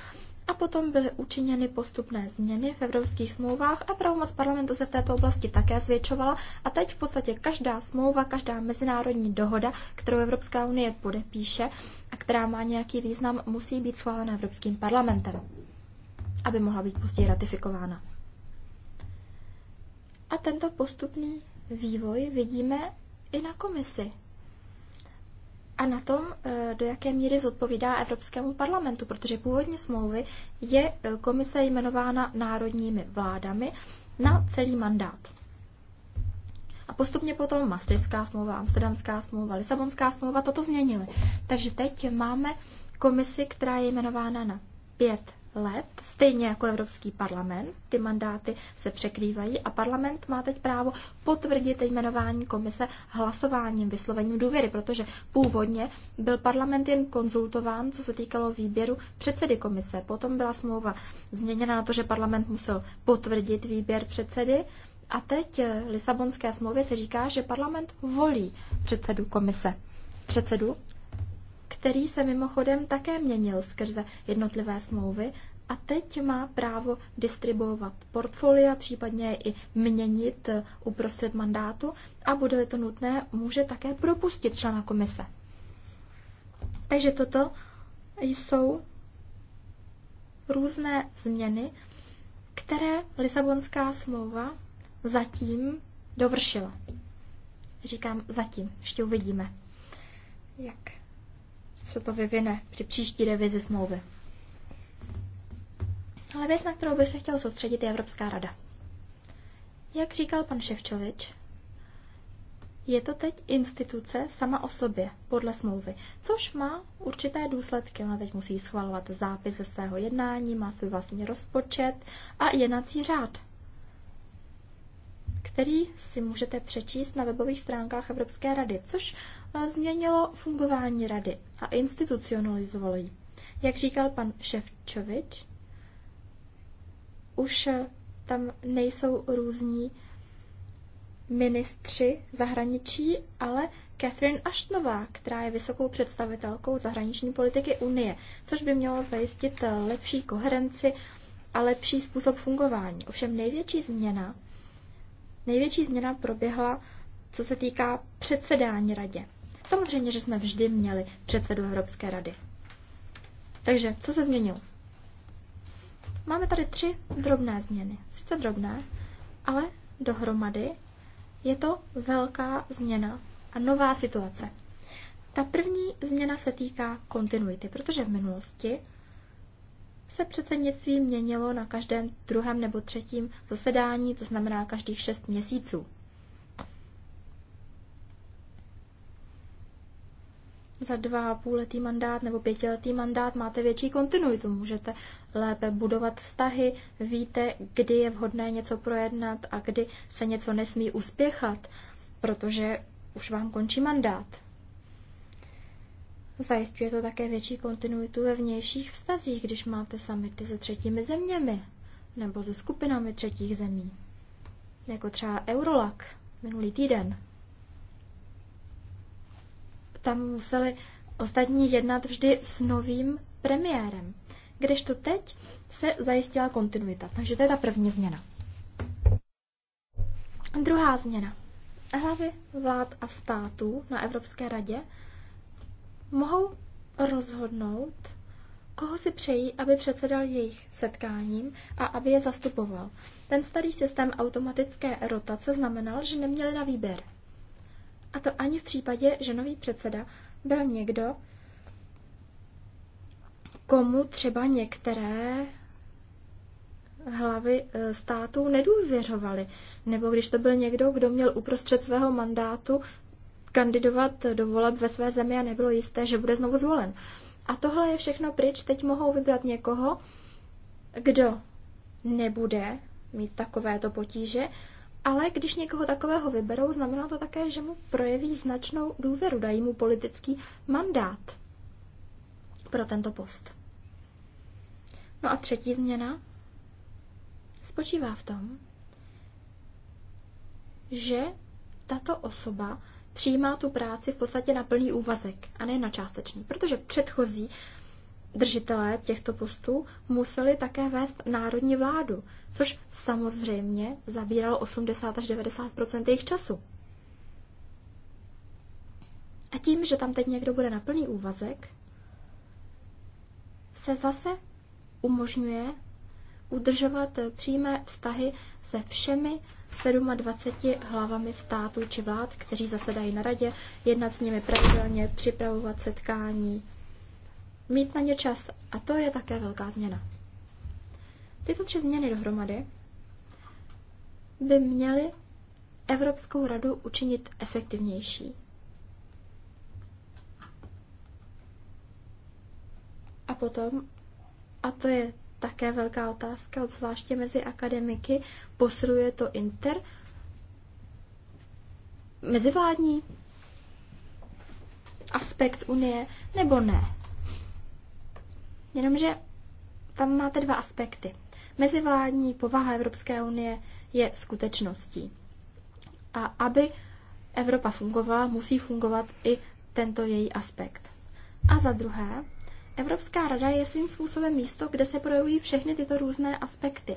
a potom byly učiněny postupné změny v evropských smlouvách a pravomoc parlamentu se v této oblasti také zvětšovala a teď v podstatě každá smlouva, každá mezinárodní dohoda, kterou Evropská unie podepíše a která má nějaký význam, musí být schválena Evropským parlamentem, aby mohla být později ratifikována. A tento postupný vývoj vidíme i na komisi. A na tom, eh, do jaké míry zodpovídá Evropskému parlamentu, protože původně smlouvy je eh, komise jmenována národními vládami na celý mandát. A postupně potom Maastrichtská smlouva, Amsterdamská smlouva, Lisabonská smlouva toto změnily. Takže teď máme komisi, která je jmenována na pět let, stejně jako Evropský parlament. Ty mandáty se překrývají a parlament má teď právo potvrdit jmenování komise hlasováním, vyslovením důvěry, protože původně byl parlament jen konzultován, co se týkalo výběru předsedy komise. Potom byla smlouva změněna na to, že parlament musel potvrdit výběr předsedy. A teď eh, Lisabonské smlouvě se říká, že parlament volí předsedu komise. Předsedu který se mimochodem také měnil skrze jednotlivé smlouvy a teď má právo distribuovat portfolia, případně i měnit eh, uprostřed mandátu a bude-li to nutné, může také propustit člena komise. Takže toto jsou různé změny, které Lisabonská smlouva zatím dovršila. Říkám zatím, ještě uvidíme, jak se to vyvine při příští revizi smlouvy. Ale věc, na kterou by se chtěl soustředit, je Evropská rada. Jak říkal pan Ševčovič, je to teď instituce sama o sobě, podle smlouvy, což má určité důsledky. Ona teď musí schvalovat zápis ze svého jednání, má svůj vlastní rozpočet a jednací řád, který si můžete přečíst na webových stránkách Evropské rady, což eh, změnilo fungování rady a institucionalizovalo ji. Jak říkal pan Ševčovič, už eh, tam nejsou různí ministři zahraničí, ale Catherine Ashtonová, která je vysokou představitelkou zahraniční politiky Unie, což by mělo zajistit eh, lepší koherenci a lepší způsob fungování. Ovšem největší změna, největší změna proběhla, co se týká předsedání radě. Samozřejmě, že jsme vždy měli předsedu Evropské rady. Takže, co se změnilo? Máme tady tři drobné změny. Sice drobné, ale dohromady je to velká změna a nová situace. Ta první změna se týká kontinuity, protože v minulosti se předsednictví měnilo na každém druhém nebo třetím zasedání, to znamená každých šest měsíců. za dva letý mandát nebo pětiletý mandát máte větší kontinuitu, můžete lépe budovat vztahy, víte, kdy je vhodné něco projednat a kdy se něco nesmí uspěchat, protože už vám končí mandát. Zajistuje to také větší kontinuitu ve vnějších vztazích, když máte samity se třetími zeměmi nebo se skupinami třetích zemí, jako třeba Eurolak minulý týden tam museli ostatní jednat vždy s novým premiérem. Kdežto teď se zajistila kontinuita. Takže to je ta první změna. Druhá změna. Hlavy vlád a států na Evropské radě mohou rozhodnout, koho si přejí, aby předsedal jejich setkáním a aby je zastupoval. Ten starý systém automatické rotace znamenal, že neměli na výběr. A to ani v případě, že nový předseda byl někdo, komu třeba některé hlavy e, států nedůvěřovaly. Nebo když to byl někdo, kdo měl uprostřed svého mandátu kandidovat do voleb ve své zemi a nebylo jisté, že bude znovu zvolen. A tohle je všechno pryč. Teď mohou vybrat někoho, kdo nebude mít takovéto potíže ale když někoho takového vyberou, znamená to také, že mu projeví značnou důvěru, dají mu politický mandát pro tento post. No a třetí změna spočívá v tom, že tato osoba přijímá tu práci v podstatě na plný úvazek a ne na částečný, protože předchozí držitelé těchto postů museli také vést národní vládu, což samozřejmě zabíralo 80 až 90 jejich času. A tím, že tam teď někdo bude na plný úvazek, se zase umožňuje udržovat přímé vztahy se všemi 27 hlavami států či vlád, kteří zasedají na radě, jednat s nimi pravidelně, připravovat setkání, mít na ně čas. A to je také velká změna. Tyto tři změny dohromady by měly Evropskou radu učinit efektivnější. A potom, a to je také velká otázka, obzvláště mezi akademiky, posiluje to inter mezivládní aspekt Unie, nebo ne? Jenomže tam máte dva aspekty. Mezivládní povaha Evropské unie je skutečností. A aby Evropa fungovala, musí fungovat i tento její aspekt. A za druhé, Evropská rada je svým způsobem místo, kde se projevují všechny tyto různé aspekty.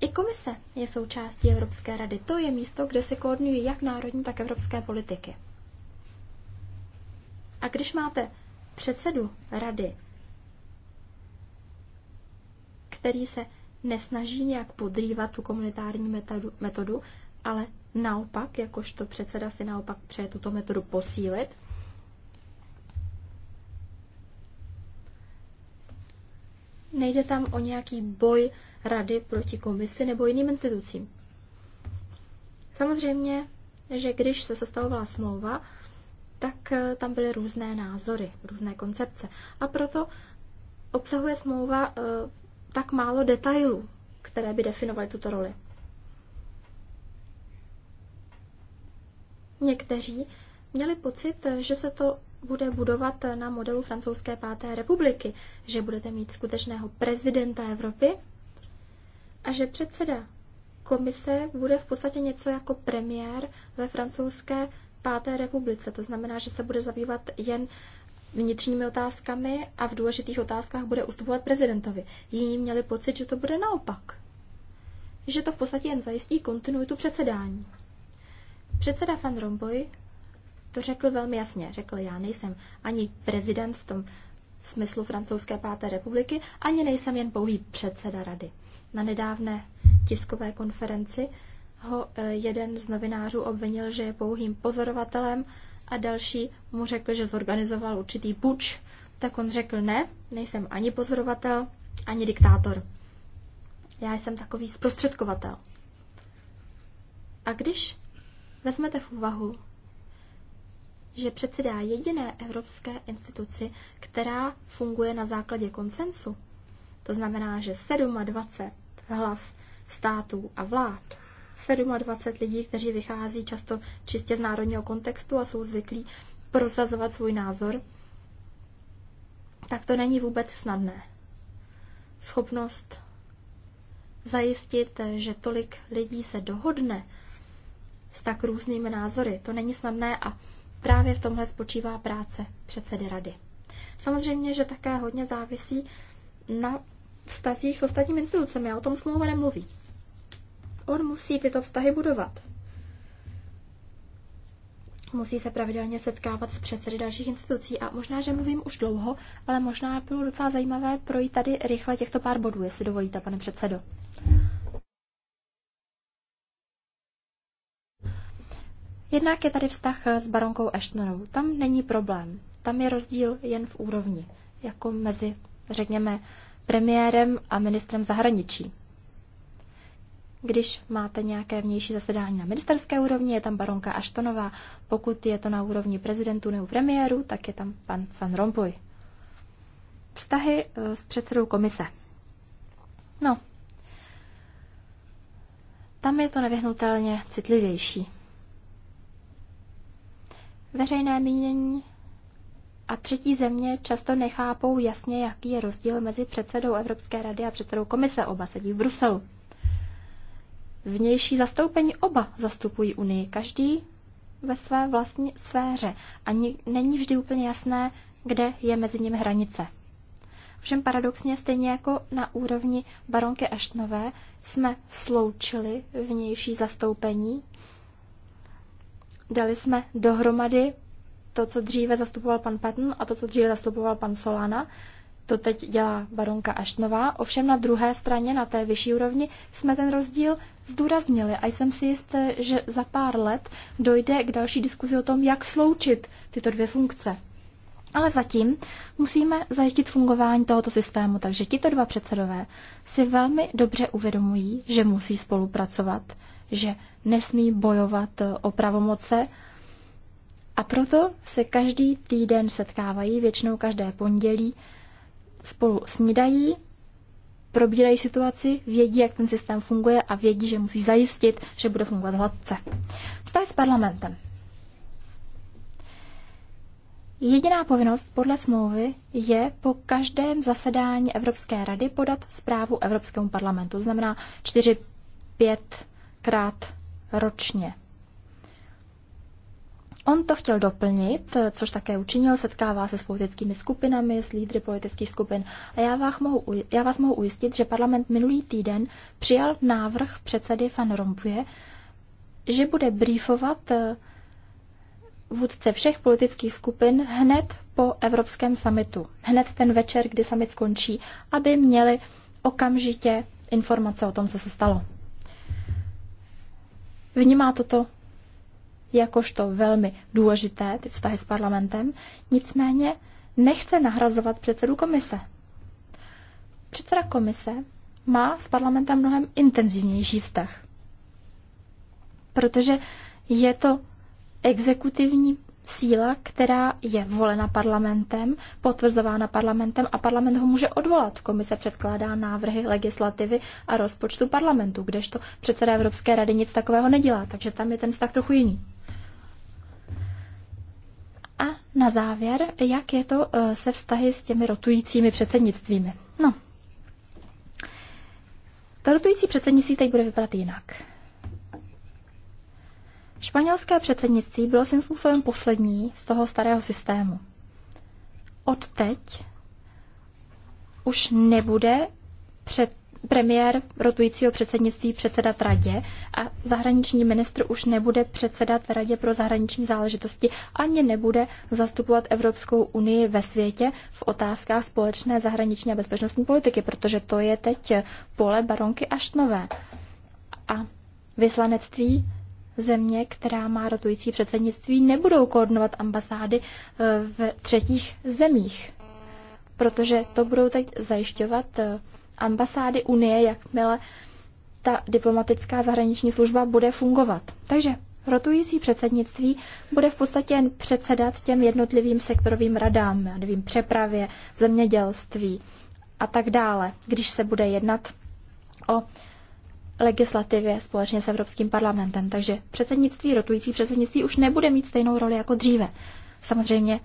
I komise je součástí Evropské rady. To je místo, kde se koordinují jak národní, tak evropské politiky. A když máte předsedu rady, který se nesnaží nějak podrývat tu komunitární metodu, metodu ale naopak, jakožto předseda si naopak přeje tuto metodu posílit. Nejde tam o nějaký boj rady proti komisi nebo jiným institucím. Samozřejmě, že když se sestavovala smlouva, tak eh, tam byly různé názory, různé koncepce. A proto obsahuje smlouva eh, tak málo detailů, které by definovaly tuto roli. Někteří měli pocit, že se to bude budovat na modelu francouzské páté republiky, že budete mít skutečného prezidenta Evropy a že předseda komise bude v podstatě něco jako premiér ve francouzské páté republice. To znamená, že se bude zabývat jen vnitřními otázkami a v důležitých otázkách bude ustupovat prezidentovi. Jiní měli pocit, že to bude naopak. Že to v podstatě jen zajistí kontinuitu předsedání. Předseda Van Rompuy to řekl velmi jasně. Řekl, já nejsem ani prezident v tom smyslu francouzské páté republiky, ani nejsem jen pouhý předseda rady. Na nedávné tiskové konferenci ho eh, jeden z novinářů obvinil, že je pouhým pozorovatelem a další mu řekl, že zorganizoval určitý puč, tak on řekl ne, nejsem ani pozorovatel, ani diktátor. Já jsem takový zprostředkovatel. A když vezmete v úvahu, že předsedá jediné evropské instituci, která funguje na základě konsensu, to znamená, že 27 hlav států a vlád 27 lidí, kteří vychází často čistě z národního kontextu a jsou zvyklí prosazovat svůj názor, tak to není vůbec snadné. Schopnost zajistit, že tolik lidí se dohodne s tak různými názory, to není snadné a právě v tomhle spočívá práce předsedy rady. Samozřejmě, že také hodně závisí na vztazích s ostatními institucemi a o tom smlouva nemluví. On musí tyto vztahy budovat. Musí se pravidelně setkávat s předsedy dalších institucí a možná, že mluvím už dlouho, ale možná bylo docela zajímavé projít tady rychle těchto pár bodů, jestli dovolíte, pane předsedo. Jednak je tady vztah s baronkou Ashtonovou. Tam není problém. Tam je rozdíl jen v úrovni, jako mezi, řekněme, premiérem a ministrem zahraničí. Když máte nějaké vnější zasedání na ministerské úrovni, je tam baronka Aštonová. Pokud je to na úrovni prezidentů nebo premiéru, tak je tam pan Van Rompuy. Vztahy eh, s předsedou komise. No, tam je to nevyhnutelně citlivější. Veřejné mínění a třetí země často nechápou jasně, jaký je rozdíl mezi předsedou Evropské rady a předsedou komise. Oba sedí v Bruselu vnější zastoupení oba zastupují Unii, každý ve své vlastní sféře a není vždy úplně jasné, kde je mezi nimi hranice. Všem paradoxně, stejně jako na úrovni baronky Aštnové, jsme sloučili vnější zastoupení, dali jsme dohromady to, co dříve zastupoval pan Patton a to, co dříve zastupoval pan Solana to teď dělá baronka Aštnová, ovšem na druhé straně, na té vyšší úrovni, jsme ten rozdíl zdůraznili a jsem si jisté, že za pár let dojde k další diskuzi o tom, jak sloučit tyto dvě funkce. Ale zatím musíme zajistit fungování tohoto systému, takže tito dva předsedové si velmi dobře uvědomují, že musí spolupracovat, že nesmí bojovat eh, o pravomoce a proto se každý týden setkávají, většinou každé pondělí, spolu snídají, probírají situaci, vědí, jak ten systém funguje a vědí, že musí zajistit, že bude fungovat hladce. Vztah s parlamentem. Jediná povinnost podle smlouvy je po každém zasedání Evropské rady podat zprávu Evropskému parlamentu, to znamená 4-5 krát ročně. On to chtěl doplnit, což také učinil, setkává se s politickými skupinami, s lídry politických skupin. A já vás mohu, já vás mohu ujistit, že parlament minulý týden přijal návrh předsedy Van Rompuje, že bude briefovat eh, vůdce všech politických skupin hned po Evropském summitu, hned ten večer, kdy summit skončí, aby měli okamžitě informace o tom, co se stalo. Vnímá toto jakožto velmi důležité, ty vztahy s parlamentem, nicméně nechce nahrazovat předsedu komise. Předseda komise má s parlamentem mnohem intenzivnější vztah, protože je to exekutivní síla, která je volena parlamentem, potvrzována parlamentem a parlament ho může odvolat. Komise předkládá návrhy legislativy a rozpočtu parlamentu, kdežto předseda Evropské rady nic takového nedělá, takže tam je ten vztah trochu jiný na závěr, jak je to eh, se vztahy s těmi rotujícími předsednictvími. No, To rotující předsednictví teď bude vypadat jinak. Španělské předsednictví bylo svým způsobem poslední z toho starého systému. Od teď už nebude před premiér rotujícího předsednictví předsedat radě a zahraniční ministr už nebude předsedat radě pro zahraniční záležitosti ani nebude zastupovat Evropskou unii ve světě v otázkách společné zahraniční a bezpečnostní politiky, protože to je teď pole baronky Aštnové. A vyslanectví země, která má rotující předsednictví, nebudou koordinovat ambasády e, v třetích zemích, protože to budou teď zajišťovat e, ambasády Unie, jakmile ta diplomatická zahraniční služba bude fungovat. Takže rotující předsednictví bude v podstatě jen předsedat těm jednotlivým sektorovým radám, já nevím, přepravě, zemědělství a tak dále, když se bude jednat o legislativě společně s Evropským parlamentem. Takže předsednictví, rotující předsednictví už nebude mít stejnou roli jako dříve. Samozřejmě,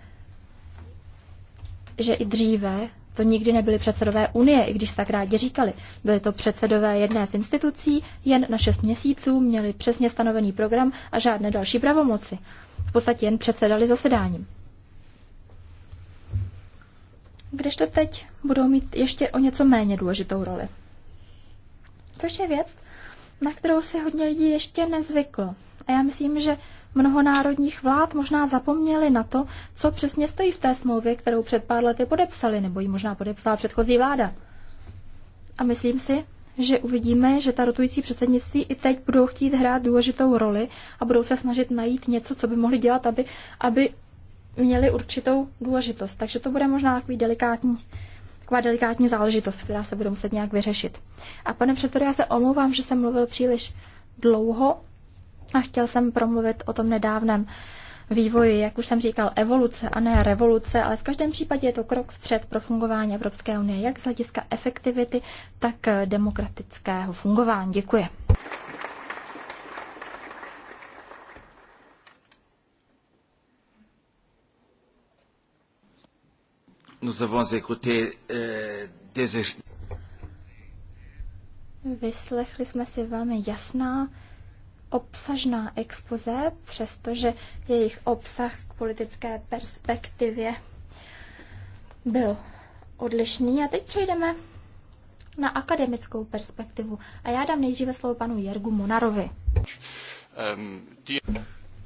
že i dříve to nikdy nebyly předsedové Unie, i když se tak rádi říkali. Byly to předsedové jedné z institucí, jen na šest měsíců měli přesně stanovený program a žádné další pravomoci. V podstatě jen předsedali zasedáním. Když to teď budou mít ještě o něco méně důležitou roli. Což je věc, na kterou si hodně lidí ještě nezvyklo. A já myslím, že mnoho národních vlád možná zapomněli na to, co přesně stojí v té smlouvě, kterou před pár lety podepsali, nebo ji možná podepsala předchozí vláda. A myslím si, že uvidíme, že ta rotující předsednictví i teď budou chtít hrát důležitou roli a budou se snažit najít něco, co by mohli dělat, aby, aby měli určitou důležitost. Takže to bude možná takový delikátní, taková delikátní záležitost, která se bude muset nějak vyřešit. A pane předsedo, já se omlouvám, že jsem mluvil příliš dlouho, a chtěl jsem promluvit o tom nedávném vývoji, jak už jsem říkal, evoluce a ne revoluce, ale v každém případě je to krok vpřed pro fungování Evropské unie, jak z hlediska efektivity, tak demokratického fungování. Děkuji. Nous avons écouté euh, des Vyslechli jsme si velmi jasná obsažná expoze, přestože jejich obsah k politické perspektivě byl odlišný. A teď přejdeme na akademickou perspektivu. A já dám nejdříve slovo panu Jergu Monarovi. Um,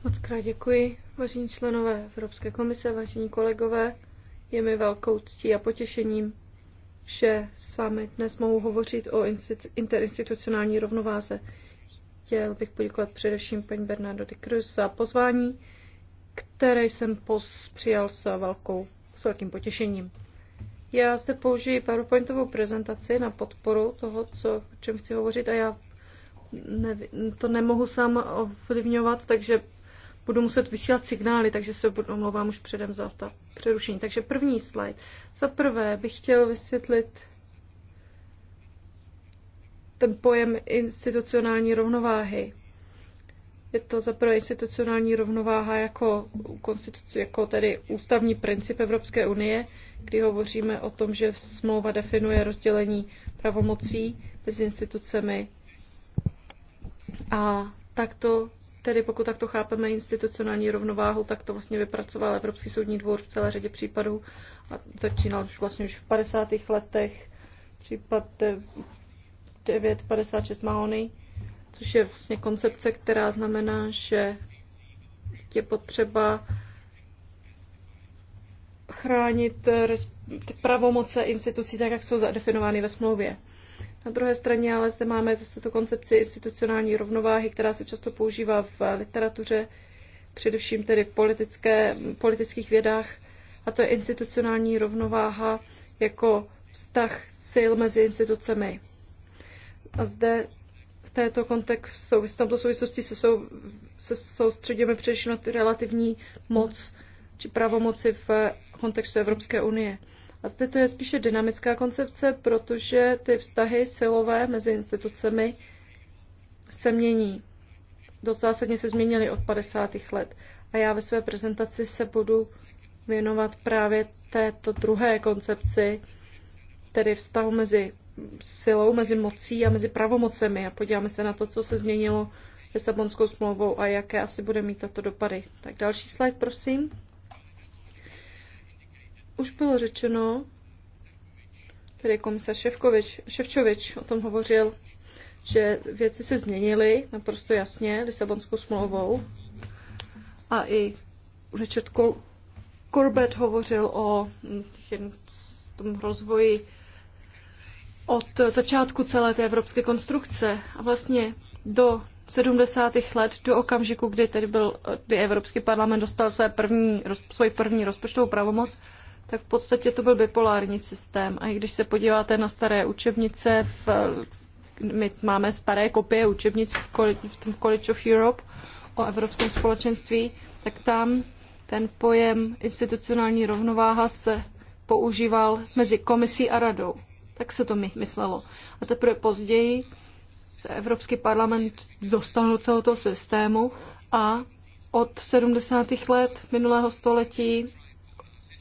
Moc krát děkuji, vážení členové Evropské komise, vážení kolegové. Je mi velkou ctí a potěšením, že s vámi dnes mohu hovořit o interinstitucionální rovnováze. Chtěl bych poděkovat především paní de Cruz za pozvání, které jsem pos- přijal s, velkou, s velkým potěšením. Já zde použiji PowerPointovou prezentaci na podporu toho, co, o čem chci hovořit a já ne, to nemohu sám ovlivňovat, takže budu muset vysílat signály, takže se budu, omlouvám už předem za ta přerušení. Takže první slide. Za prvé bych chtěl vysvětlit ten pojem institucionální rovnováhy. Je to za prvé institucionální rovnováha jako, jako tedy ústavní princip Evropské unie, kdy hovoříme o tom, že smlouva definuje rozdělení pravomocí mezi institucemi. A takto, tedy pokud takto chápeme institucionální rovnováhu, tak to vlastně vypracoval Evropský soudní dvůr v celé řadě případů a začínal už vlastně už v 50. letech případ eh, 956 Mahony, což je vlastně koncepce, která znamená, že je potřeba chránit ty pravomoce institucí tak, jak jsou zadefinovány ve smlouvě. Na druhé straně ale zde máme zase tu koncepci institucionální rovnováhy, která se často používá v literatuře, především tedy v politické, politických vědách, a to je institucionální rovnováha jako vztah sil mezi institucemi. A zde v této kontextu, v tomto souvislosti se, sou, se soustředíme především na ty relativní moc či pravomoci v kontextu Evropské unie. A zde to je spíše dynamická koncepce, protože ty vztahy silové mezi institucemi se mění. Dost zásadně se změnily od 50. let. A já ve své prezentaci se budu věnovat právě této druhé koncepci tedy vztahu mezi silou, mezi mocí a mezi pravomocemi a podíváme se na to, co se změnilo sabonskou smlouvou a jaké asi bude mít tato dopady. Tak další slide, prosím. Už bylo řečeno, tedy komisař Ševkovič, Ševčovič o tom hovořil, že věci se změnily naprosto jasně Lisabonskou smlouvou a i Richard Corbett hovořil o mm, tom rozvoji od začátku celé té evropské konstrukce a vlastně do 70. let, do okamžiku, kdy tedy byl, kdy Evropský parlament dostal své první, svoji první rozpočtovou pravomoc, tak v podstatě to byl bipolární systém. A i když se podíváte na staré učebnice, v, my máme staré kopie učebnic v College, v College of Europe o Evropském společenství, tak tam ten pojem institucionální rovnováha se používal mezi komisí a radou. Tak se to mi myslelo. A teprve později se Evropský parlament dostal do celého toho systému a od 70. let minulého století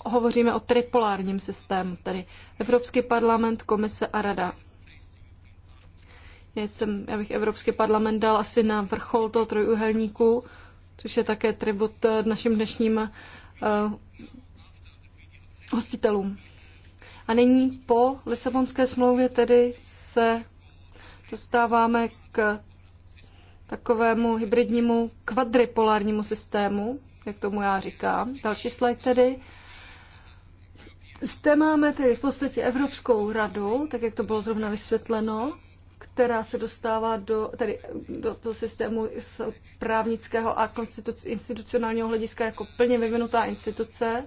hovoříme o tripolárním systému, tedy Evropský parlament, komise a rada. Já, jsem, já bych Evropský parlament dal asi na vrchol toho trojuhelníku, což je také tribut eh, našim dnešním uh, hostitelům. A nyní po Lisabonské smlouvě tedy se dostáváme k takovému hybridnímu kvadripolárnímu systému, jak tomu já říkám. Další slide tedy. Zde máme tedy v podstatě Evropskou radu, tak jak to bylo zrovna vysvětleno, která se dostává do, tedy do toho systému z právnického a institucionálního hlediska jako plně vyvinutá instituce.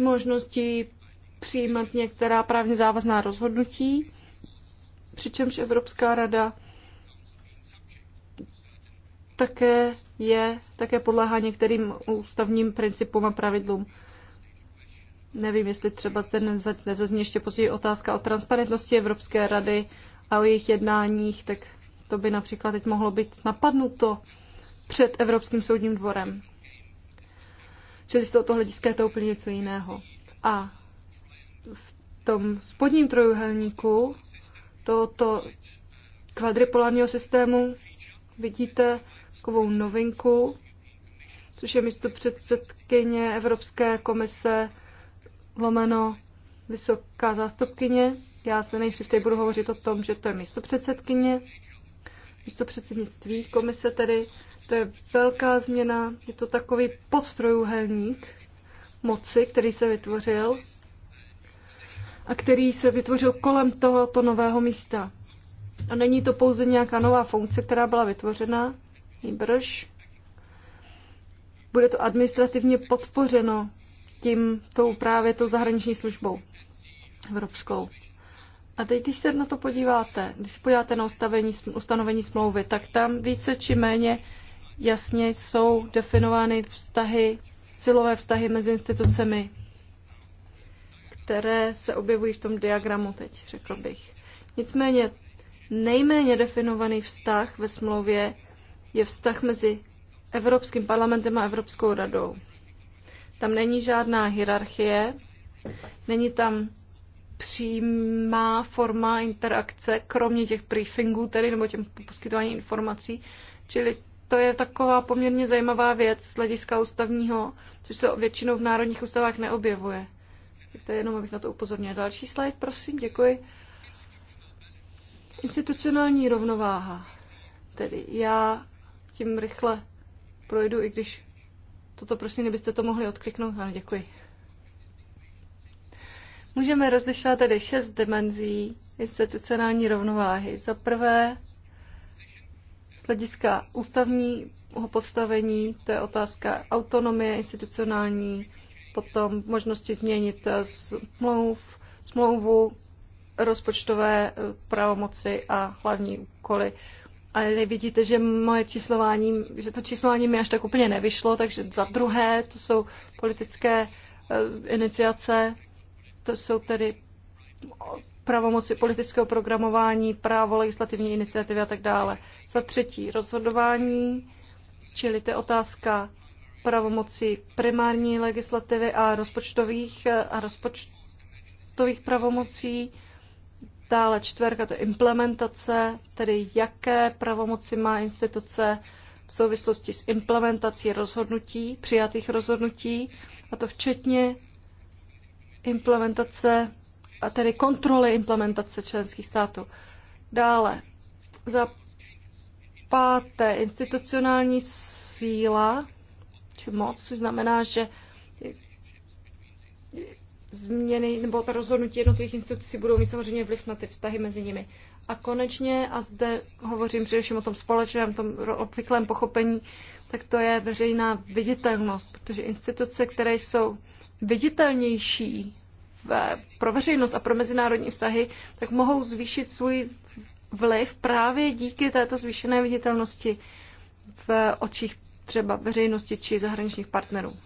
možnosti přijímat některá právně závazná rozhodnutí, přičemž Evropská rada také je, také podléhá některým ústavním principům a pravidlům. Nevím, jestli třeba zde nezazní ještě později otázka o transparentnosti Evropské rady a o jejich jednáních, tak to by například teď mohlo být napadnuto před Evropským soudním dvorem. Čili z tohoto hlediska je to úplně něco jiného. A v tom spodním trojuhelníku tohoto kvadripolárního systému vidíte takovou novinku, což je místo předsedkyně Evropské komise lomeno vysoká zástupkyně. Já se nejdřív teď budu hovořit o tom, že to je místo předsedkyně, místo předsednictví komise tedy to je velká změna, je to takový podstrojuhelník moci, který se vytvořil a který se vytvořil kolem tohoto nového místa. A není to pouze nějaká nová funkce, která byla vytvořena, nejbrž. bude to administrativně podpořeno tím, tou právě tou zahraniční službou evropskou. A teď, když se na to podíváte, když se podíváte na ustanovení smlouvy, tak tam více či méně jasně jsou definovány vztahy, silové vztahy mezi institucemi, které se objevují v tom diagramu teď, řekl bych. Nicméně nejméně definovaný vztah ve smlouvě je vztah mezi Evropským parlamentem a Evropskou radou. Tam není žádná hierarchie, není tam přímá forma interakce, kromě těch briefingů, tedy nebo těm poskytování informací, čili to je taková poměrně zajímavá věc z hlediska ústavního, což se většinou v národních ústavách neobjevuje. Tak to je jenom, abych na to upozornila. Další slide, prosím, děkuji. Institucionální rovnováha. Tedy já tím rychle projdu, i když toto prosím, kdybyste to mohli odkliknout. Ano, děkuji. Můžeme rozlišovat tedy šest dimenzí institucionální rovnováhy. Za prvé hlediska ústavního postavení, to je otázka autonomie institucionální, potom možnosti změnit eh, smlouv, smlouvu, rozpočtové eh, pravomoci a hlavní úkoly. Ale vidíte, že moje číslování, že to číslování mi až tak úplně nevyšlo, takže za druhé to jsou politické eh, iniciace, to jsou tedy pravomoci politického programování, právo legislativní iniciativy a tak dále. Za třetí rozhodování, čili to je otázka pravomoci primární legislativy a rozpočtových a rozpočtových pravomocí. Dále čtvrka, to je implementace, tedy jaké pravomoci má instituce v souvislosti s implementací rozhodnutí, přijatých rozhodnutí, a to včetně implementace a tedy kontroly implementace členských států. Dále, za páté, institucionální síla či moc, což znamená, že změny nebo ta rozhodnutí jednotlivých institucí budou mít samozřejmě vliv na ty vztahy mezi nimi. A konečně, a zde hovořím především o tom společném, tom obvyklém pochopení, tak to je veřejná viditelnost, protože instituce, které jsou viditelnější pro veřejnost a pro mezinárodní vztahy, tak mohou zvýšit svůj vliv právě díky této zvýšené viditelnosti v očích třeba veřejnosti či zahraničních partnerů.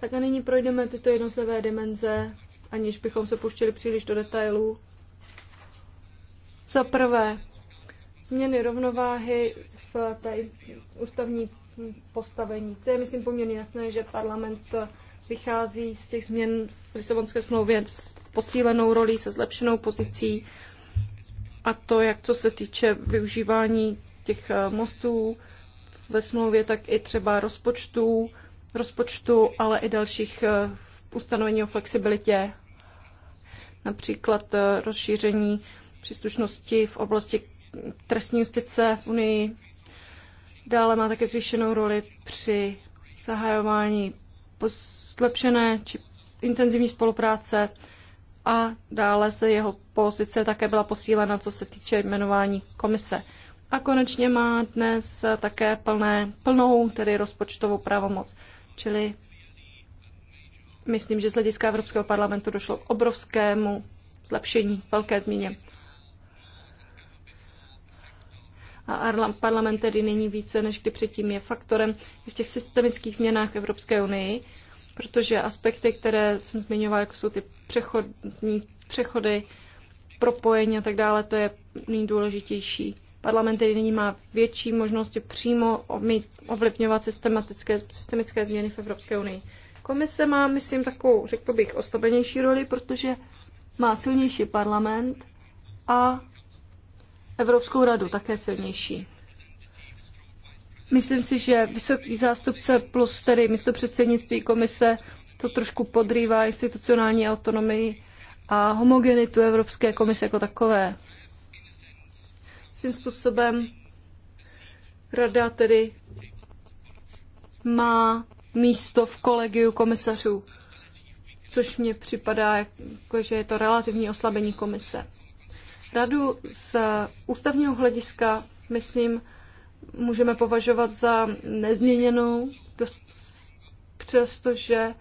Tak a nyní projdeme tyto jednotlivé dimenze, aniž bychom se puštili příliš do detailů. Za prvé, změny rovnováhy v té ústavní postavení. To je, myslím, poměrně jasné, že parlament vychází z těch změn v Lisabonské smlouvě s posílenou rolí, se zlepšenou pozicí a to, jak co se týče využívání těch eh, mostů ve smlouvě, tak i třeba rozpočtů, rozpočtu, ale i dalších eh, ustanovení o flexibilitě, například eh, rozšíření příslušnosti v oblasti trestní justice v Unii. Dále má také zvýšenou roli při zahajování zlepšené či intenzivní spolupráce a dále se jeho pozice také byla posílena, co se týče jmenování komise. A konečně má dnes také plné, plnou tedy rozpočtovou pravomoc. Čili myslím, že z hlediska Evropského parlamentu došlo k obrovskému zlepšení, velké změně. a parlament tedy není více než kdy předtím je faktorem v těch systemických změnách v Evropské unii, protože aspekty, které jsem zmiňovala, jako jsou ty přechodní, přechody, propojení a tak dále, to je nejdůležitější. Parlament tedy nyní má větší možnosti přímo ovlivňovat systematické, systemické změny v Evropské unii. Komise má, myslím, takovou, řekl bych, oslabenější roli, protože má silnější parlament a Evropskou radu také silnější. Myslím si, že vysoký zástupce plus tedy místo předsednictví komise to trošku podrývá institucionální autonomii a homogenitu Evropské komise jako takové. Svým způsobem rada tedy má místo v kolegiu komisařů, což mně připadá, jako, že je to relativní oslabení komise. Radu z ústavního hlediska, myslím, můžeme považovat za nezměněnou, přestože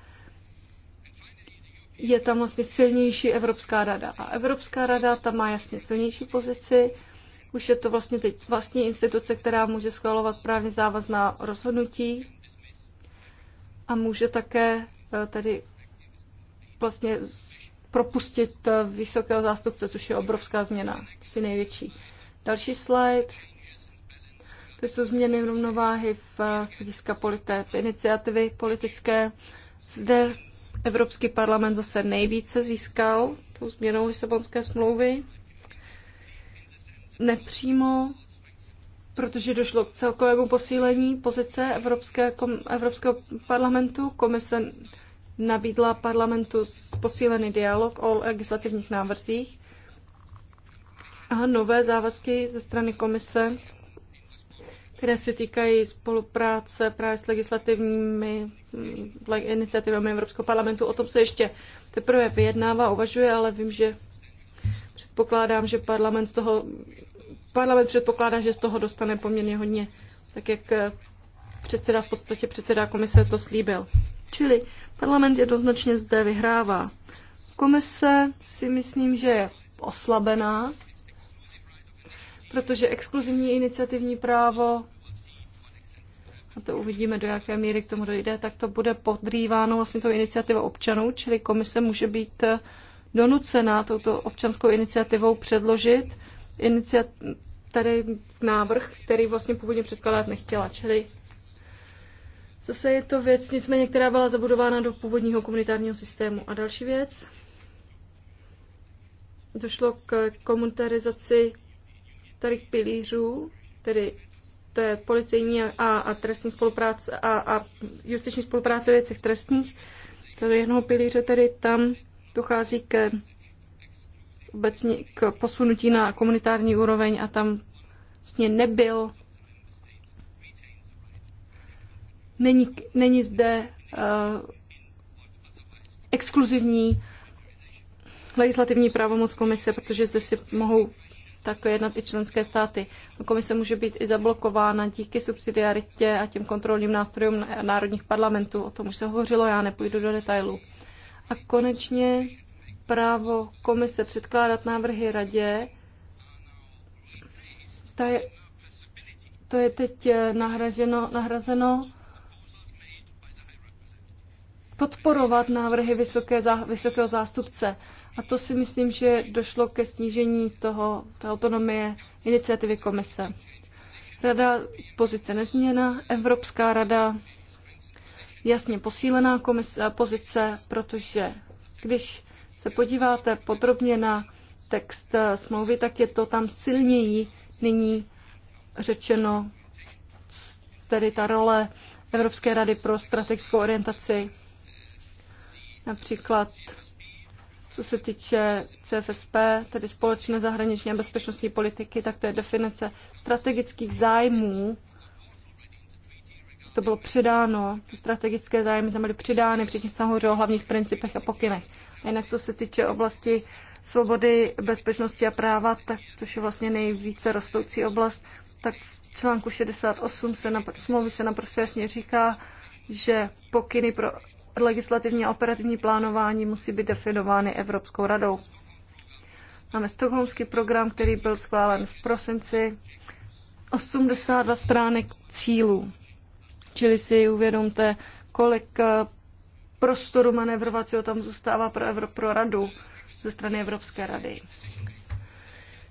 je tam vlastně silnější Evropská rada. A Evropská rada tam má jasně silnější pozici. Už je to vlastně teď vlastní instituce, která může schvalovat právně závazná rozhodnutí a může také eh, tady vlastně propustit eh, vysokého zástupce, což je obrovská změna, asi největší. Další slide. To jsou změny rovnováhy v eh, hlediska polité, iniciativy politické. Zde Evropský parlament zase nejvíce získal tou změnou Lisabonské smlouvy. Nepřímo, protože došlo k celkovému posílení pozice Evropské, kom, Evropského parlamentu. Komise nabídla parlamentu posílený dialog o legislativních návrzích a nové závazky ze strany komise, které se týkají spolupráce právě s legislativními mm, iniciativami Evropského parlamentu. O tom se ještě teprve vyjednává, uvažuje, ale vím, že předpokládám, že parlament z toho parlament předpokládá, že z toho dostane poměrně hodně, tak jak eh, předseda v podstatě předseda komise to slíbil. Čili parlament jednoznačně zde vyhrává. Komise si myslím, že je oslabená, protože exkluzivní iniciativní právo, a to uvidíme, do jaké míry k tomu dojde, tak to bude podrýváno vlastně tou iniciativou občanů, čili komise může být eh, donucená touto občanskou iniciativou předložit iniciat- tady návrh, který vlastně původně předkládat nechtěla, čili Zase je to věc, nicméně, která byla zabudována do původního komunitárního systému. A další věc, došlo k komunitarizaci tady pilířů, tedy té policejní a, a trestní spolupráce a, a justiční spolupráce věcech trestních. Tady jednoho pilíře tedy tam dochází k obecně k posunutí na komunitární úroveň a tam vlastně nebyl Není, není zde uh, exkluzivní legislativní pravomoc komise, protože zde si mohou tak jednat i členské státy. Komise může být i zablokována díky subsidiaritě a těm kontrolním nástrojům národních parlamentů. O tom už se hovořilo, já nepůjdu do detailů. A konečně právo komise předkládat návrhy radě, ta je, to je teď eh, nahraženo, nahrazeno podporovat návrhy vysoké, vysokého zástupce. A to si myslím, že došlo ke snížení toho, té autonomie iniciativy komise. Rada pozice nezměna, Evropská rada jasně posílená komise, pozice, protože když se podíváte podrobně na text eh, smlouvy, tak je to tam silněji nyní řečeno tedy ta role Evropské rady pro strategickou orientaci Například co se týče CFSP, tedy společné zahraniční a bezpečnostní politiky, tak to je definice strategických zájmů. To bylo přidáno, ty strategické zájmy tam byly přidány, předtím se hovořilo o hlavních principech a pokynech. A jinak co se týče oblasti svobody, bezpečnosti a práva, tak, což je vlastně nejvíce rostoucí oblast, tak v článku 68 se na, smlouvy se naprosto jasně říká, že pokyny pro legislativní a operativní plánování musí být definovány Evropskou radou. Máme stokholmský program, který byl schválen v prosinci, 82 stránek cílů. Čili si uvědomte, kolik eh, prostoru manevrovacího tam zůstává pro, Evro, pro radu ze strany Evropské rady.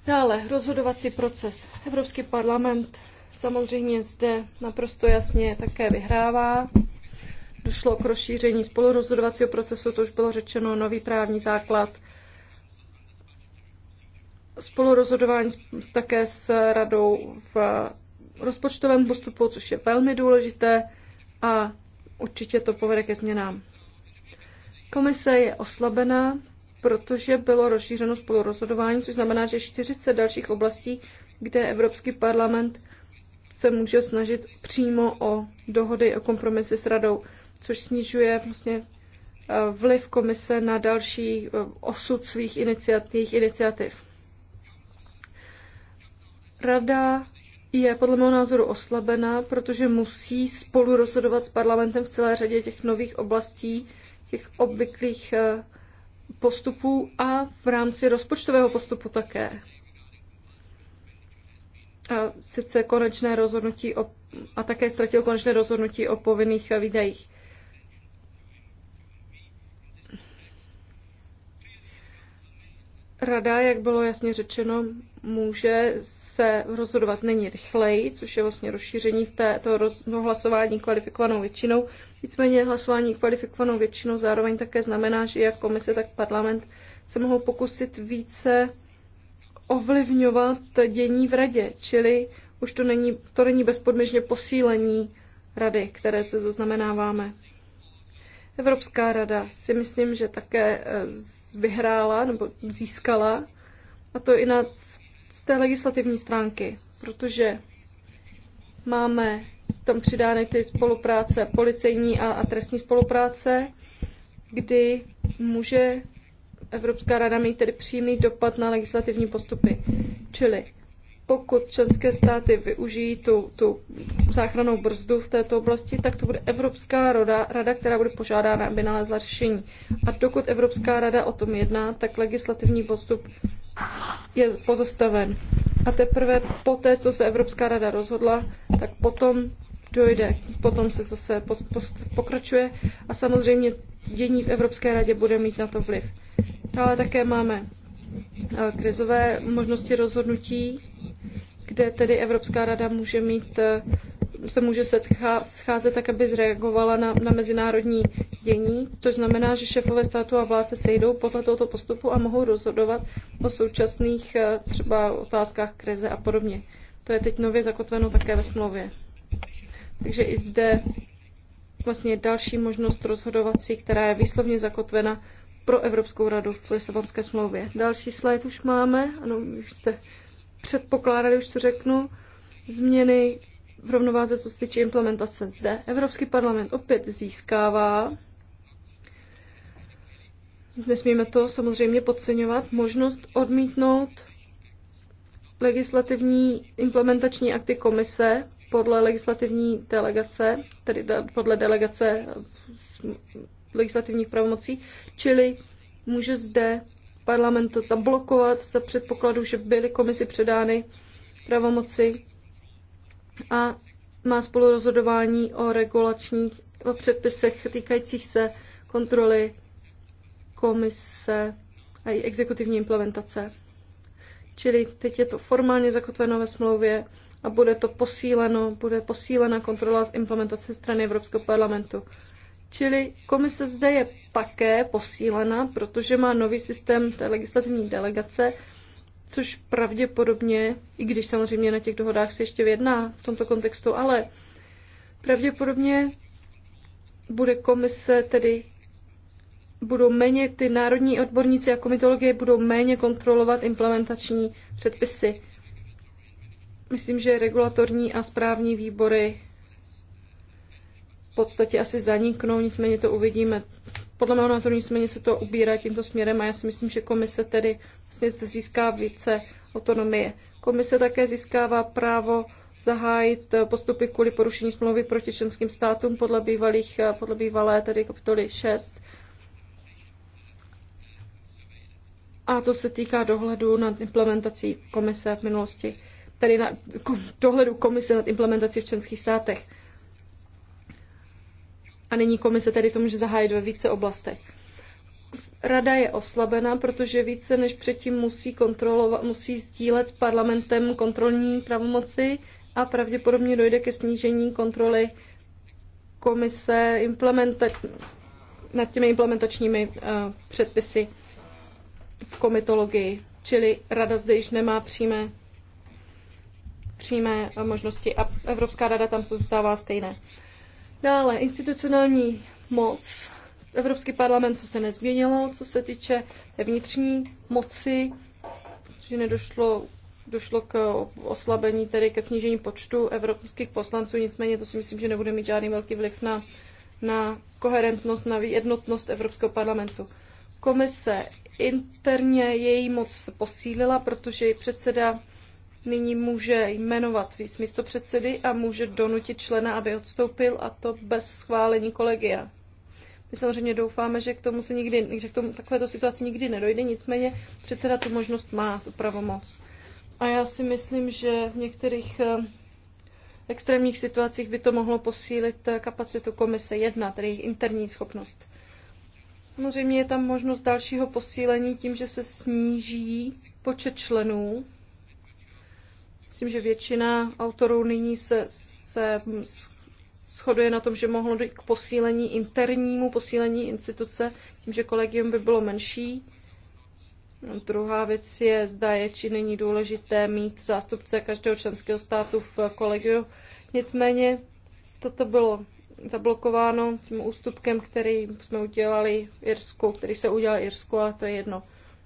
Dále, rozhodovací proces. Evropský parlament samozřejmě zde naprosto jasně také vyhrává došlo k rozšíření spolurozhodovacího procesu, to už bylo řečeno, nový právní základ, spolurozhodování také s radou v rozpočtovém postupu, což je velmi důležité a určitě to povede ke změnám. Komise je oslabená, protože bylo rozšířeno spolurozhodování, což znamená, že 40 dalších oblastí, kde Evropský parlament se může snažit přímo o dohody, o kompromisy s radou což snižuje vlastně eh, vliv komise na další eh, osud svých iniciativ. iniciativ. Rada je podle mého názoru oslabená, protože musí spolu rozhodovat s parlamentem v celé řadě těch nových oblastí, těch obvyklých eh, postupů a v rámci rozpočtového postupu také. A sice konečné rozhodnutí o, a také ztratil konečné rozhodnutí o povinných výdajích. Rada, jak bylo jasně řečeno, může se rozhodovat není rychleji, což je vlastně rozšíření této toho roz, no, hlasování kvalifikovanou většinou. Nicméně hlasování kvalifikovanou většinou zároveň také znamená, že jak komise, tak parlament se mohou pokusit více ovlivňovat dění v radě, čili už to není, to není bezpodmížně posílení rady, které se zaznamenáváme. Evropská rada si myslím, že také eh, z vyhrála nebo získala, a to i na z té legislativní stránky, protože máme tam přidány ty spolupráce policejní a, a trestní spolupráce, kdy může Evropská rada mít tedy přímý dopad na legislativní postupy. Čili pokud členské státy využijí tu, tu záchranou brzdu v této oblasti, tak to bude Evropská rada, rada, která bude požádána, aby nalezla řešení. A dokud Evropská rada o tom jedná, tak legislativní postup je pozastaven. A teprve po té, co se Evropská rada rozhodla, tak potom dojde, potom se zase pokračuje a samozřejmě dění v Evropské radě bude mít na to vliv. Ale také máme krizové možnosti rozhodnutí, kde tedy Evropská rada může mít, eh, se může setchá, scházet tak, aby zreagovala na, na mezinárodní dění, což znamená, že šéfové státu a se sejdou podle tohoto postupu a mohou rozhodovat o současných eh, třeba otázkách krize a podobně. To je teď nově zakotveno také ve smlouvě. Takže i zde vlastně další možnost rozhodovací, která je výslovně zakotvena pro Evropskou radu v Lisabonské smlouvě. Další slide už máme, ano, už jste předpokládali, už to řeknu, změny v rovnováze, co se týče implementace zde. Evropský parlament opět získává nesmíme to samozřejmě podceňovat, možnost odmítnout legislativní implementační akty komise podle legislativní delegace, tedy podle delegace legislativních pravomocí, čili může zde parlament to zablokovat za předpokladu, že byly komisi předány pravomoci a má spolurozhodování o regulačních o předpisech týkajících se kontroly komise a její exekutivní implementace. Čili teď je to formálně zakotveno ve smlouvě a bude to posíleno, bude posílena kontrola z implementace strany Evropského parlamentu. Čili komise zde je také posílena, protože má nový systém té legislativní delegace, což pravděpodobně, i když samozřejmě na těch dohodách se ještě vědná v tomto kontextu, ale pravděpodobně bude komise tedy budou méně ty národní odborníci a komitologie budou méně kontrolovat implementační předpisy. Myslím, že regulatorní a správní výbory podstatě asi zaniknou, nicméně to uvidíme. Podle mého názoru nicméně se to ubírá tímto směrem a já si myslím, že komise tedy vlastně zde získá více autonomie. Komise také získává právo zahájit postupy kvůli porušení smlouvy proti členským státům podle, bývalých, podle bývalé tedy kapitoly 6. A to se týká dohledu nad implementací komise v minulosti, tedy na, dohledu komise nad implementací v členských státech a nyní komise tedy to může zahájit ve více oblastech. Rada je oslabená, protože více než předtím musí, kontrolovat, musí sdílet s parlamentem kontrolní pravomoci a pravděpodobně dojde ke snížení kontroly komise implementa- nad těmi implementačními uh, předpisy v komitologii. Čili rada zde již nemá přímé, přímé eh, možnosti a Evropská rada tam zůstává stejné. Dále institucionální moc. Evropský parlament, co se nezměnilo, co se týče vnitřní moci, že nedošlo došlo k oslabení, tedy ke snížení počtu evropských poslanců, nicméně to si myslím, že nebude mít žádný velký vliv na, na koherentnost, na jednotnost Evropského parlamentu. Komise interně její moc posílila, protože její předseda nyní může jmenovat víc místopředsedy a může donutit člena, aby odstoupil a to bez schválení kolegia. My samozřejmě doufáme, že k tomu se nikdy, že k tomu takovéto situaci nikdy nedojde, nicméně předseda tu možnost má, tu pravomoc. A já si myslím, že v některých eh, extrémních situacích by to mohlo posílit eh, kapacitu komise 1, tedy jejich interní schopnost. Samozřejmě je tam možnost dalšího posílení tím, že se sníží počet členů Myslím, že většina autorů nyní se, se shoduje na tom, že mohlo dojít k posílení internímu, posílení instituce, tím, že kolegium by bylo menší. Druhá věc je, zda je či není důležité mít zástupce každého členského státu v kolegiu. Nicméně toto bylo zablokováno tím ústupkem, který jsme udělali Irsku, který se udělal Irsku a to je jedno.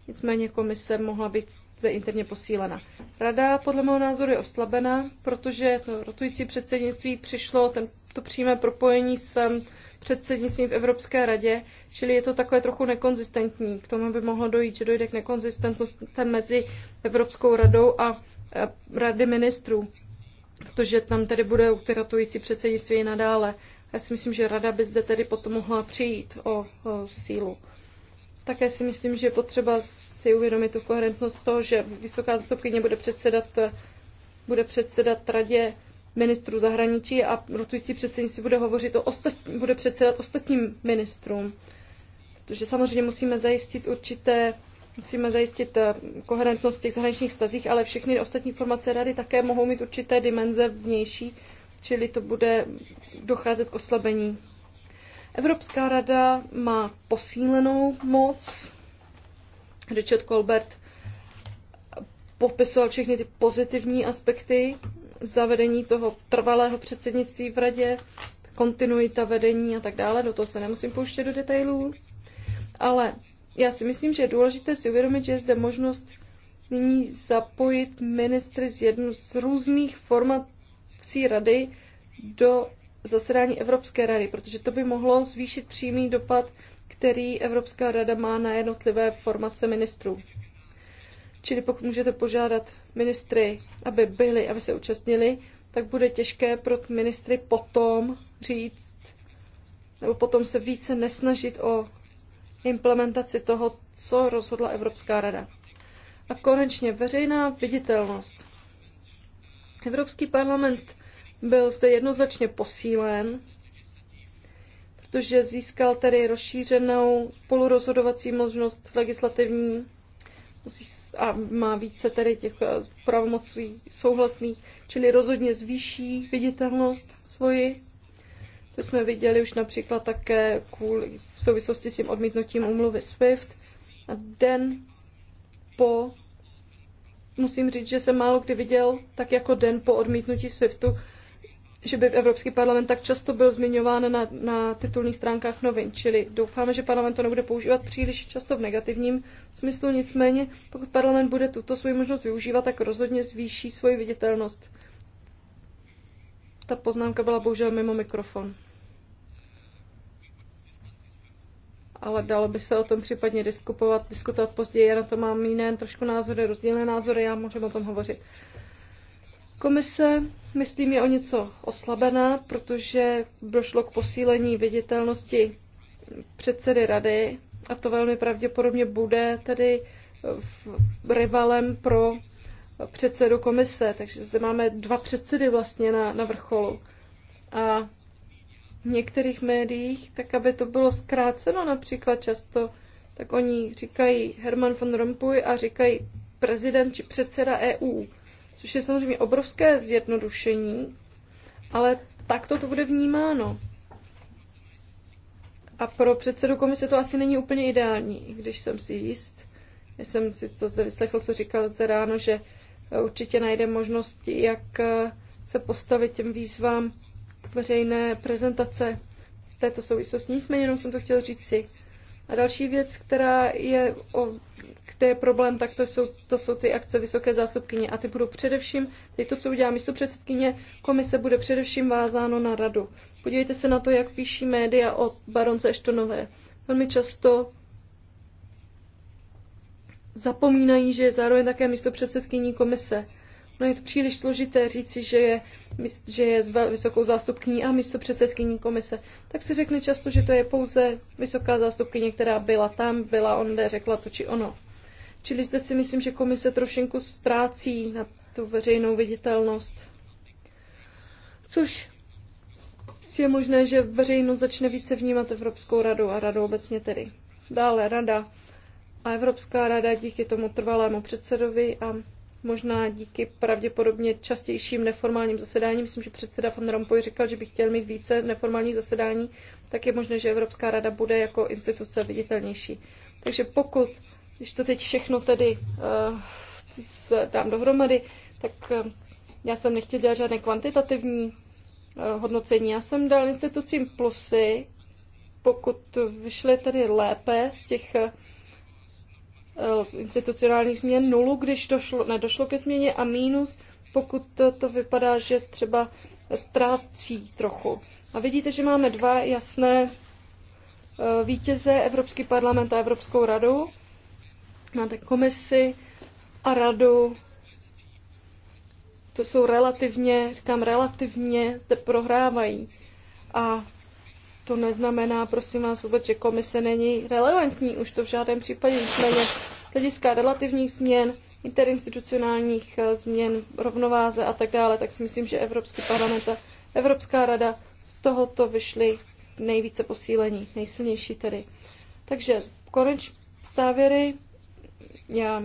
Nicméně komise mohla být zde interně posílena. Rada podle mého názoru je oslabena, protože to rotující předsednictví přišlo, ten, to přímé propojení s předsednictvím v Evropské radě, čili je to takové trochu nekonzistentní. K tomu by mohlo dojít, že dojde k nekonzistentnosti mezi Evropskou radou a rady ministrů, protože tam tedy bude rotující předsednictví i nadále. Já si myslím, že rada by zde tedy potom mohla přijít o, o sílu. Také si myslím, že je potřeba si uvědomit tu koherentnost toho, že vysoká zastupkyně bude předsedat, bude předsedat radě ministrů zahraničí a rotující předsednictví bude, hovořit o ostatní, bude předsedat ostatním ministrům. Protože samozřejmě musíme zajistit určité musíme zajistit eh, koherentnost těch zahraničních stazích, ale všechny ostatní formace rady také mohou mít určité dimenze vnější, čili to bude docházet k oslabení. Evropská rada má posílenou moc, Richard Colbert popisoval všechny ty pozitivní aspekty zavedení toho trvalého předsednictví v radě, kontinuita vedení a tak dále. Do toho se nemusím pouštět do detailů. Ale já si myslím, že je důležité si uvědomit, že je zde možnost nyní zapojit ministry z, jednu, z různých formací rady do zasedání Evropské rady, protože to by mohlo zvýšit přímý dopad který Evropská rada má na jednotlivé formace ministrů. Čili pokud můžete požádat ministry, aby byli, aby se účastnili, tak bude těžké pro ministry potom říct, nebo potom se více nesnažit o implementaci toho, co rozhodla Evropská rada. A konečně veřejná viditelnost. Evropský parlament byl zde jednoznačně posílen protože získal tedy rozšířenou spolurozhodovací možnost legislativní a má více tedy těch eh, pravomocí souhlasných, čili rozhodně zvýší viditelnost svoji. To jsme viděli už například také kvůli, v souvislosti s tím odmítnutím umluvy SWIFT. A den po, musím říct, že jsem málo kdy viděl, tak jako den po odmítnutí SWIFTu, že by Evropský parlament tak často byl zmiňován na, na titulních stránkách novin, čili doufáme, že parlament to nebude používat příliš často v negativním smyslu, nicméně pokud parlament bude tuto svoji možnost využívat, tak rozhodně zvýší svoji viditelnost. Ta poznámka byla bohužel mimo mikrofon. Ale dalo by se o tom případně diskutovat, diskutovat později. Já na to mám jiné trošku názory, rozdílné názory, já můžeme o tom hovořit. Komise, myslím, je o něco oslabená, protože došlo k posílení viditelnosti předsedy rady a to velmi pravděpodobně bude tedy rivalem pro předsedu komise. Takže zde máme dva předsedy vlastně na, na vrcholu. A v některých médiích, tak aby to bylo zkráceno například často, tak oni říkají Herman von Rompuy a říkají prezident či předseda EU což je samozřejmě obrovské zjednodušení, ale tak to bude vnímáno. A pro předsedu komise to asi není úplně ideální, když jsem si jist. Já jsem si to zde vyslechl, co říkal zde ráno, že určitě najde možnosti, jak eh, se postavit těm výzvám veřejné prezentace v této souvislosti. Nicméně jenom jsem to chtěl říct si. A další věc, která je, o, kde je problém, tak to jsou, to jsou ty akce vysoké zástupkyně. A ty budou především, teď to, co udělá místo předsedkyně, komise bude především vázáno na radu. Podívejte se na to, jak píší média o baronce Eštonové. Velmi často zapomínají, že je zároveň také místo předsedkyní komise. No je to příliš složité říci, že je, že je vysokou zástupkyní a místo předsedkyní komise. Tak se řekne často, že to je pouze vysoká zástupkyně, která byla tam, byla onde, řekla to či ono. Čili zde si myslím, že komise trošinku ztrácí na tu veřejnou viditelnost. Což je možné, že veřejnost začne více vnímat Evropskou radu a radu obecně tedy. Dále rada. A Evropská rada díky tomu trvalému předsedovi a možná díky pravděpodobně častějším neformálním zasedáním, myslím, že předseda Van Rompuy říkal, že by chtěl mít více neformálních zasedání, tak je možné, že Evropská rada bude jako instituce viditelnější. Takže pokud, když to teď všechno tedy uh, dám dohromady, tak uh, já jsem nechtěl dělat žádné kvantitativní uh, hodnocení. Já jsem dal institucím plusy, pokud vyšly tedy lépe z těch uh, Eh, institucionálních změn, nulu, když došlo, nedošlo ke změně a mínus, pokud to, to vypadá, že třeba ztrácí trochu. A vidíte, že máme dva jasné eh, vítěze, Evropský parlament a Evropskou radu. Máte komisi a radu. To jsou relativně, říkám relativně, zde prohrávají. A to neznamená, prosím vás, vůbec, že komise není relevantní, už to v žádném případě. Nicméně z hlediska relativních změn, interinstitucionálních eh, změn, rovnováze a tak dále, tak si myslím, že Evropský parlament a Evropská rada z tohoto vyšly nejvíce posílení, nejsilnější tedy. Takže konec závěry. Já,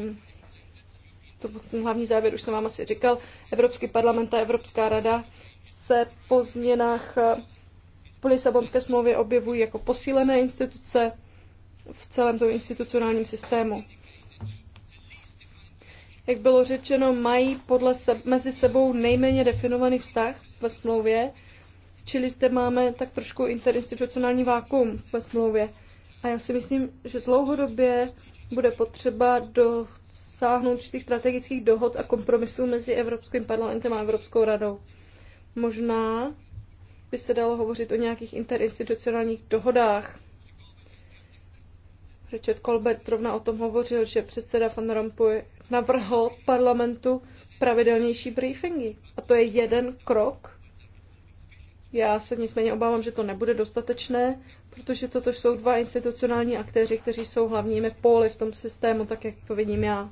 to ten hlavní závěr už jsem vám asi říkal. Evropský parlament a Evropská rada se po změnách eh, po Lisabonské smlouvě objevují jako posílené instituce v celém tom institucionálním systému. Jak bylo řečeno, mají podle se, mezi sebou nejméně definovaný vztah ve smlouvě, čili zde máme tak trošku interinstitucionální vákum ve smlouvě. A já si myslím, že dlouhodobě bude potřeba dosáhnout těch strategických dohod a kompromisů mezi Evropským parlamentem a Evropskou radou. Možná by se dalo hovořit o nějakých interinstitucionálních dohodách. Richard Colbert rovna o tom hovořil, že předseda Van Rompuy navrhl parlamentu pravidelnější briefingy. A to je jeden krok. Já se nicméně obávám, že to nebude dostatečné, protože toto jsou dva institucionální aktéři, kteří jsou hlavními póly v tom systému, tak jak to vidím já.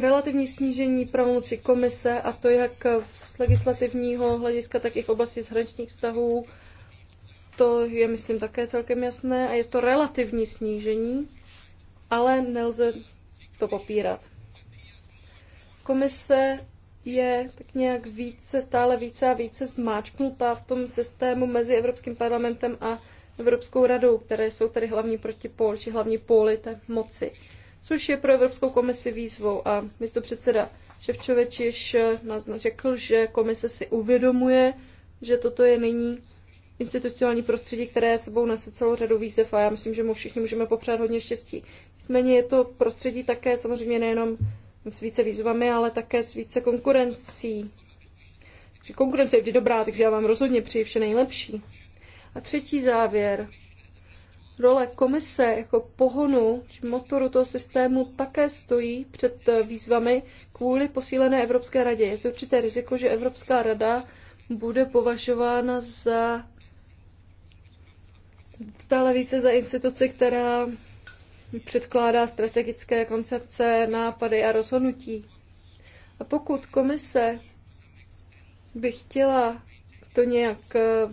Relativní snížení pravomoci komise a to, jak v z legislativního hlediska, tak i v oblasti zhraničních vztahů. To je, myslím, také celkem jasné a je to relativní snížení, ale nelze to popírat. Komise je tak nějak více, stále více a více zmáčknutá v tom systému mezi Evropským parlamentem a Evropskou radou, které jsou tedy hlavní proti či hlavní póly té moci, což je pro Evropskou komisi výzvou. A místo předseda Ševčoveč již eh, řekl, že komise si uvědomuje, že toto je nyní institucionální prostředí, které sebou nese celou řadu výzev a já myslím, že mu všichni můžeme popřát hodně štěstí. Nicméně je to prostředí také samozřejmě nejenom s více výzvami, ale také s více konkurencí. Takže konkurence je vždy dobrá, takže já vám rozhodně přeji vše nejlepší. A třetí závěr. Role komise jako pohonu či motoru toho systému také stojí před eh, výzvami, kvůli posílené Evropské radě. Je to určité riziko, že Evropská rada bude považována za stále více za instituci, která předkládá strategické koncepce, nápady a rozhodnutí. A pokud komise by chtěla to nějak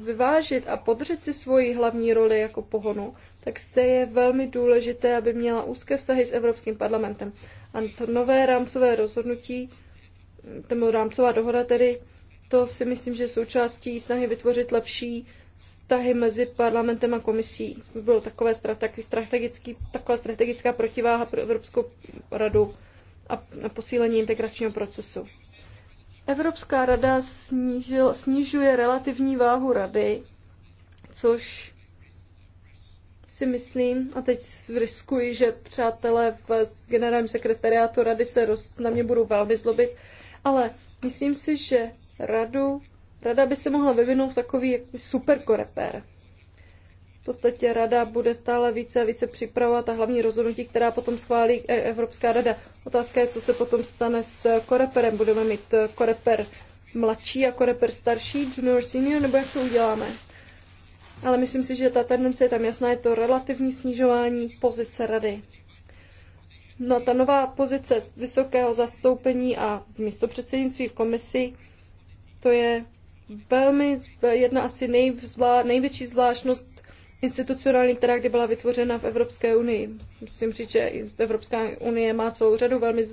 vyvážit a podřet si svoji hlavní roli jako pohonu, tak zde je velmi důležité, aby měla úzké vztahy s Evropským parlamentem. A to nové rámcové rozhodnutí, nebo rámcová dohoda tedy, to si myslím, že součástí snahy vytvořit lepší vztahy mezi parlamentem a komisí. By bylo takové, takový strategický, taková strategická protiváha pro Evropskou radu a, a posílení integračního procesu. Evropská rada snížil, snižuje relativní váhu rady, což si myslím, a teď riskuji, že přátelé v generálním sekretariátu rady se roz, na mě budou velmi zlobit, ale myslím si, že radu, rada by se mohla vyvinout takový super korepér. V podstatě rada bude stále více a více připravovat a hlavní rozhodnutí, která potom schválí e- Evropská rada. Otázka je, co se potom stane s koreperem. Budeme mít koreper mladší a koreper starší, junior, senior, nebo jak to uděláme? ale myslím si, že ta tendence je tam jasná, je to relativní snižování pozice rady. No ta nová pozice vysokého zastoupení a místo předsednictví v komisi, to je velmi jedna asi nejvzla, největší zvláštnost institucionální, která kdy byla vytvořena v Evropské unii. Musím říct, že Evropská unie má celou řadu velmi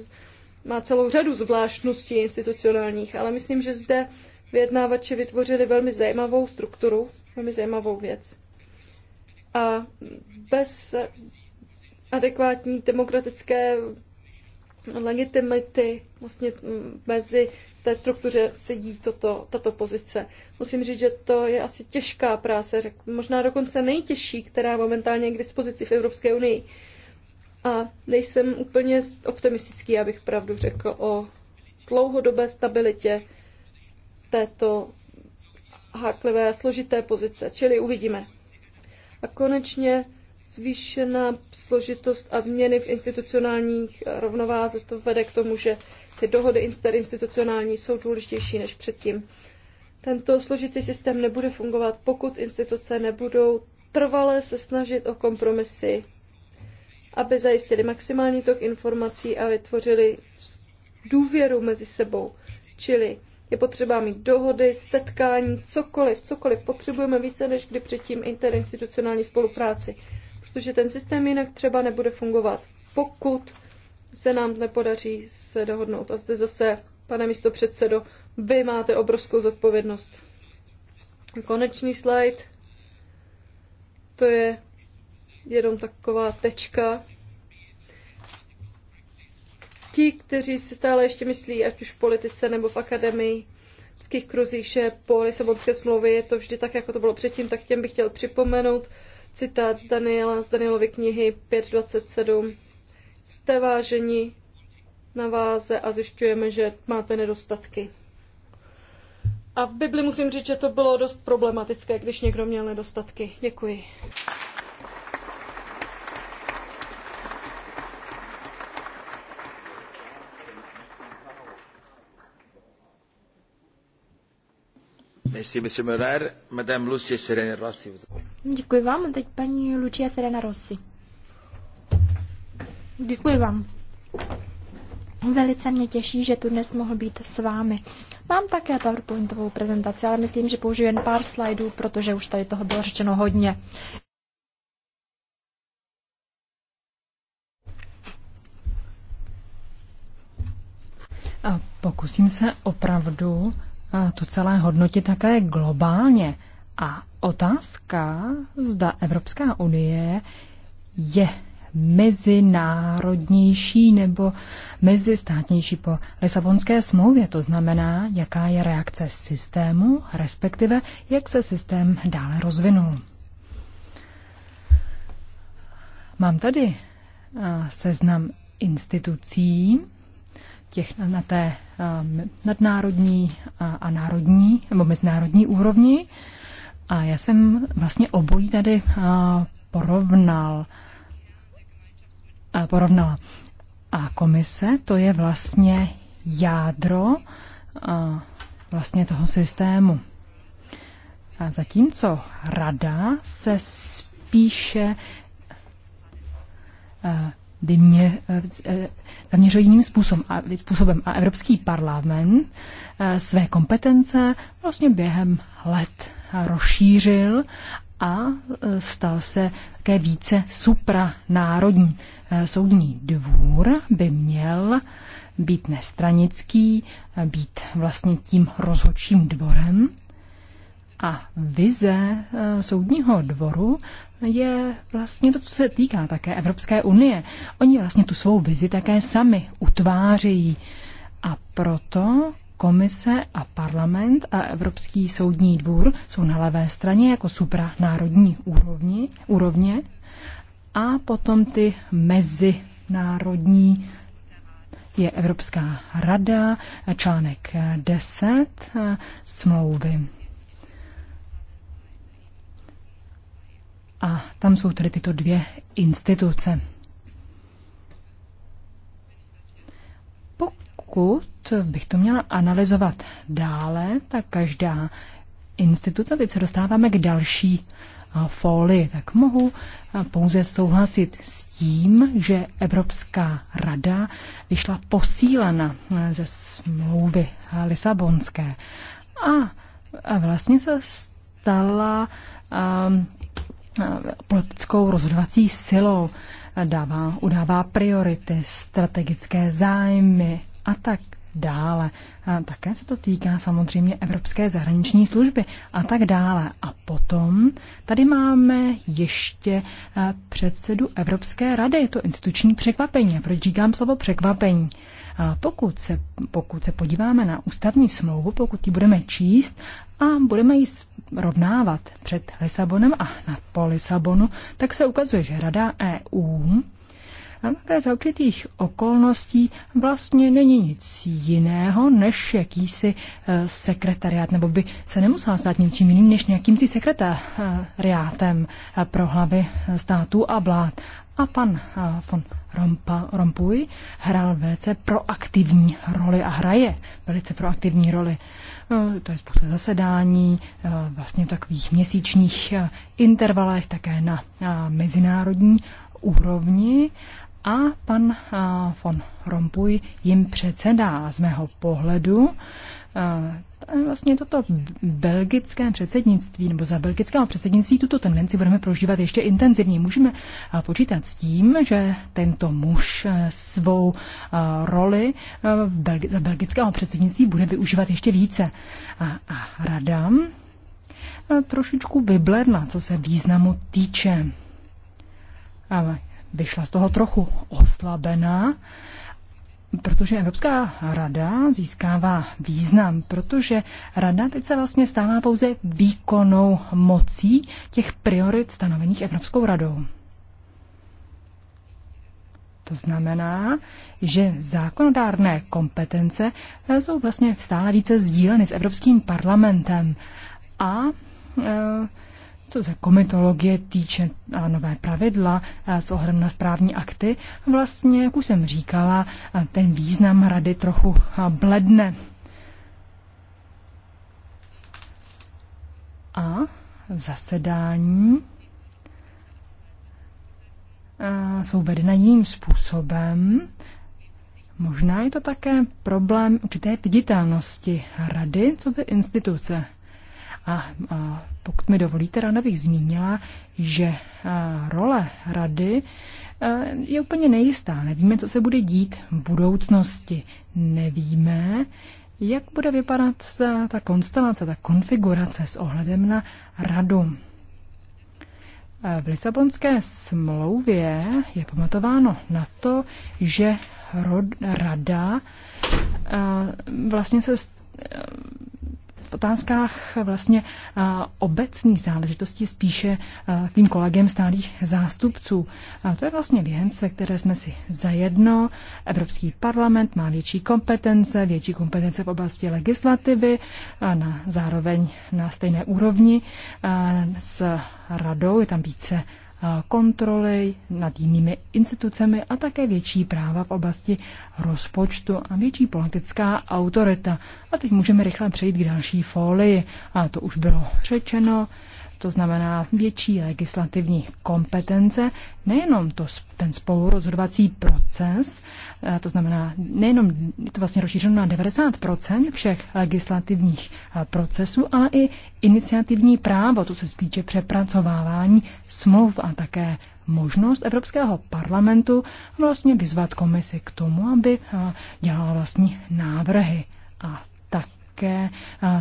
má celou řadu zvláštností institucionálních, ale myslím, že zde vyjednávači vytvořili velmi zajímavou strukturu, velmi zajímavou věc. A bez adekvátní demokratické legitimity vlastně mezi té struktuře sedí toto, tato pozice. Musím říct, že to je asi těžká práce, řek, možná dokonce nejtěžší, která momentálně je k dispozici v Evropské unii. A nejsem úplně optimistický, abych pravdu řekl, o dlouhodobé stabilitě této háklivé složité pozice. Čili uvidíme. A konečně zvýšená složitost a změny v institucionálních rovnováze to vede k tomu, že ty dohody interinstitucionální jsou důležitější než předtím. Tento složitý systém nebude fungovat, pokud instituce nebudou trvale se snažit o kompromisy, aby zajistili maximální tok informací a vytvořili důvěru mezi sebou. Čili je potřeba mít dohody, setkání, cokoliv, cokoliv. Potřebujeme více než kdy předtím interinstitucionální spolupráci, protože ten systém jinak třeba nebude fungovat, pokud se nám nepodaří se dohodnout. A zde zase, pane místo předsedo, vy máte obrovskou zodpovědnost. Konečný slide. To je jenom taková tečka ti, kteří si stále ještě myslí, ať už v politice nebo v akademii, politických kruzích, že po Lisabonské smlouvě je to vždy tak, jako to bylo předtím, tak těm bych chtěl připomenout citát z Daniela, z Danielovy knihy 5.27. Jste váženi na váze a zjišťujeme, že máte nedostatky. A v Bibli musím říct, že to bylo dost problematické, když někdo měl nedostatky. Děkuji. Děkuji vám. teď paní Lucia Serena Rossi. Děkuji vám. Velice mě těší, že tu dnes mohl být s vámi. Mám také PowerPointovou prezentaci, ale myslím, že použiju jen pár slajdů, protože už tady toho bylo řečeno hodně. A pokusím se opravdu to celé hodnotit také globálně. A otázka, zda Evropská unie je mezinárodnější nebo mezistátnější po Lisabonské smlouvě. To znamená, jaká je reakce systému, respektive jak se systém dále rozvinul. Mám tady eh, seznam institucí, těch, na té eh, nadnárodní eh, a národní nebo mezinárodní úrovni. A já jsem vlastně obojí tady eh, porovnal. Porovnala. A komise to je vlastně jádro vlastně toho systému. A zatímco rada se spíše by mě eh, eh, zaměřují jiným způsobem a, způsobem. a Evropský parlament eh, své kompetence vlastně během let rozšířil a stal se také více supranárodní. Soudní dvůr by měl být nestranický, být vlastně tím rozhodčím dvorem a vize eh, soudního dvoru je vlastně to, co se týká také Evropské unie. Oni vlastně tu svou vizi také sami utvářejí. A proto komise a parlament a Evropský soudní dvůr jsou na levé straně jako supranárodní úrovni, úrovně a potom ty mezinárodní je Evropská rada, článek 10 eh, smlouvy. A tam jsou tedy tyto dvě instituce. Pokud bych to měla analyzovat dále, tak každá instituce, teď se dostáváme k další folii, tak mohu pouze souhlasit s tím, že Evropská rada vyšla posílena ze smlouvy Lisabonské a vlastně se stala politickou rozhodovací silou, dává, udává priority, strategické zájmy a tak dále. A také se to týká samozřejmě Evropské zahraniční služby a tak dále. A potom tady máme ještě e, předsedu Evropské rady. Je to instituční překvapení. A proč říkám slovo překvapení? A pokud se, pokud se podíváme na ústavní smlouvu, pokud ji budeme číst a budeme ji rovnávat před Lisabonem a po Lisabonu, tak se ukazuje, že Rada EU a také za určitých okolností vlastně není nic jiného než jakýsi eh, sekretariát, nebo by se nemusela stát něčím jiným než si sekretariátem eh, pro hlavy států a vlád. A pan eh, von Rompa, Rompuy hrál velice proaktivní roli a hraje velice proaktivní roli. To je spousta zasedání, vlastně v takových měsíčních intervalech, také na mezinárodní úrovni a pan eh, von Rompuy jim předsedá z mého pohledu. Eh, vlastně toto belgické předsednictví, nebo za belgického předsednictví tuto tendenci budeme prožívat ještě intenzivně. Můžeme eh, počítat s tím, že tento muž svou roli Belgi za belgického předsednictví bude využívat ještě více. A, a rada trošičku vybledla, co se významu týče vyšla z toho trochu oslabená, protože Evropská rada získává význam, protože rada teď se vlastně stává pouze výkonnou mocí těch priorit stanovených Evropskou radou. To znamená, že zákonodárné kompetence jsou vlastně stále více sdíleny s Evropským parlamentem a e, co se komitologie týče a nové pravidla a s ohledem na správní akty, vlastně, jak už jsem říkala, ten význam rady trochu bledne. A zasedání jsou vedena jiným způsobem. Možná je to také problém určité viditelnosti rady, co by instituce. A, a pokud mi dovolíte, ráda bych zmínila, že eh, role rady eh, je úplně nejistá. Nevíme, co se bude dít v budoucnosti. Nevíme, jak bude vypadat ta, ta konstelace, ta konfigurace s ohledem na radu. Eh, v Lisabonské smlouvě je pamatováno na to, že rod, rada vlastně se v otázkách vlastně obecných záležitostí spíše tím kolegem stálých zástupců. A to je vlastně věc, které jsme si zajedno. Evropský parlament má větší kompetence, větší kompetence v oblasti legislativy, a na, zároveň na stejné úrovni a s radou je tam více kontroly nad jinými institucemi a také větší práva v oblasti rozpočtu a větší politická autorita. A teď můžeme rychle přejít k další fólii. A to už bylo řečeno to znamená větší legislativní kompetence, nejenom to, ten spolurozhodovací proces, eh, to znamená nejenom je to vlastně rozšířeno na 90% všech legislativních eh, procesů, ale i iniciativní právo, to se týče přepracovávání smluv a také možnost Evropského parlamentu vlastně vyzvat komisi k tomu, aby eh, dělala vlastní návrhy. A také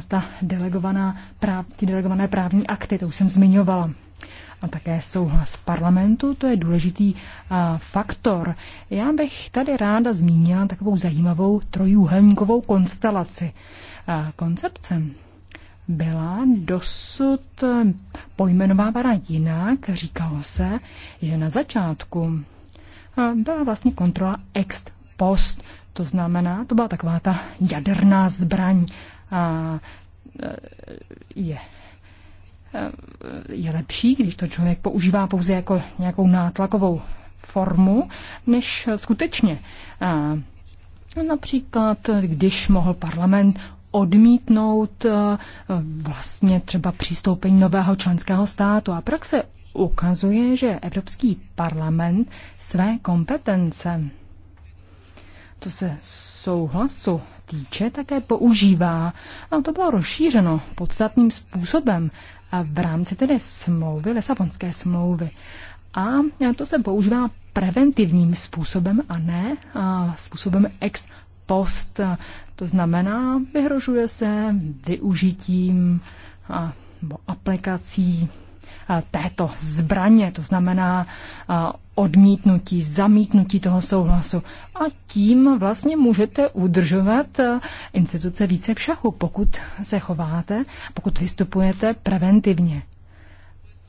ta delegovaná práv, ty delegované právní akty, to už jsem zmiňovala. A také souhlas parlamentu, to je důležitý a, faktor. Já bych tady ráda zmínila takovou zajímavou trojúhelníkovou konstelaci. A, byla dosud pojmenovávána jinak. Říkalo se, že na začátku byla vlastně kontrola ex post. To znamená, to byla taková ta jaderná zbraň a e, je e, je lepší, když to člověk používá pouze jako nějakou nátlakovou formu, než skutečně. Například, když mohl parlament odmítnout e, vlastně třeba přistoupení nového členského státu. A praxe ukazuje, že Evropský parlament své kompetence co se souhlasu týče, také používá. No, to bylo rozšířeno podstatným způsobem a v rámci tedy smlouvy, Lisabonské smlouvy. A to se používá preventivním způsobem a ne a způsobem ex post. To znamená, vyhrožuje se využitím a, aplikací této zbraně, to znamená odmítnutí, zamítnutí toho souhlasu. A tím vlastně můžete udržovat instituce více v šachu, pokud se chováte, pokud vystupujete preventivně.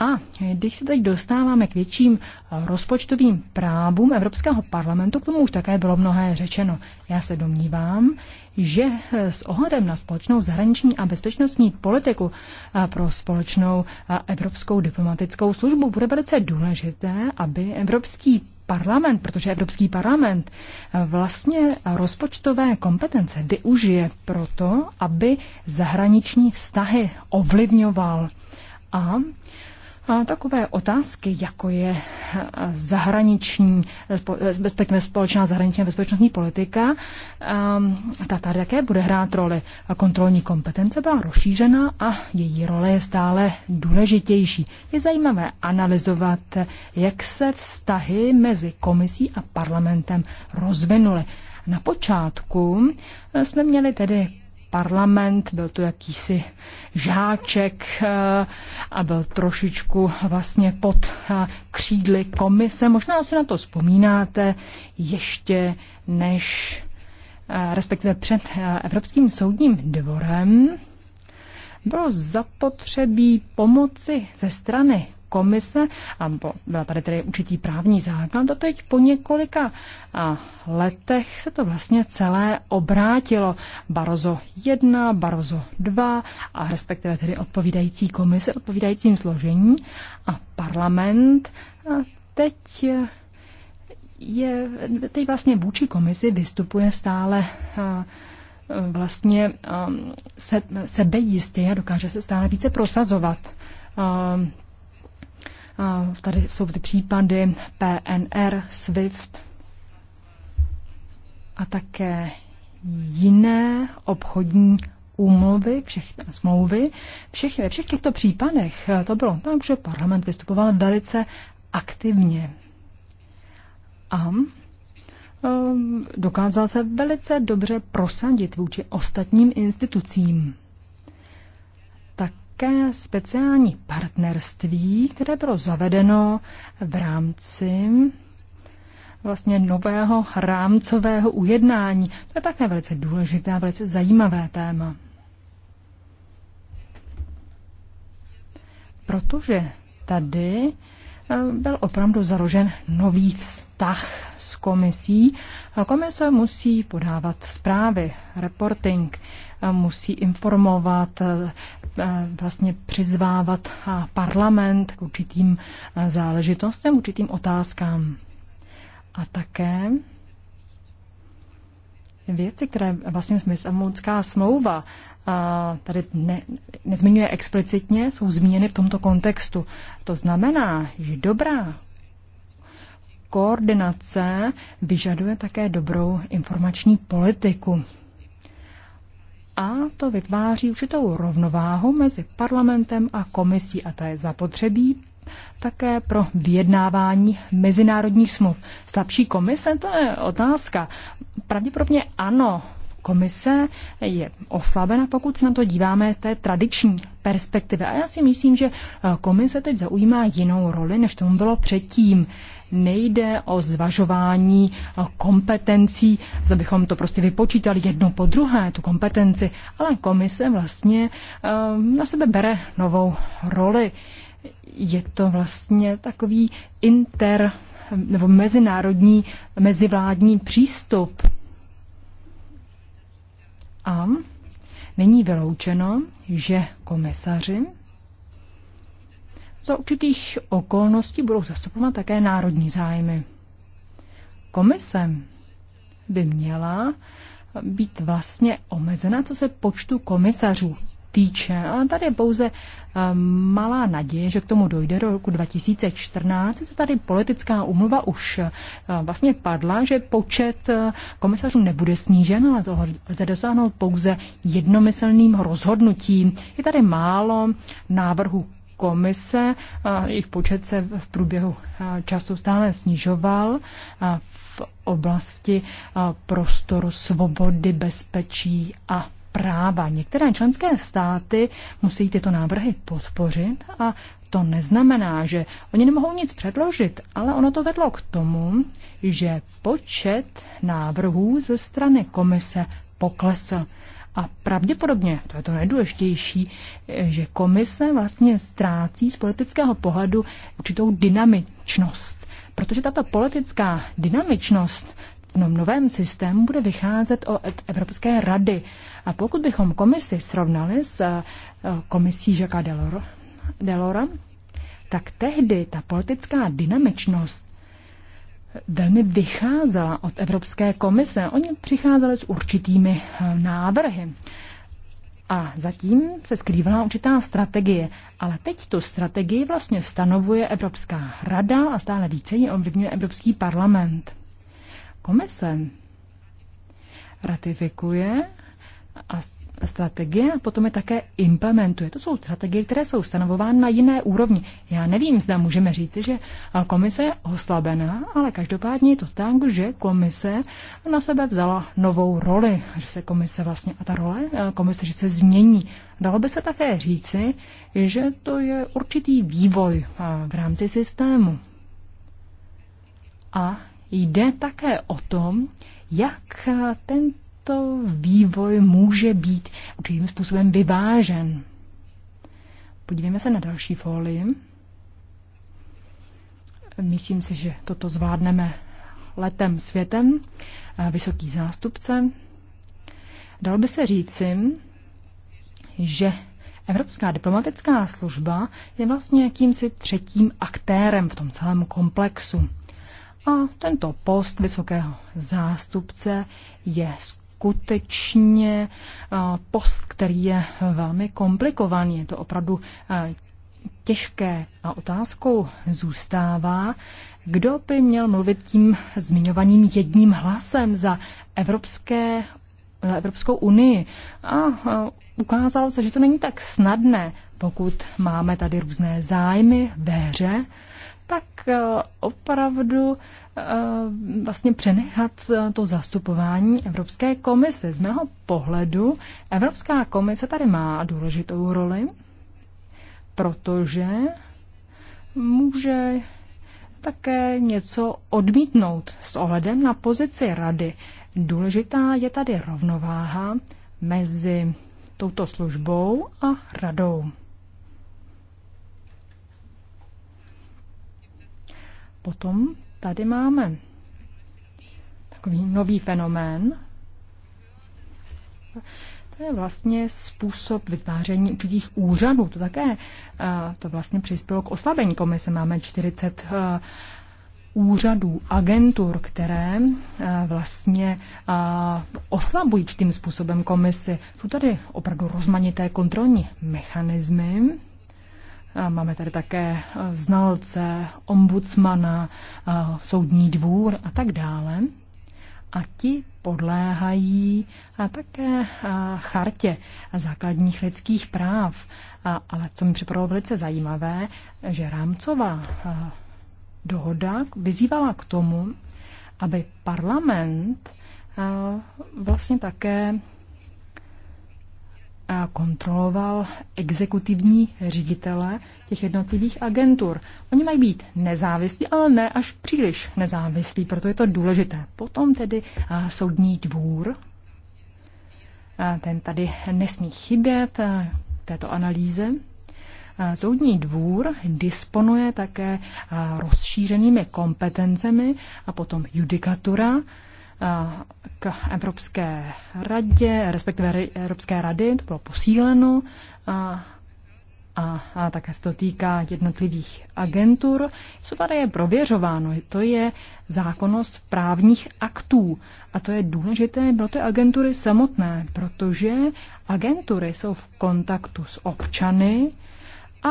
A když se teď dostáváme k větším rozpočtovým právům Evropského parlamentu, k tomu už také bylo mnohé řečeno. Já se domnívám, že s ohledem na společnou zahraniční a bezpečnostní politiku a pro společnou evropskou diplomatickou službu bude velice důležité, aby Evropský parlament, protože Evropský parlament vlastně rozpočtové kompetence využije proto, aby zahraniční vztahy ovlivňoval. A Takové otázky, jako je eh, zahraniční, respektive eh, společná zahraniční a bezpečnostní politika, ehm, ta tady také bude hrát roli. Kontrolní kompetence byla rozšířena a její role je stále důležitější. Je zajímavé analyzovat, jak se vztahy mezi komisí a parlamentem rozvinuly. Na počátku eh, jsme měli tedy parlament, byl to jakýsi žáček eh, a byl trošičku vlastně pod eh, křídly komise. Možná si na to vzpomínáte ještě než eh, respektive před Evropským soudním dvorem bylo zapotřebí pomoci ze strany komise a byla tady tedy určitý právní základ a teď po několika letech se to vlastně celé obrátilo. Barozo 1, Barozo 2 a respektive tedy odpovídající komise, odpovídajícím složení a parlament a teď e, je, teď vlastně vůči komisi vystupuje stále a, e, vlastně se, sebejistě a dokáže se stále více prosazovat. Tady jsou ty případy PNR, SWIFT a také jiné obchodní úmluvy, všechny smlouvy. Všech, ve všech těchto případech eh, to bylo tak, že parlament vystupoval velice aktivně. A eh, dokázal se velice dobře prosadit vůči ostatním institucím také speciální partnerství, které bylo zavedeno v rámci vlastně nového rámcového ujednání. To je také velice důležité a velice zajímavé téma. Protože tady eh, byl opravdu založen nový vztah s komisí. Komise musí podávat zprávy, reporting, eh, musí informovat eh, Eh, vlastně přizvávat eh, parlament k určitým eh, záležitostem, určitým otázkám. A také věci, které vlastně Lisabonská smlouva tady ne, nezmiňuje explicitně, jsou zmíněny v tomto kontextu. To znamená, že dobrá koordinace vyžaduje také dobrou informační politiku a to vytváří určitou rovnováhu mezi parlamentem a komisí a ta je zapotřebí také pro vyjednávání mezinárodních smluv. Slabší komise, to je otázka. Pravděpodobně ano, komise je oslabena, pokud se na to díváme z té tradiční perspektivy. A já si myslím, že eh, komise teď zaujímá jinou roli, než tomu bylo předtím nejde o zvažování kompetencí, zda bychom to prostě vypočítali jedno po druhé, tu kompetenci, ale komise vlastně ehm, na sebe bere novou roli. Je to vlastně takový inter nebo mezinárodní, mezivládní přístup. A není vyloučeno, že komisaři za určitých okolností budou zastupovat také národní zájmy. Komise by měla být vlastně omezena, co se počtu komisařů týče, ale tady je pouze um, malá naděje, že k tomu dojde do roku 2014. Se tady politická umluva už uh, vlastně padla, že počet uh, komisařů nebude snížen, ale toho lze dosáhnout pouze jednomyslným rozhodnutím. Je tady málo návrhů komise. Jejich počet se v průběhu času stále snižoval v oblasti prostoru svobody, bezpečí a práva. Některé členské státy musí tyto návrhy podpořit a to neznamená, že oni nemohou nic předložit, ale ono to vedlo k tomu, že počet návrhů ze strany komise poklesl. A pravděpodobně, to je to nejdůležitější, že komise vlastně ztrácí z politického pohledu určitou dynamičnost. Protože tato politická dynamičnost v novém systému bude vycházet od Evropské rady. A pokud bychom komisi srovnali s eh, komisí Žaka Delora, Delora tak tehdy ta politická dynamičnost velmi vycházela od Evropské komise. Oni přicházeli s určitými eh, návrhy. A zatím se skrývala určitá strategie, ale teď tu strategii vlastně stanovuje Evropská rada a stále více ji ovlivňuje Evropský parlament. Komise ratifikuje a strategie a potom je také implementuje. To jsou strategie, které jsou stanovovány na jiné úrovni. Já nevím, zda můžeme říci, že komise je oslabená, ale každopádně je to tak, že komise na sebe vzala novou roli, že se komise vlastně a ta role eh, komise, že se změní. Dalo by se také říci, že to je určitý vývoj eh, v rámci systému. A jde také o tom, jak ten tento vývoj může být určitým způsobem vyvážen. Podívejme se na další folii. Myslím si, že toto zvládneme letem světem. Vysoký zástupce. Dal by se říci, že Evropská diplomatická služba je vlastně jakýmsi třetím aktérem v tom celém komplexu. A tento post vysokého zástupce je skutečně eh, post, který je velmi komplikovaný. Je to opravdu eh, těžké a otázkou zůstává, kdo by měl mluvit tím zmiňovaným jedním hlasem za, Evropské, za Evropskou unii. A eh, ukázalo se, že to není tak snadné, pokud máme tady různé zájmy ve hře, tak opravdu Eh, vlastně přenechat eh, to zastupování Evropské komise. Z mého pohledu Evropská komise tady má důležitou roli, protože může také něco odmítnout s ohledem na pozici rady. Důležitá je tady rovnováha mezi touto službou a radou. Potom tady máme takový nový fenomén. To je vlastně způsob vytváření určitých úřadů. To také eh, to vlastně přispělo k oslabení komise. Máme 40 eh, úřadů, agentur, které eh, vlastně oslabují tím způsobem komisi. Jsou tady opravdu rozmanité kontrolní mechanismy Máme tady také znalce, ombudsmana, soudní dvůr a tak dále. A ti podléhají a také chartě základních lidských práv. A, ale co mi připadalo velice zajímavé, že rámcová dohoda vyzývala k tomu, aby parlament vlastně také kontroloval exekutivní ředitele těch jednotlivých agentur. Oni mají být nezávislí, ale ne až příliš nezávislí, proto je to důležité. Potom tedy soudní dvůr, ten tady nesmí chybět této analýze. Soudní dvůr disponuje také rozšířenými kompetencemi a potom judikatura, k Evropské radě, respektive Evropské rady, to bylo posíleno a, a, a také se to týká jednotlivých agentur. Co tady je prověřováno, to je zákonnost právních aktů a to je důležité pro ty agentury samotné, protože agentury jsou v kontaktu s občany a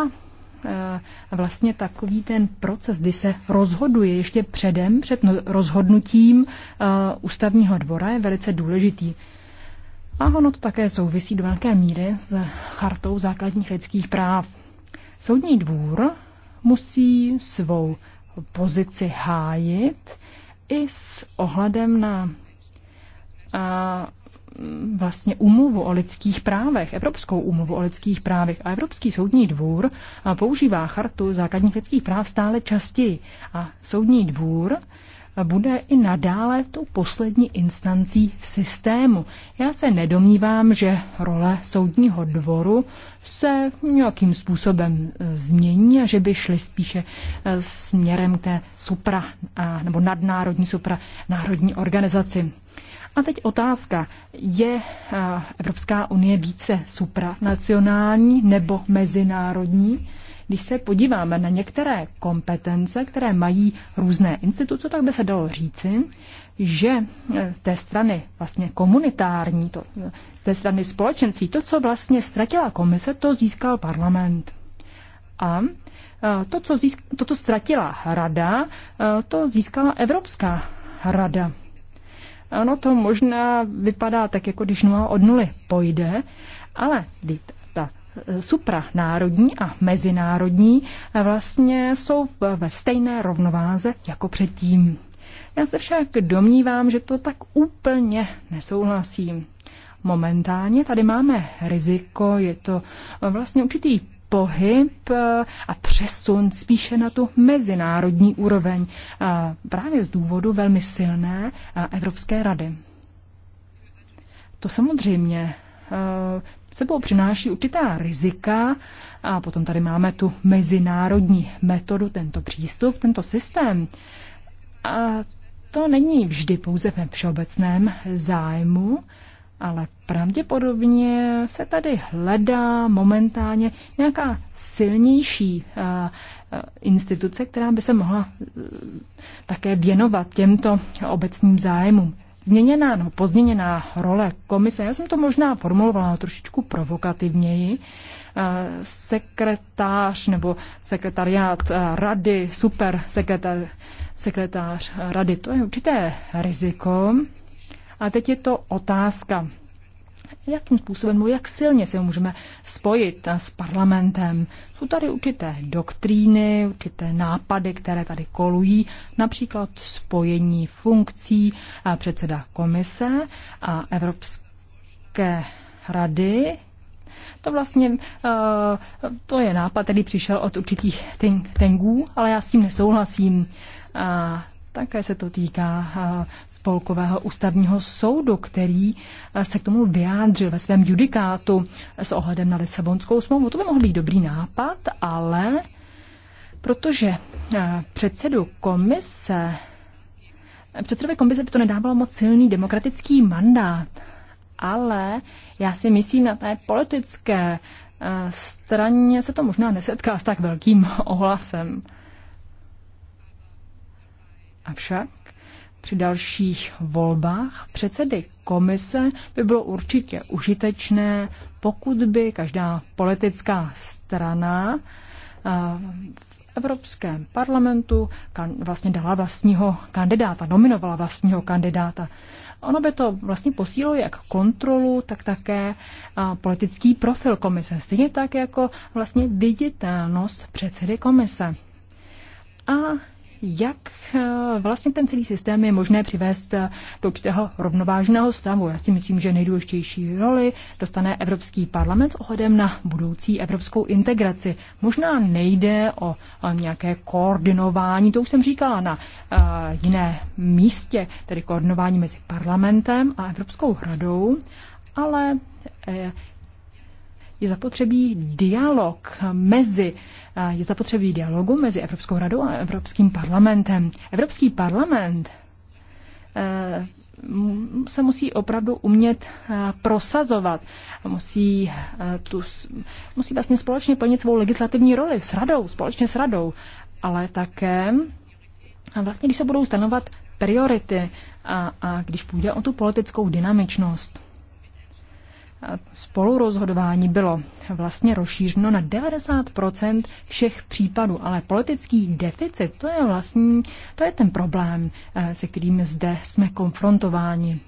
Eh, vlastně takový ten proces, kdy se rozhoduje ještě předem, před no, rozhodnutím eh, ústavního dvora, je velice důležitý. A ono to také souvisí do velké míry s chartou základních lidských práv. Soudní dvůr musí svou pozici hájit i s ohledem na eh, vlastně umluvu o lidských právech, Evropskou umluvu o lidských právech a Evropský soudní dvůr používá chartu základních lidských práv stále častěji a soudní dvůr bude i nadále tou poslední instancí systému. Já se nedomnívám, že role soudního dvoru se nějakým způsobem e, změní a že by šly spíše e, směrem k té supra nebo nadnárodní supra národní organizaci. A teď otázka. Je eh, Evropská unie více supranacionální nebo mezinárodní? Když se podíváme na některé kompetence, které mají různé instituce, tak by se dalo říci, že eh, z té strany vlastně komunitární, to, eh, z té strany společenství, to, co vlastně ztratila komise, to získal parlament. A to, co, získ- to, co ztratila rada, to získala Evropská rada. Ono to možná vypadá tak, jako když nula od nuly pojde, ale ta e, supranárodní a mezinárodní e, vlastně jsou ve stejné rovnováze jako předtím. Já se však domnívám, že to tak úplně nesouhlasím. Momentálně tady máme riziko, je to vlastně určitý pohyb eh, a přesun spíše na tu mezinárodní úroveň eh, právě z důvodu velmi silné eh, Evropské rady. To samozřejmě sebou přináší určitá rizika a potom tady máme tu mezinárodní metodu, tento přístup, tento systém. A to není vždy pouze ve všeobecném zájmu, ale pravděpodobně se tady hledá momentálně nějaká silnější eh, eh, instituce, která by se mohla eh, také věnovat těmto obecným zájmům. Změněná, no, pozměněná role komise, já jsem to možná formulovala trošičku provokativněji, sekretář nebo sekretariát rady, super sekretar, sekretář rady, to je určité riziko, a teď je to otázka. Jakým způsobem, no jak silně se můžeme spojit s parlamentem? Jsou tady určité doktríny, určité nápady, které tady kolují, například spojení funkcí a předseda komise a Evropské rady, to vlastně e, to je nápad, který přišel od určitých tengů, ale já s tím nesouhlasím. Také se to týká spolkového ústavního soudu, který se k tomu vyjádřil ve svém judikátu s ohledem na Lisabonskou smlouvu. To by mohl být dobrý nápad, ale protože předsedu komise, předsedové komise by to nedávalo moc silný demokratický mandát, ale já si myslím na té politické straně se to možná nesetká s tak velkým ohlasem. Avšak při dalších volbách předsedy komise by bylo určitě užitečné, pokud by každá politická strana v Evropském parlamentu vlastně dala vlastního kandidáta, nominovala vlastního kandidáta. Ono by to vlastně posílilo jak kontrolu, tak také politický profil komise, stejně tak jako vlastně viditelnost předsedy komise. A jak eh, vlastně ten celý systém je možné přivést eh, do určitého rovnovážného stavu. Já si myslím, že nejdůležitější roli dostane Evropský parlament s ohledem na budoucí evropskou integraci. Možná nejde o eh, nějaké koordinování, to už jsem říkala, na jiné místě, tedy koordinování mezi parlamentem a Evropskou radou, ale je zapotřebí dialog mezi eh, je zapotřebí dialogu mezi Evropskou radou a Evropským parlamentem. Evropský parlament eh, se musí opravdu umět eh, prosazovat. Musí, tu, musí vlastně společně plnit svou legislativní roli s radou, společně s radou, ale také vlastně, když se budou stanovat priority a, a když půjde o tu politickou dynamičnost spolurozhodování bylo vlastně rozšířeno na 90 všech případů, ale politický deficit, to je vlastně, to je ten problém, eh, se kterým zde jsme konfrontováni.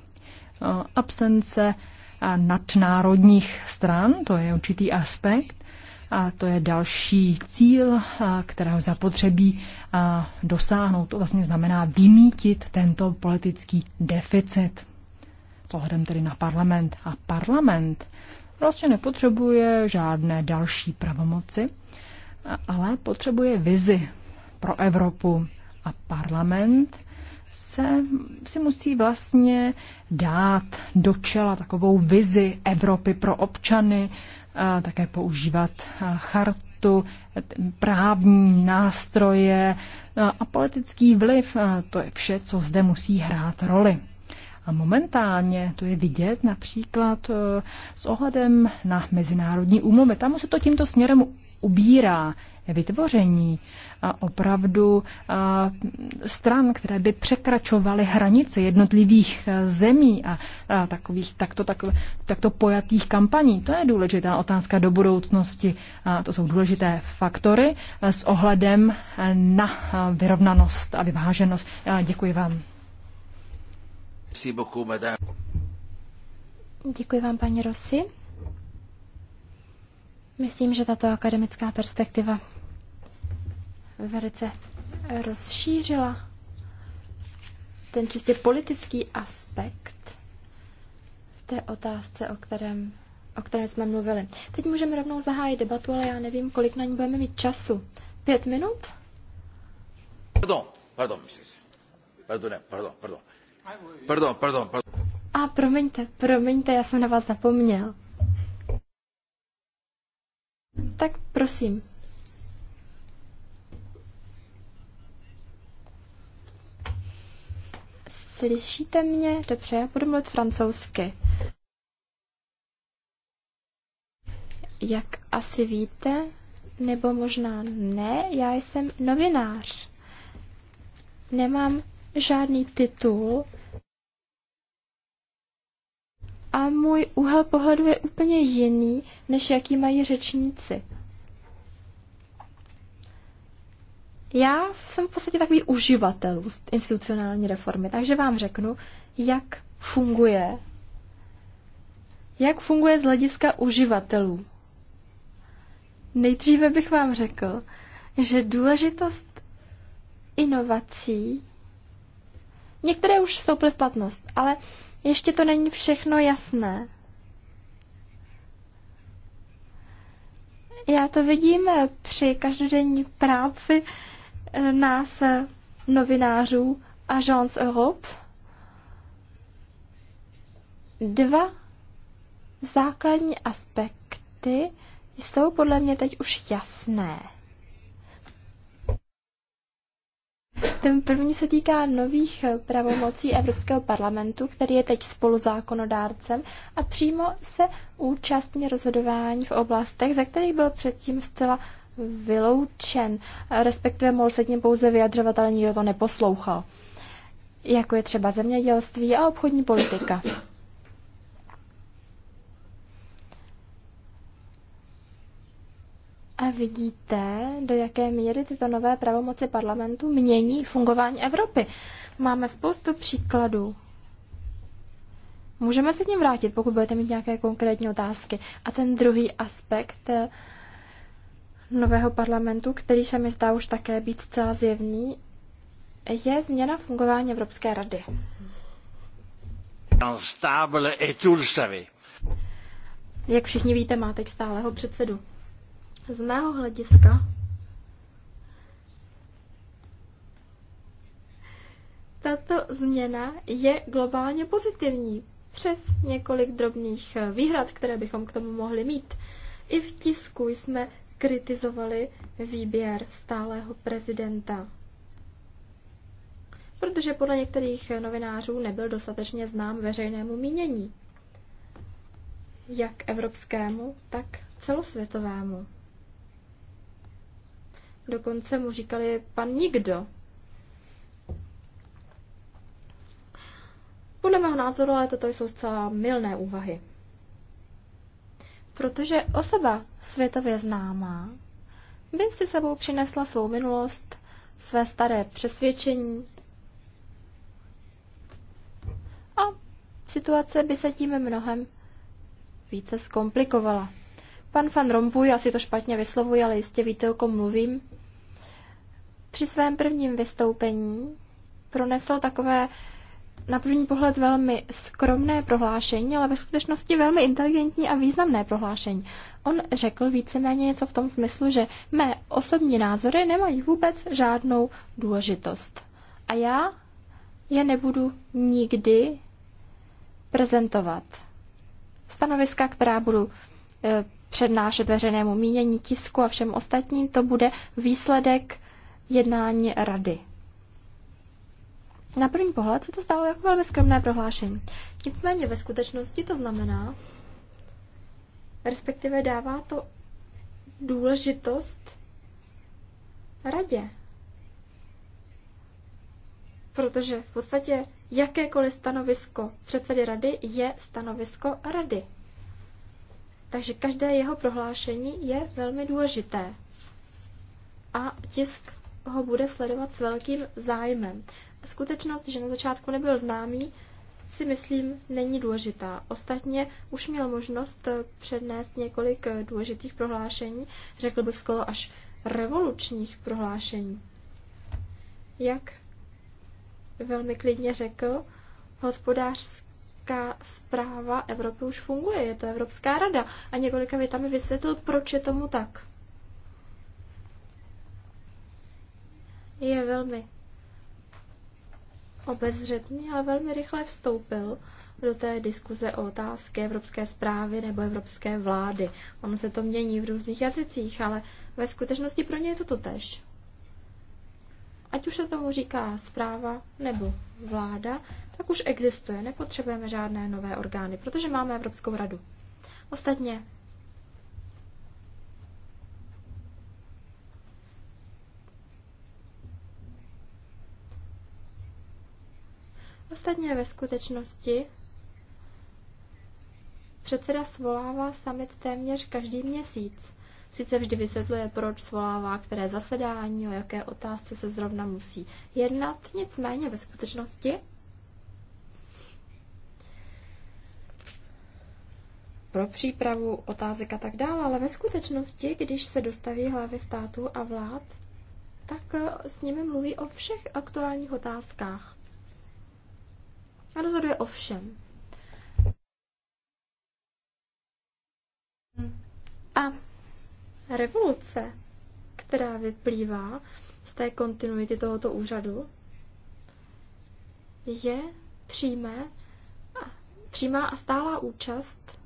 Eh, absence eh, nadnárodních stran, to je určitý aspekt, a to je další cíl, kterého zapotřebí dosáhnout. To vlastně znamená vymítit tento politický deficit s ohledem tedy na parlament. A parlament vlastně nepotřebuje žádné další pravomoci, ale potřebuje vizi pro Evropu. A parlament se, si musí vlastně dát do čela takovou vizi Evropy pro občany, a také používat chartu, právní nástroje a politický vliv. To je vše, co zde musí hrát roli momentálně. To je vidět například e, s ohledem na mezinárodní úmluvy. Tam se to tímto směrem ubírá vytvoření a opravdu a stran, které by překračovaly hranice jednotlivých e, zemí a, a takových takto, tak, takto pojatých kampaní. To je důležitá otázka do budoucnosti. A to jsou důležité faktory e, s ohledem na vyrovnanost a vyváženost. A děkuji vám. Děkuji vám, paní Rossi. Myslím, že tato akademická perspektiva velice rozšířila ten čistě politický aspekt v té otázce, o, kterém, o které jsme mluvili. Teď můžeme rovnou zahájit debatu, ale já nevím, kolik na ní budeme mít času. Pět minut? Pardon, pardon, myslím si. Pardon, pardon, pardon. Pardon, pardon, pardon. A promiňte, promiňte, já jsem na vás zapomněl. Tak prosím. Slyšíte mě? Dobře, já budu mluvit francouzsky. Jak asi víte, nebo možná ne, já jsem novinář. Nemám žádný titul a můj úhel pohledu je úplně jiný, než jaký mají řečníci. Já jsem v podstatě takový uživatel institucionální reformy, takže vám řeknu, jak funguje, jak funguje z hlediska uživatelů. Nejdříve bych vám řekl, že důležitost inovací Některé už vstoupily v platnost, ale ještě to není všechno jasné. Já to vidím při každodenní práci eh, nás eh, novinářů Agence Europe. Dva základní aspekty jsou podle mě teď už jasné. Ten první se týká nových eh, pravomocí Evropského parlamentu, který je teď spoluzákonodárcem a přímo se účastní rozhodování v oblastech, za kterých byl předtím zcela vyloučen, eh, respektive mohl se tím pouze vyjadřovat, ale nikdo to neposlouchal. Jako je třeba zemědělství a obchodní politika. A vidíte, do jaké míry tyto nové pravomoci parlamentu mění fungování Evropy. Máme spoustu příkladů. Můžeme se k ním vrátit, pokud budete mít nějaké konkrétní otázky. A ten druhý aspekt eh, nového parlamentu, který se mi zdá už také být celá zjevný, je změna fungování Evropské rady. Jak všichni víte, má teď stáleho předsedu. Z mého hlediska tato změna je globálně pozitivní přes několik drobných výhrad, které bychom k tomu mohli mít. I v tisku jsme kritizovali výběr stálého prezidenta, protože podle některých novinářů nebyl dostatečně znám veřejnému mínění, jak evropskému, tak celosvětovému. Dokonce mu říkali pan nikdo. Podle mého názoru ale toto jsou zcela milné úvahy. Protože osoba světově známá by si sebou přinesla svou minulost, své staré přesvědčení a situace by se tím mnohem více zkomplikovala. Pan Van Rompuy, asi to špatně vyslovuji, ale jistě víte, o kom mluvím, při svém prvním vystoupení pronesl takové na první pohled velmi skromné prohlášení, ale ve skutečnosti velmi inteligentní a významné prohlášení. On řekl víceméně něco v tom smyslu, že mé osobní názory nemají vůbec žádnou důležitost. A já je nebudu nikdy prezentovat. Stanoviska, která budu eh, přednášet veřejnému mínění tisku a všem ostatním, to bude výsledek jednání rady. Na první pohled se to stalo jako velmi skromné prohlášení. Nicméně ve skutečnosti to znamená, respektive dává to důležitost radě. Protože v podstatě jakékoliv stanovisko předsedy rady je stanovisko rady. Takže každé jeho prohlášení je velmi důležité. A tisk ho bude sledovat s velkým zájmem. Skutečnost, že na začátku nebyl známý, si myslím, není důležitá. Ostatně už měl možnost eh, přednést několik eh, důležitých prohlášení, řekl bych skoro až revolučních prohlášení. Jak velmi klidně řekl, hospodářská zpráva Evropy už funguje, je to Evropská rada a několika větami vysvětlil, proč je tomu tak. je velmi obezřetný, ale velmi rychle vstoupil do té diskuze o otázky evropské zprávy nebo evropské vlády. Ono se to mění v různých jazycích, ale ve skutečnosti pro ně je to tež. Ať už se tomu říká zpráva nebo vláda, tak už existuje. Nepotřebujeme žádné nové orgány, protože máme Evropskou radu. Ostatně Ostatně ve skutečnosti předseda svolává summit téměř každý měsíc. Sice vždy vysvětluje, proč svolává které zasedání, o jaké otázce se zrovna musí jednat, nicméně ve skutečnosti pro přípravu otázek a tak dále, ale ve skutečnosti, když se dostaví hlavy států a vlád, tak s nimi mluví o všech aktuálních otázkách a rozhoduje o všem. A revoluce, která vyplývá z té kontinuity tohoto úřadu, je přímé, přímá a stálá účast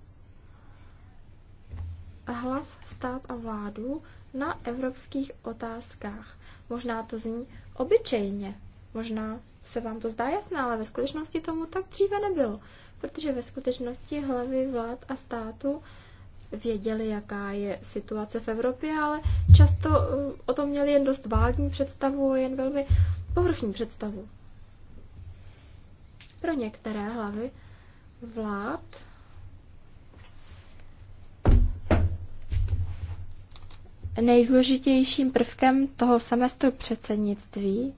hlav stát a vládu na evropských otázkách. Možná to zní obyčejně, Možná se vám to zdá jasné, ale ve skutečnosti tomu tak dříve nebylo, protože ve skutečnosti hlavy vlád a státu věděli, jaká je situace v Evropě, ale často uh, o tom měli jen dost vágní představu, jen velmi povrchní představu. Pro některé hlavy vlád nejdůležitějším prvkem toho semestru předsednictví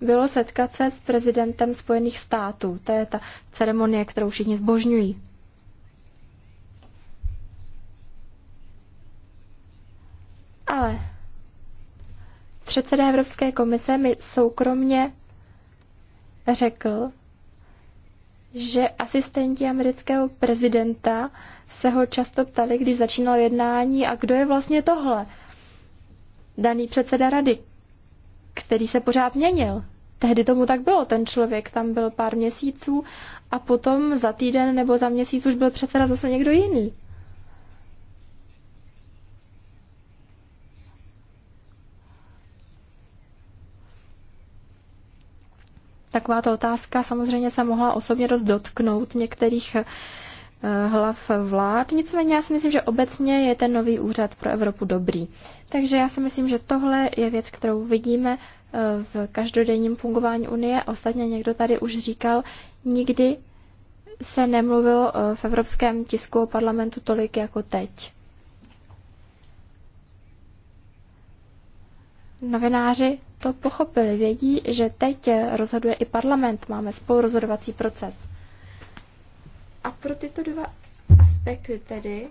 bylo setkat se s prezidentem Spojených států. To je ta ceremonie, kterou všichni zbožňují. Ale předseda Evropské komise mi soukromně řekl, že asistenti amerického prezidenta se ho často ptali, když začínal jednání, a kdo je vlastně tohle? Daný předseda rady, který se pořád měnil. Tehdy tomu tak bylo, ten člověk tam byl pár měsíců a potom za týden nebo za měsíc už byl předseda zase někdo jiný. Takováto otázka samozřejmě se mohla osobně dost dotknout některých Eh, hlav vlád. Nicméně já si myslím, že obecně je ten nový úřad pro Evropu dobrý. Takže já si myslím, že tohle je věc, kterou vidíme eh, v každodenním fungování Unie. Ostatně někdo tady už říkal, nikdy se nemluvilo eh, v evropském tisku o parlamentu tolik jako teď. Novináři to pochopili, vědí, že teď rozhoduje i parlament, máme spolurozhodovací proces. A pro tyto dva aspekty tedy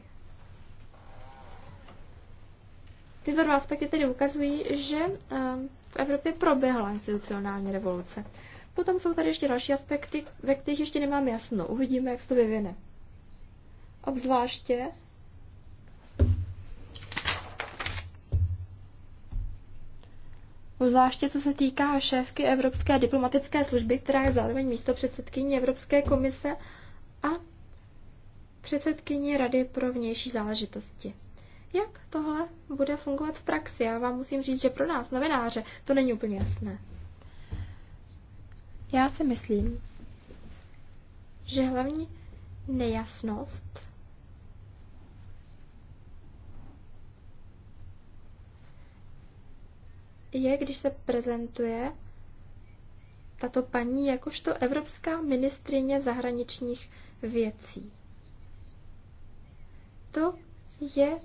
Tyto dva aspekty tedy ukazují, že ehm, v Evropě proběhla institucionální revoluce. Potom jsou tady ještě další aspekty, ve kterých ještě nemám jasno. Uvidíme, jak se to vyvine. Obzvláště Zvláště co se týká šéfky Evropské diplomatické služby, která je zároveň místo předsedkyní Evropské komise předsedkyni Rady pro vnější záležitosti. Jak tohle bude fungovat v praxi? Já vám musím říct, že pro nás, novináře, to není úplně jasné. Já si myslím, že hlavní nejasnost je, když se prezentuje tato paní jakožto evropská ministrině zahraničních věcí. To je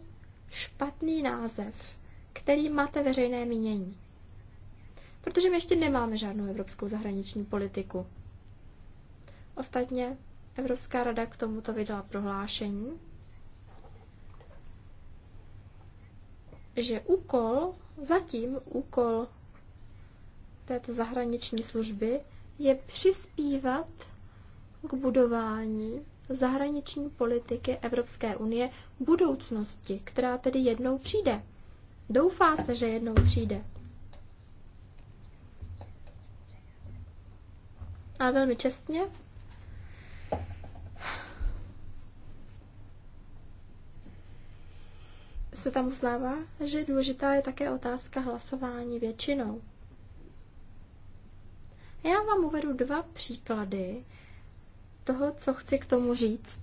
špatný název, který máte veřejné mínění. Protože my ještě nemáme žádnou evropskou zahraniční politiku. Ostatně Evropská rada k tomuto vydala prohlášení, že úkol, zatím úkol této zahraniční služby je přispívat k budování zahraniční politiky Evropské unie budoucnosti, která tedy jednou přijde. Doufá se, že jednou přijde. A velmi čestně. Se tam uznává, že důležitá je také otázka hlasování většinou. Já vám uvedu dva příklady, toho, co chci k tomu říct.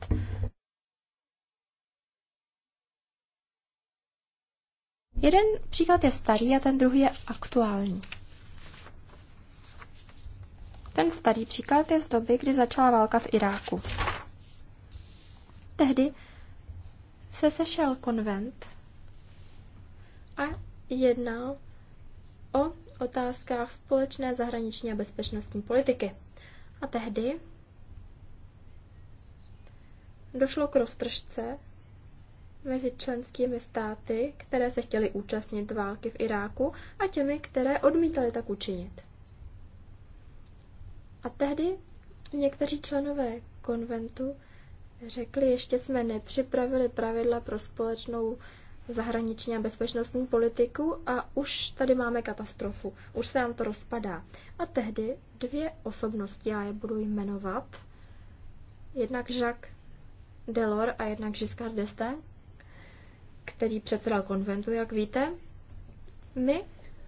Jeden příklad je starý a ten druhý je aktuální. Ten starý příklad je z doby, kdy začala válka v Iráku. Tehdy se sešel konvent a jednal o otázkách společné zahraniční a bezpečnostní politiky. A tehdy došlo k roztržce mezi členskými státy, které se chtěly účastnit války v Iráku a těmi, které odmítaly tak učinit. A tehdy někteří členové konventu řekli, ještě jsme nepřipravili pravidla pro společnou zahraniční a bezpečnostní politiku a už tady máme katastrofu, už se nám to rozpadá. A tehdy dvě osobnosti, já je budu jmenovat, jednak Jacques Delor a jednak Giscard d'Estaing, který předsedal konventu, jak víte, my,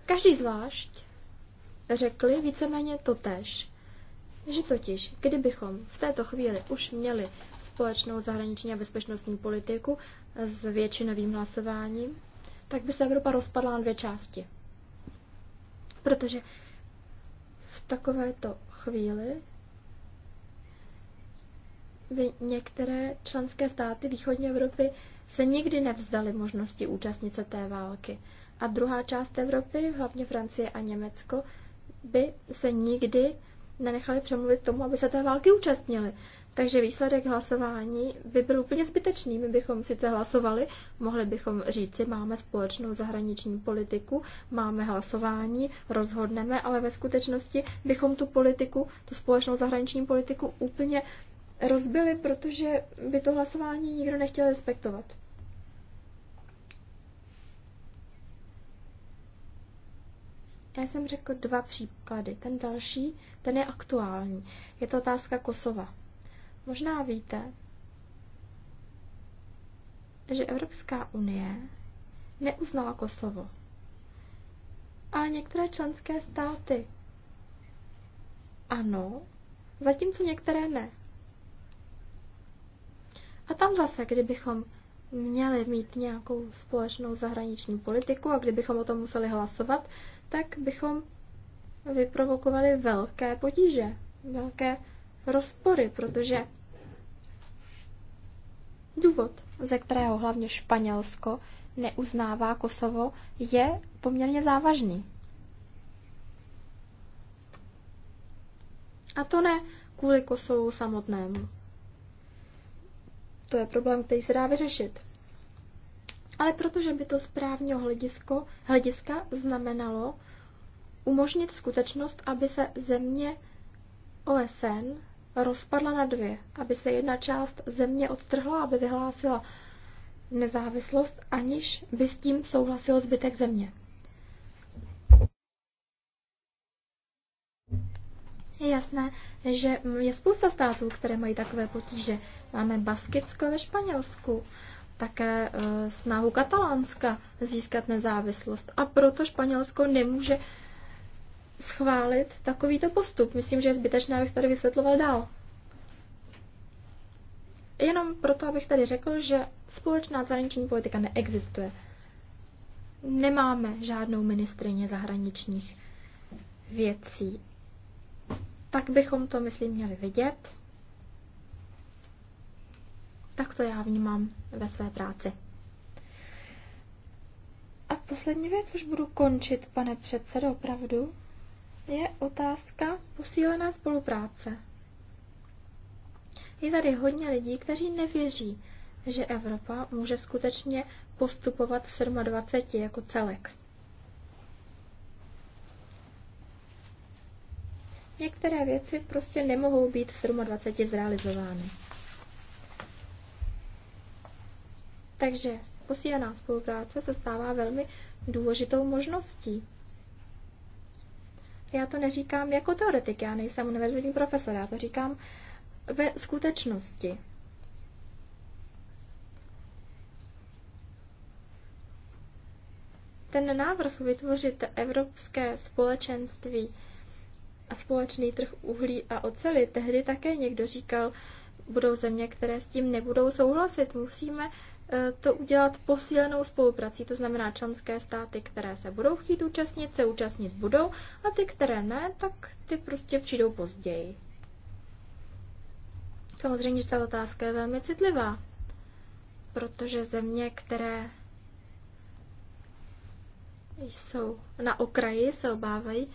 každý zvlášť, řekli víceméně to tež. Že totiž, kdybychom v této chvíli už měli společnou zahraniční a bezpečnostní politiku s většinovým hlasováním, tak by se Evropa rozpadla na dvě části. Protože v takovéto chvíli některé členské státy východní Evropy se nikdy nevzdali možnosti účastnit se té války. A druhá část Evropy, hlavně Francie a Německo, by se nikdy nenechali přemluvit tomu, aby se té války účastnili. Takže výsledek hlasování by byl úplně zbytečný. My bychom sice hlasovali, mohli bychom říci, máme společnou zahraniční politiku, máme hlasování, rozhodneme, ale ve skutečnosti bychom tu politiku, tu společnou zahraniční politiku úplně rozbili, protože by to hlasování nikdo nechtěl respektovat. Já jsem řekl dva příklady. Ten další, ten je aktuální. Je to otázka Kosova. Možná víte, že Evropská unie neuznala Kosovo. Ale některé členské státy ano, zatímco některé ne. A tam zase, kdybychom měli mít nějakou společnou zahraniční politiku a kdybychom o tom museli hlasovat, tak bychom vyprovokovali velké potíže, velké rozpory, protože důvod, ze kterého hlavně Španělsko neuznává Kosovo, je poměrně závažný. A to ne kvůli Kosovu samotnému. To je problém, který se dá vyřešit. Ale protože by to z právního hledisko, hlediska znamenalo umožnit skutečnost, aby se země OSN rozpadla na dvě, aby se jedna část země odtrhla, aby vyhlásila nezávislost, aniž by s tím souhlasil zbytek země. Je jasné, že je spousta států, které mají takové potíže. Máme Baskicko ve Španělsku, také e, snahu Katalánska získat nezávislost. A proto Španělsko nemůže schválit takovýto postup. Myslím, že je zbytečné, abych tady vysvětloval dál. Jenom proto, abych tady řekl, že společná zahraniční politika neexistuje. Nemáme žádnou ministrině zahraničních věcí tak bychom to, myslím, měli vidět. Tak to já vnímám ve své práci. A poslední věc, už budu končit, pane předsedo, opravdu, je otázka posílená spolupráce. Je tady hodně lidí, kteří nevěří, že Evropa může skutečně postupovat v 27 jako celek. Některé věci prostě nemohou být v 27 zrealizovány. Takže posílená spolupráce se stává velmi důležitou možností. Já to neříkám jako teoretik, já nejsem univerzitní profesor, já to říkám ve skutečnosti. Ten návrh vytvořit Evropské společenství a společný trh uhlí a oceli, tehdy také někdo říkal, budou země, které s tím nebudou souhlasit. Musíme eh, to udělat posílenou spoluprací, to znamená členské státy, které se budou chtít účastnit, se účastnit budou a ty, které ne, tak ty prostě přijdou později. Samozřejmě, že ta otázka je velmi citlivá, protože země, které jsou na okraji, se obávají,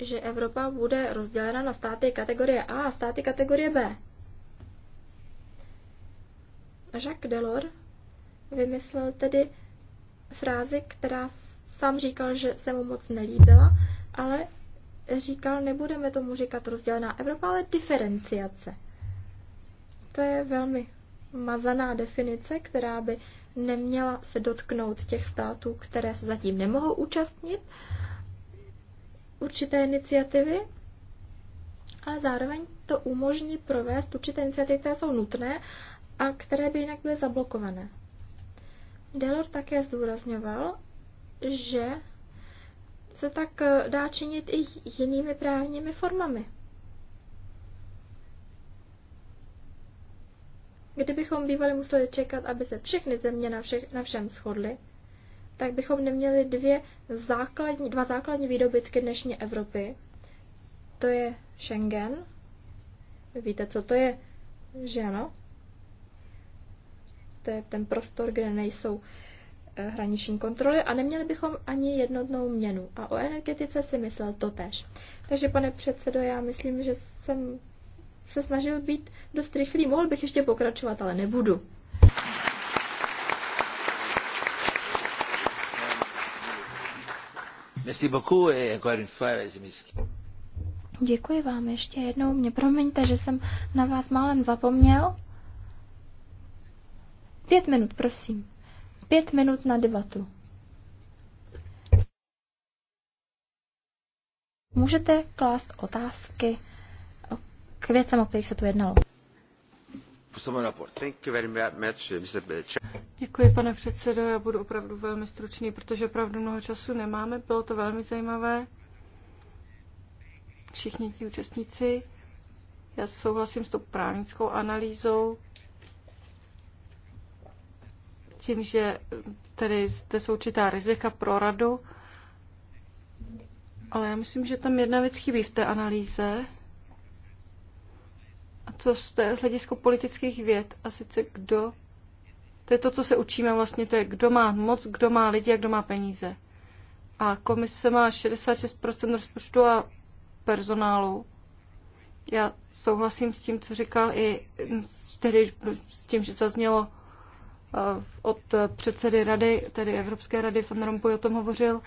že Evropa bude rozdělena na státy kategorie A a státy kategorie B. Jacques Delors vymyslel tedy frázi, která sám říkal, že se mu moc nelíbila, ale říkal, nebudeme tomu říkat rozdělená Evropa, ale diferenciace. To je velmi mazaná definice, která by neměla se dotknout těch států, které se zatím nemohou účastnit, určité iniciativy, ale zároveň to umožní provést určité iniciativy, které jsou nutné a které by jinak byly zablokované. Delor také zdůrazňoval, že se tak eh, dá činit i jinými právními formami. Kdybychom bývali museli čekat, aby se všechny země na, všech, na všem shodly, tak bychom neměli dvě základní, dva základní výdobytky dnešní Evropy. To je Schengen. víte, co to je, že ano? To je ten prostor, kde nejsou eh, hraniční kontroly a neměli bychom ani jednotnou měnu. A o energetice si myslel to tež. Takže, pane předsedo, já myslím, že jsem se snažil být dost rychlý. Mohl bych ještě pokračovat, ale nebudu. Děkuji vám ještě jednou. Mě promiňte, že jsem na vás málem zapomněl. Pět minut, prosím. Pět minut na debatu. Můžete klást otázky k věcem, o kterých se tu jednalo. Děkuji, pane předsedo. Já budu opravdu velmi stručný, protože opravdu mnoho času nemáme. Bylo to velmi zajímavé. Všichni ti účastníci. Já souhlasím s tou právnickou analýzou. Tím, že tady zde jsou určitá rizika pro radu. Ale já myslím, že tam jedna věc chybí v té analýze. A co jste z hlediska politických věd, a sice kdo, to je to, co se učíme vlastně, to je kdo má moc, kdo má lidi a kdo má peníze. A komise má 66% rozpočtu a personálu. Já souhlasím s tím, co říkal i tedy s tím, že zaznělo eh, od předsedy rady, tedy Evropské rady, Van Rompuy o tom hovořil.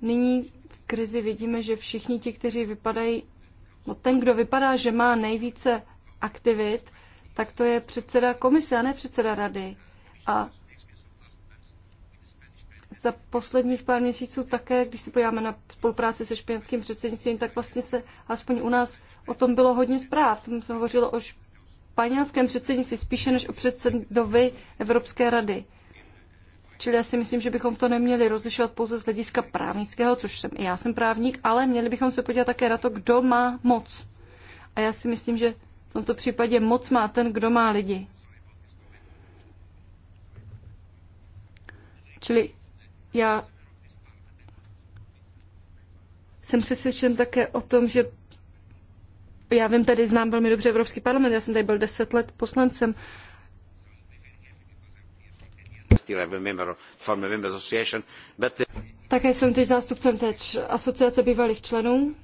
Nyní v krizi vidíme, že všichni ti, kteří vypadají No ten, kdo vypadá, že má nejvíce aktivit, tak to je předseda komise a ne předseda rady. A za posledních pár měsíců také, když si podíváme na spolupráci se španělským předsednictvím, tak vlastně se aspoň u nás o tom bylo hodně zpráv. Tam se hovořilo o španělském předsednictví spíše než o předsedovi Evropské rady. Čili já si myslím, že bychom to neměli rozlišovat pouze z hlediska právnického, což jsem i já jsem právník, ale měli bychom se podívat také na to, kdo má moc. A já si myslím, že v tomto případě moc má ten, kdo má lidi. Čili já jsem přesvědčen také o tom, že já vím, tady znám velmi dobře Evropský parlament, já jsem tady byl deset let poslancem také jsem teď zástupcem té asociace bývalých členů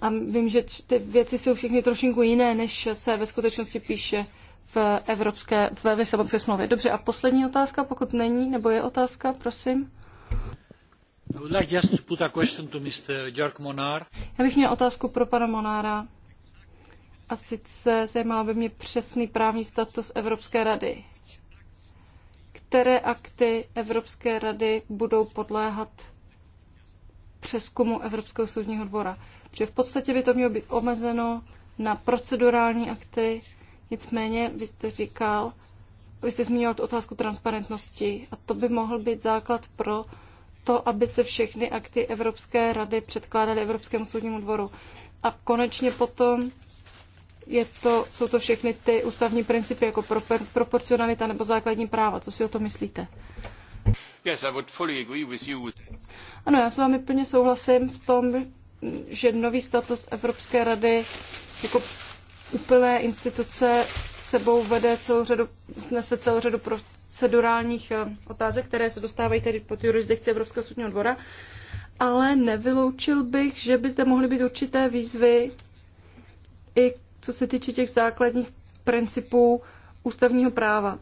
a vím, že ty věci jsou všechny trošinku jiné, než se ve skutečnosti píše v Evropské, v Lisabonské smlouvě. Dobře, a poslední otázka, pokud není, nebo je otázka, prosím. Já bych měl otázku pro pana Monára. A sice zajímalo by mě přesný právní status Evropské rady které akty Evropské rady budou podléhat přeskumu Evropského soudního dvora. Protože v podstatě by to mělo být omezeno na procedurální akty, nicméně vy jste říkal, vy jste zmínil tu otázku transparentnosti a to by mohl být základ pro to, aby se všechny akty Evropské rady předkládaly Evropskému soudnímu dvoru. A konečně potom je to, jsou to všechny ty ústavní principy jako proper, proporcionalita nebo základní práva. Co si o to myslíte? Yes, I would fully agree with you. Ano, já s vámi plně souhlasím v tom, že nový status Evropské rady jako úplné instituce sebou vede celou řadu, nese celou řadu procedurálních eh, otázek, které se dostávají tedy pod jurisdikci Evropského soudního dvora, ale nevyloučil bych, že by zde mohly být určité výzvy i co se týče těch základních principů ústavního práva.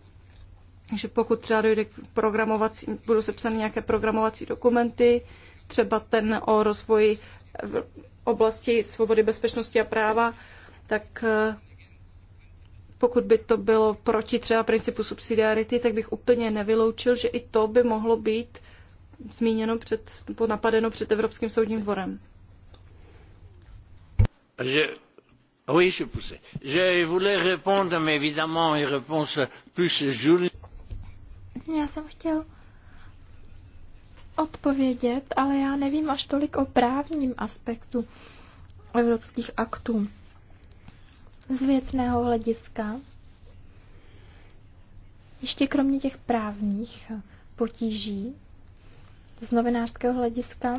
Takže pokud třeba dojde k programovací, budou sepsány nějaké programovací dokumenty, třeba ten o rozvoji v oblasti svobody, bezpečnosti a práva, tak eh, pokud by to bylo proti třeba principu subsidiarity, tak bych úplně nevyloučil, že i to by mohlo být zmíněno před, napadeno před Evropským soudním dvorem. Takže Oui, je poussais. Je voulais répondre, mais évidemment, une réponse plus journée. Já jsem chtěl odpovědět, ale já nevím až tolik o právním aspektu evropských aktů. Z věcného hlediska, ještě kromě těch právních potíží, z novinářského hlediska,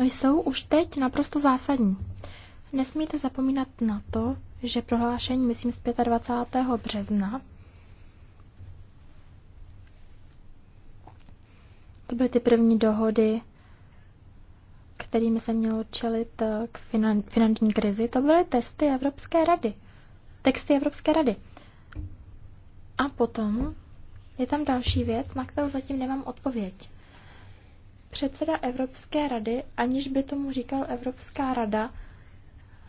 jsou už teď naprosto zásadní. Nesmíte zapomínat na to, že prohlášení, myslím, z 25. března, to byly ty první dohody, kterými se mělo čelit eh, k finan- finanční krizi, to byly testy Evropské rady. Texty Evropské rady. A potom je tam další věc, na kterou zatím nemám odpověď. Předseda Evropské rady, aniž by tomu říkal Evropská rada,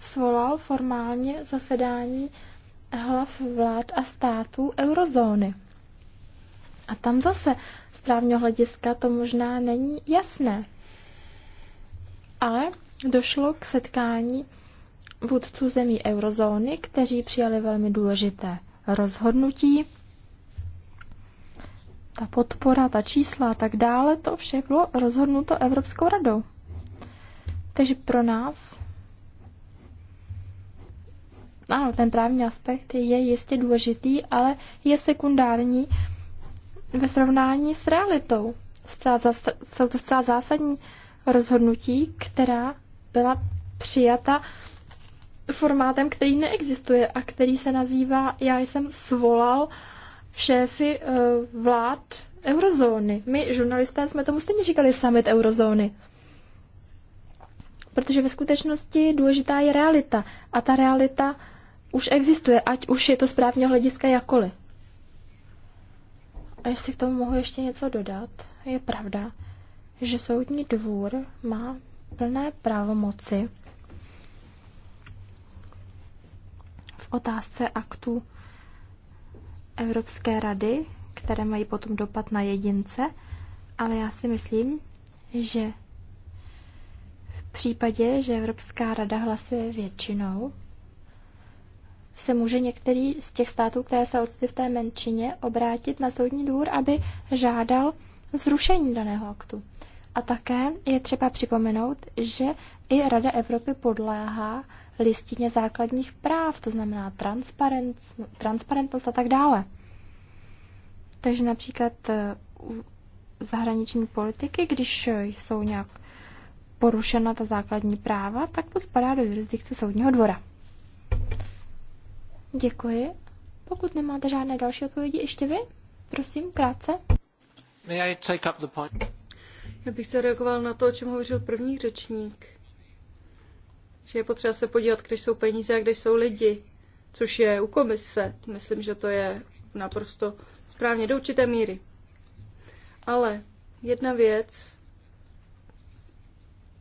svolal formálně zasedání hlav vlád a států eurozóny. A tam zase z právního hlediska to možná není jasné. Ale došlo k setkání vůdců zemí eurozóny, kteří přijali velmi důležité rozhodnutí. Ta podpora, ta čísla a tak dále, to vše bylo rozhodnuto Evropskou radou. Takže pro nás ano, ten právní aspekt je jistě důležitý, ale je sekundární ve srovnání s realitou. Jsou to zcela zásadní rozhodnutí, která byla přijata formátem, který neexistuje a který se nazývá Já jsem svolal šéfy eh, vlád eurozóny. My, žurnalisté, jsme tomu stejně říkali summit eurozóny. Protože ve skutečnosti důležitá je realita. A ta realita už existuje, ať už je to z právního hlediska jakoli. A jestli k tomu mohu ještě něco dodat, je pravda, že soudní dvůr má plné pravomoci v otázce aktu Evropské rady, které mají potom dopad na jedince, ale já si myslím, že v případě, že Evropská rada hlasuje většinou, se může některý z těch států, které se ocitly v té menšině, obrátit na soudní dvůr, aby žádal zrušení daného aktu. A také je třeba připomenout, že i Rada Evropy podléhá listině základních práv, to znamená transparent, transparentnost a tak dále. Takže například eh, zahraniční politiky, když jsou nějak porušena ta základní práva, tak to spadá do jurisdikce soudního dvora. Děkuji. Pokud nemáte žádné další odpovědi, ještě vy? Prosím, krátce. May I take up the point? Já bych se reagoval na to, o čem hovořil první řečník. Že je potřeba se podívat, kde jsou peníze a kde jsou lidi, což je u komise. Myslím, že to je naprosto správně do určité míry. Ale jedna věc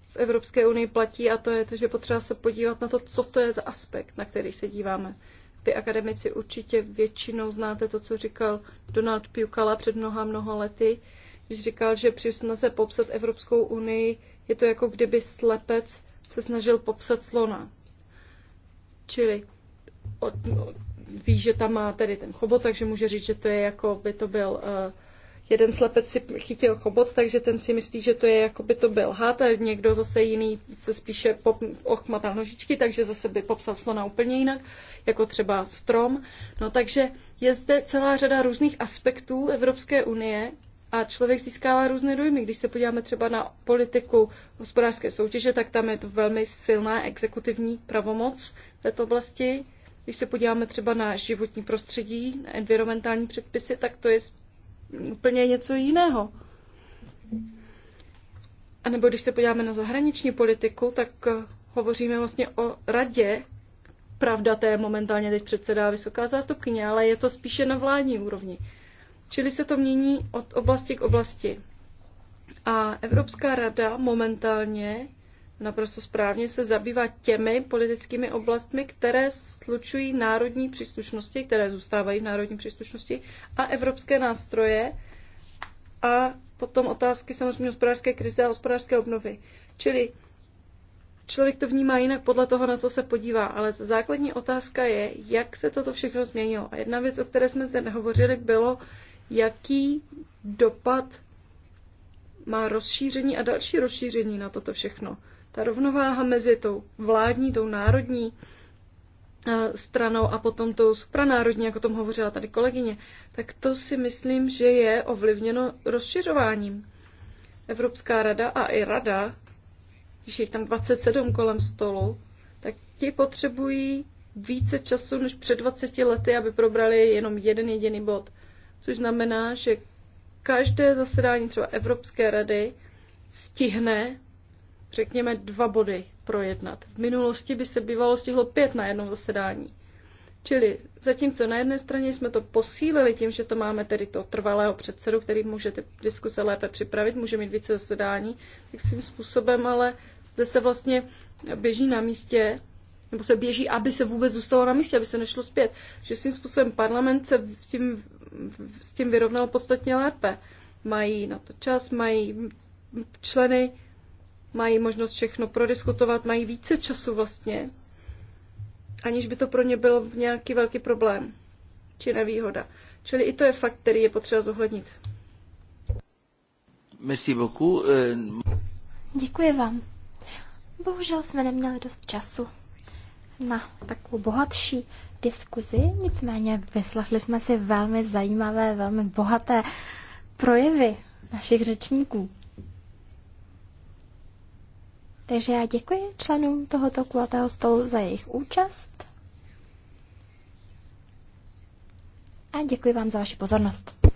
v Evropské unii platí a to je to, že potřeba se podívat na to, co to je za aspekt, na který se díváme. Vy akademici určitě většinou znáte to, co říkal Donald Pukala před mnoha mnoho lety, když říkal, že při snaze popsat Evropskou unii je to jako kdyby slepec se snažil popsat slona. Čili od, no, ví, že tam má tedy ten chobot, takže může říct, že to je jako by to byl uh, jeden slepec si chytil chobot, takže ten si myslí, že to je jako by to byl had a někdo zase jiný se spíše ochmatal nožičky, takže zase by popsal slona úplně jinak, jako třeba strom. No takže je zde celá řada různých aspektů Evropské unie, a člověk získává různé dojmy. Když se podíváme třeba na politiku hospodářské soutěže, tak tam je to velmi silná exekutivní pravomoc v této oblasti. Když se podíváme třeba na životní prostředí, na environmentální předpisy, tak to je úplně něco jiného. A nebo když se podíváme na zahraniční politiku, tak eh, hovoříme vlastně o radě. Pravda, je momentálně teď předsedá vysoká zástupkyně, ale je to spíše na vládní úrovni. Čili se to mění od oblasti k oblasti. A Evropská rada momentálně naprosto správně se zabývá těmi politickými oblastmi, které slučují národní příslušnosti, které zůstávají v národní příslušnosti a evropské nástroje a potom otázky samozřejmě hospodářské krize a hospodářské obnovy. Čili člověk to vnímá jinak podle toho, na co se podívá, ale základní otázka je, jak se toto všechno změnilo. A jedna věc, o které jsme zde nehovořili, bylo, jaký dopad má rozšíření a další rozšíření na toto všechno ta rovnováha mezi tou vládní, tou národní eh, stranou a potom tou supranárodní, jak o tom hovořila tady kolegyně, tak to si myslím, že je ovlivněno rozšiřováním. Evropská rada a i rada, když je tam 27 kolem stolu, tak ti potřebují více času než před 20 lety, aby probrali jenom jeden jediný bod. Což znamená, že každé zasedání třeba Evropské rady stihne řekněme, dva body projednat. V minulosti by se bývalo stihlo pět na jednom zasedání. Čili zatímco na jedné straně jsme to posílili tím, že to máme tedy to trvalého předsedu, který může ty diskuse lépe připravit, může mít více zasedání, tak svým způsobem, ale zde se vlastně běží na místě, nebo se běží, aby se vůbec zůstalo na místě, aby se nešlo zpět. Že svým způsobem parlament se tím, s tím vyrovnal podstatně lépe. Mají na to čas, mají členy, mají možnost všechno prodiskutovat, mají více času vlastně, aniž by to pro ně byl nějaký velký problém či nevýhoda. Čili i to je fakt, který je potřeba zohlednit. Merci beaucoup. Děkuji vám. Bohužel jsme neměli dost času na takovou bohatší diskuzi, nicméně vyslechli jsme si velmi zajímavé, velmi bohaté projevy našich řečníků. Takže já děkuji členům tohoto kulatého stolu za jejich účast. A děkuji vám za vaši pozornost.